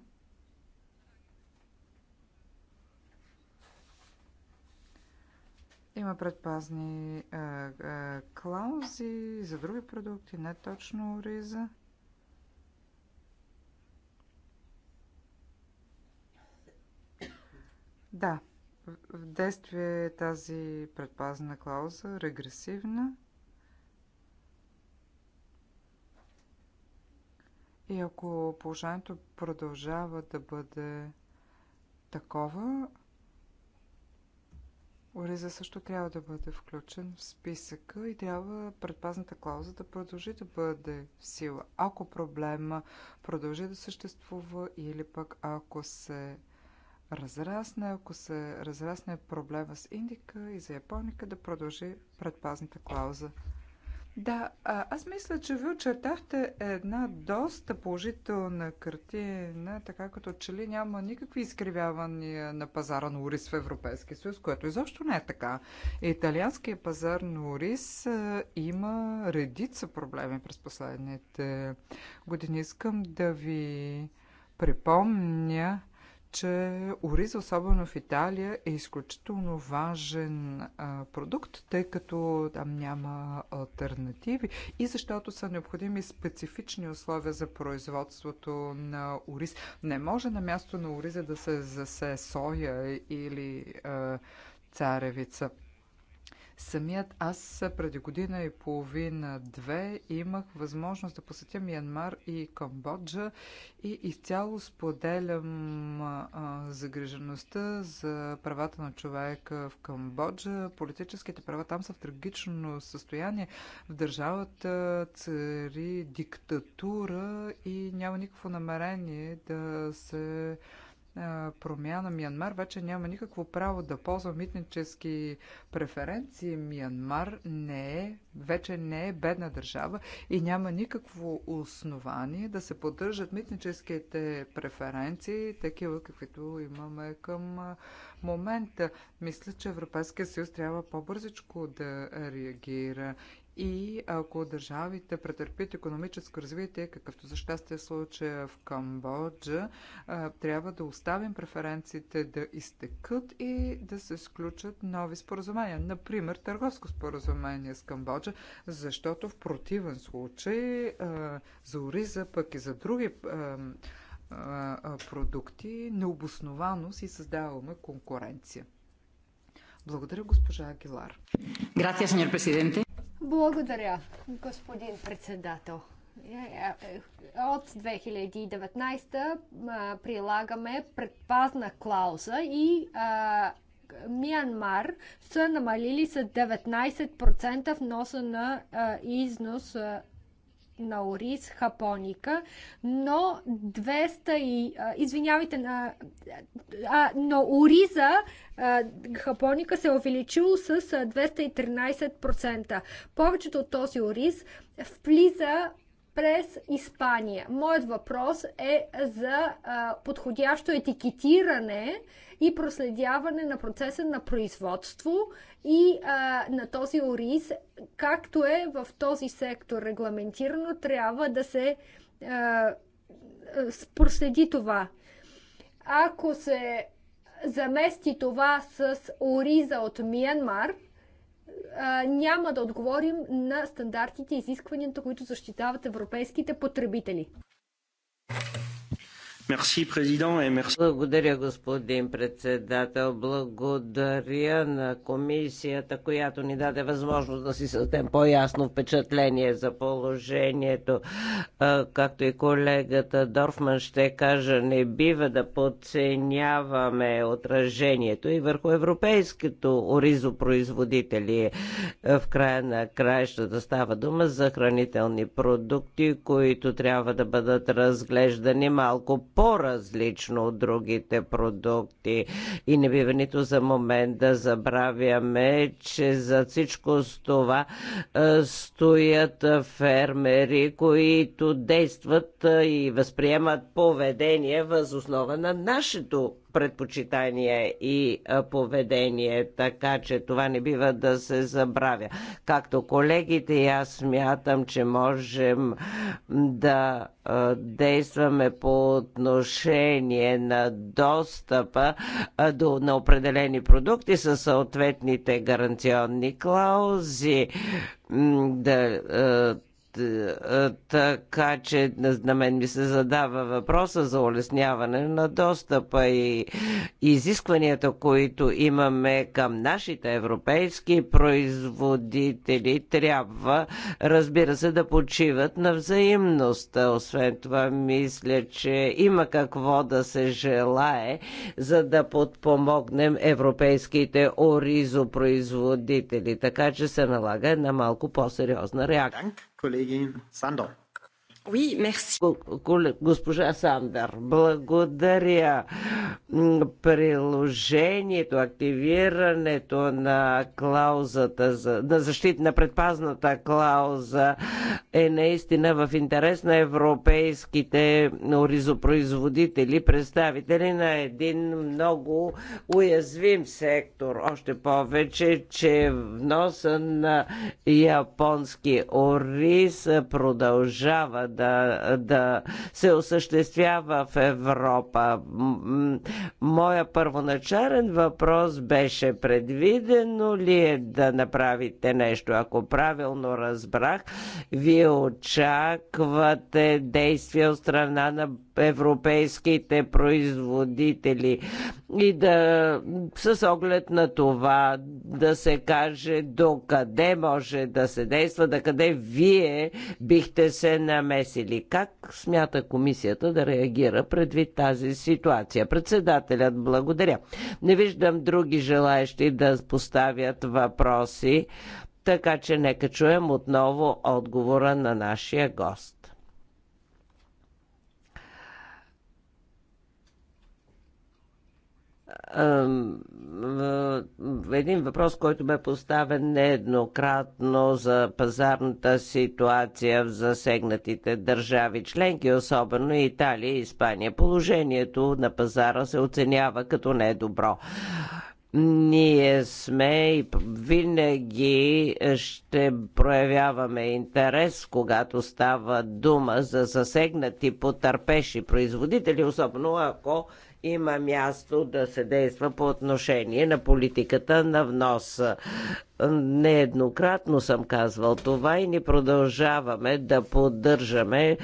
Има предпазни клаузи за други продукти, не точно риза. Да, в действие е тази предпазна клауза, регресивна. И ако положението продължава да бъде такова, Ориза също трябва да бъде включен в списъка и трябва предпазната клауза да продължи да бъде в сила. Ако проблема продължи да съществува или пък ако се разрасне, ако се разрасне проблема с Индика и за Японика, да продължи предпазната клауза. Да, а, аз мисля, че ви очертахте една доста положителна картина, така като че ли няма никакви изкривявания на пазара на ориз в Европейския съюз, което изобщо не е така. Италианският пазар на а, има редица проблеми през последните години. Искам да ви припомня, че ориза, особено в Италия, е изключително важен а, продукт, тъй като там няма альтернативи и защото са необходими специфични условия за производството на ориз. Не може на място на ориза да се засе соя или а, царевица. Самият аз преди година и половина-две имах възможност да посетя Миянмар и Камбоджа и изцяло споделям а, загрижеността за правата на човека в Камбоджа. Политическите права там са в трагично състояние. В държавата цари диктатура и няма никакво намерение да се промяна Миянмар вече няма никакво право да ползва митнически преференции. Миянмар не е, вече не е бедна държава и няма никакво основание да се поддържат митническите преференции, такива каквито имаме към момента. Мисля, че Европейския съюз трябва по-бързичко да реагира и ако държавите претърпят економическо развитие, какъвто за щастие е случая в Камбоджа, трябва да оставим преференциите да изтекат и да се сключат нови споразумения. Например, търговско споразумение с Камбоджа, защото в противен случай за Ориза, пък и за други продукти необосновано си създаваме конкуренция. Благодаря, госпожа Агилар. Грация, сеньор президенте. Благодаря, господин председател. Е, е, е, от 2019 прилагаме предпазна клауза и Миянмар са намалили с 19% вноса на износ на Ориз, Хапоника, но 200 и... А, извинявайте, на, а, но Ориза а, Хапоника се е увеличил с 213%. Повечето от този ориз влиза през Испания. Моят въпрос е за а, подходящо етикетиране и проследяване на процеса на производство и а, на този ориз, както е в този сектор регламентирано, трябва да се а, проследи това. Ако се замести това с ориза от Миянмар – няма да отговорим на стандартите и изискванията, които защитават европейските потребители. Благодаря, господин председател. Благодаря на комисията, която ни даде възможност да си създадем по-ясно впечатление за положението. Както и колегата Дорфман ще каже, не бива да подценяваме отражението и върху европейското оризопроизводители. В края на краищата става дума за хранителни продукти, които трябва да бъдат разглеждани малко по-различно от другите продукти. И не бива нито за момент да забравяме, че за всичко с това е, стоят е, фермери, които действат е, и възприемат поведение възоснова на нашето предпочитания и поведение, така че това не бива да се забравя. Както колегите и аз смятам, че можем да действаме по отношение на достъпа до, на определени продукти със съответните гаранционни клаузи. Да, е, така че на мен ми се задава въпроса за улесняване на достъпа и изискванията, които имаме към нашите европейски производители, трябва, разбира се, да почиват на взаимност. Освен това, мисля, че има какво да се желае, за да подпомогнем европейските оризопроизводители. Така че се налага една малко по-сериозна реакция kollegin sander. Oui, merci. Госпожа Сандър, благодаря. Приложението, активирането на клаузата, за, на защита на предпазната клауза е наистина в интерес на европейските оризопроизводители, представители на един много уязвим сектор. Още повече, че вноса на японски ориз продължава да, да се осъществява в Европа. Моя първоначален въпрос беше предвидено ли е да направите нещо. Ако правилно разбрах, вие очаквате действия от страна на европейските производители и да с оглед на това да се каже до къде може да се действа, да къде вие бихте се намесили намесили. Как смята комисията да реагира предвид тази ситуация? Председателят, благодаря. Не виждам други желаящи да поставят въпроси, така че нека чуем отново отговора на нашия гост. един въпрос, който бе поставен нееднократно за пазарната ситуация в засегнатите държави членки, особено Италия и Испания. Положението на пазара се оценява като недобро ние сме и винаги ще проявяваме интерес, когато става дума за засегнати потърпеши производители, особено ако има място да се действа по отношение на политиката на внос. Нееднократно съм казвал това и ни продължаваме да поддържаме е,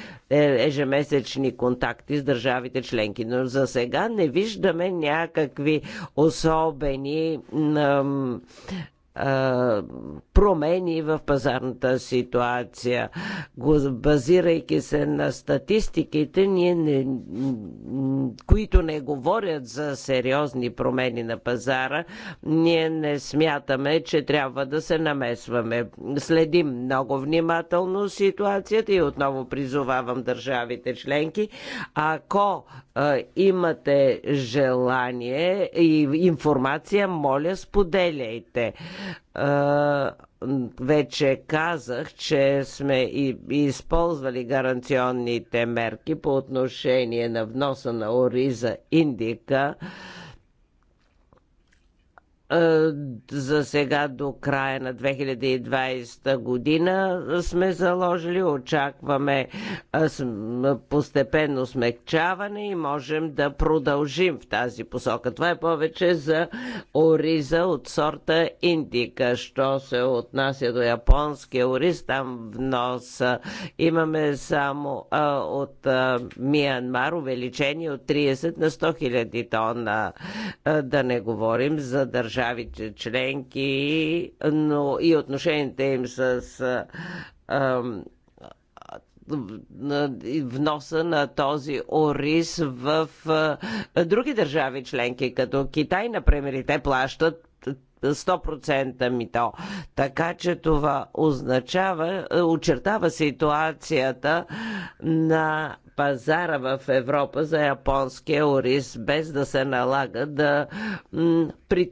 ежемесечни контакти с държавите членки. Но за сега не виждаме някакви особени промени в пазарната ситуация. Базирайки се на статистиките, ние не, които не говорят за сериозни промени на пазара, ние не смятаме, че трябва да се намесваме. Следим много внимателно ситуацията и отново призовавам държавите членки. Ако а, имате желание и информация, моля, споделяйте. Вече казах, че сме и използвали гаранционните мерки по отношение на вноса на ориза индика. Е, за сега до края на 2020 година сме заложили, очакваме е, постепенно смекчаване и можем да продължим в тази посока. Това е повече за ориза от сорта индика. Що се отнася до японския ориз, там вноса имаме само е, от Миянмар увеличение от 30 на 100 хиляди тона. да не говорим за държава държавите членки, но и отношенията им с вноса на този ориз в други държави членки, като Китай, например, и те плащат 100% то. Така че това означава, очертава ситуацията на пазара в Европа за японския ориз, без да се налага да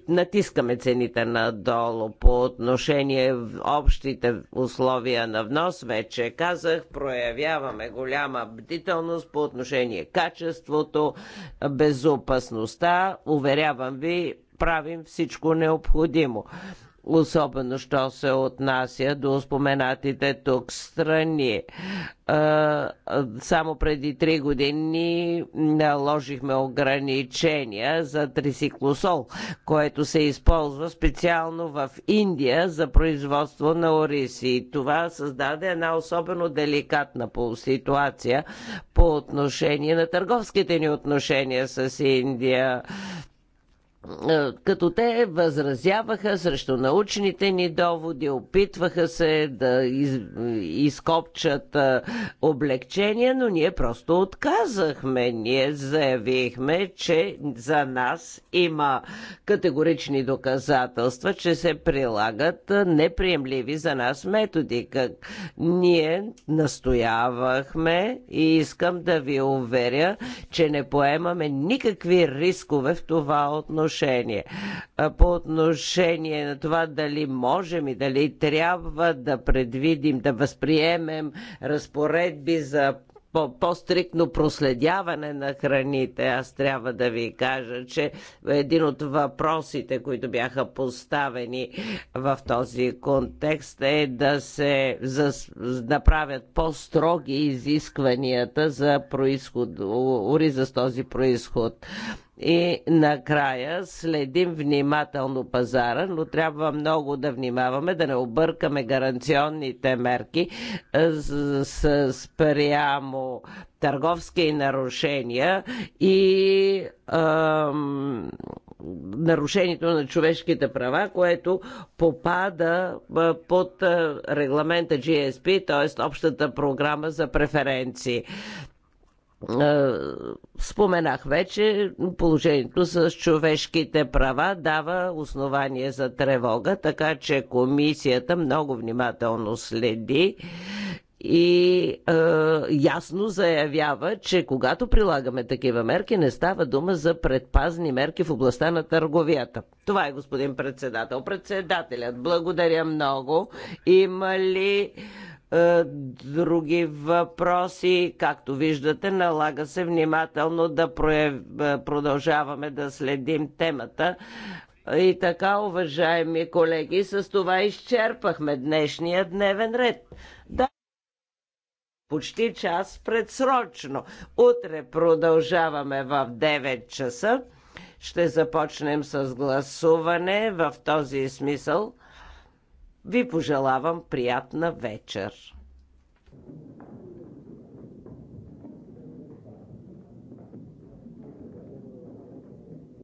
натискаме цените надолу. По отношение в общите условия на внос, вече казах, проявяваме голяма бдителност по отношение качеството, безопасността. Уверявам ви, правим всичко необходимо особено що се отнася до споменатите тук страни. Само преди три години наложихме ограничения за трисиклосол, което се използва специално в Индия за производство на ориси. Това създаде една особено деликатна ситуация по отношение на търговските ни отношения с Индия. Е, като те възразяваха срещу научните ни доводи, опитваха се да из, изкопчат а, е, облегчения, но ние просто отказахме. Ние заявихме, че за нас има категорични доказателства, че се прилагат е, неприемливи за нас методи. Как ние настоявахме и искам да ви уверя, че не поемаме никакви рискове в това отношение отношение. По отношение на това дали можем и дали трябва да предвидим, да възприемем разпоредби за по-стрикно -по проследяване на храните. Аз трябва да ви кажа, че един от въпросите, които бяха поставени в този контекст е да се направят по-строги изискванията за происход, ори за този происход. И накрая следим внимателно пазара, но трябва много да внимаваме, да не объркаме гаранционните мерки с, с, прямо търговски нарушения и ам, нарушението на човешките права, което попада под регламента GSP, т.е. общата програма за преференции. Е, споменах вече, положението с човешките права дава основание за тревога, така че комисията много внимателно следи и е, ясно заявява, че когато прилагаме такива мерки, не става дума за предпазни мерки в областта на търговията. Това е господин председател. Председателят, благодаря много. Има ли е, други въпроси. Както виждате, налага се внимателно да прояв... Е, продължаваме да следим темата. И така, уважаеми колеги, с това изчерпахме днешния дневен ред. Да почти час предсрочно. Утре продължаваме в 9 часа. Ще започнем с гласуване в този смисъл. Ви пожелавам приятна вечер!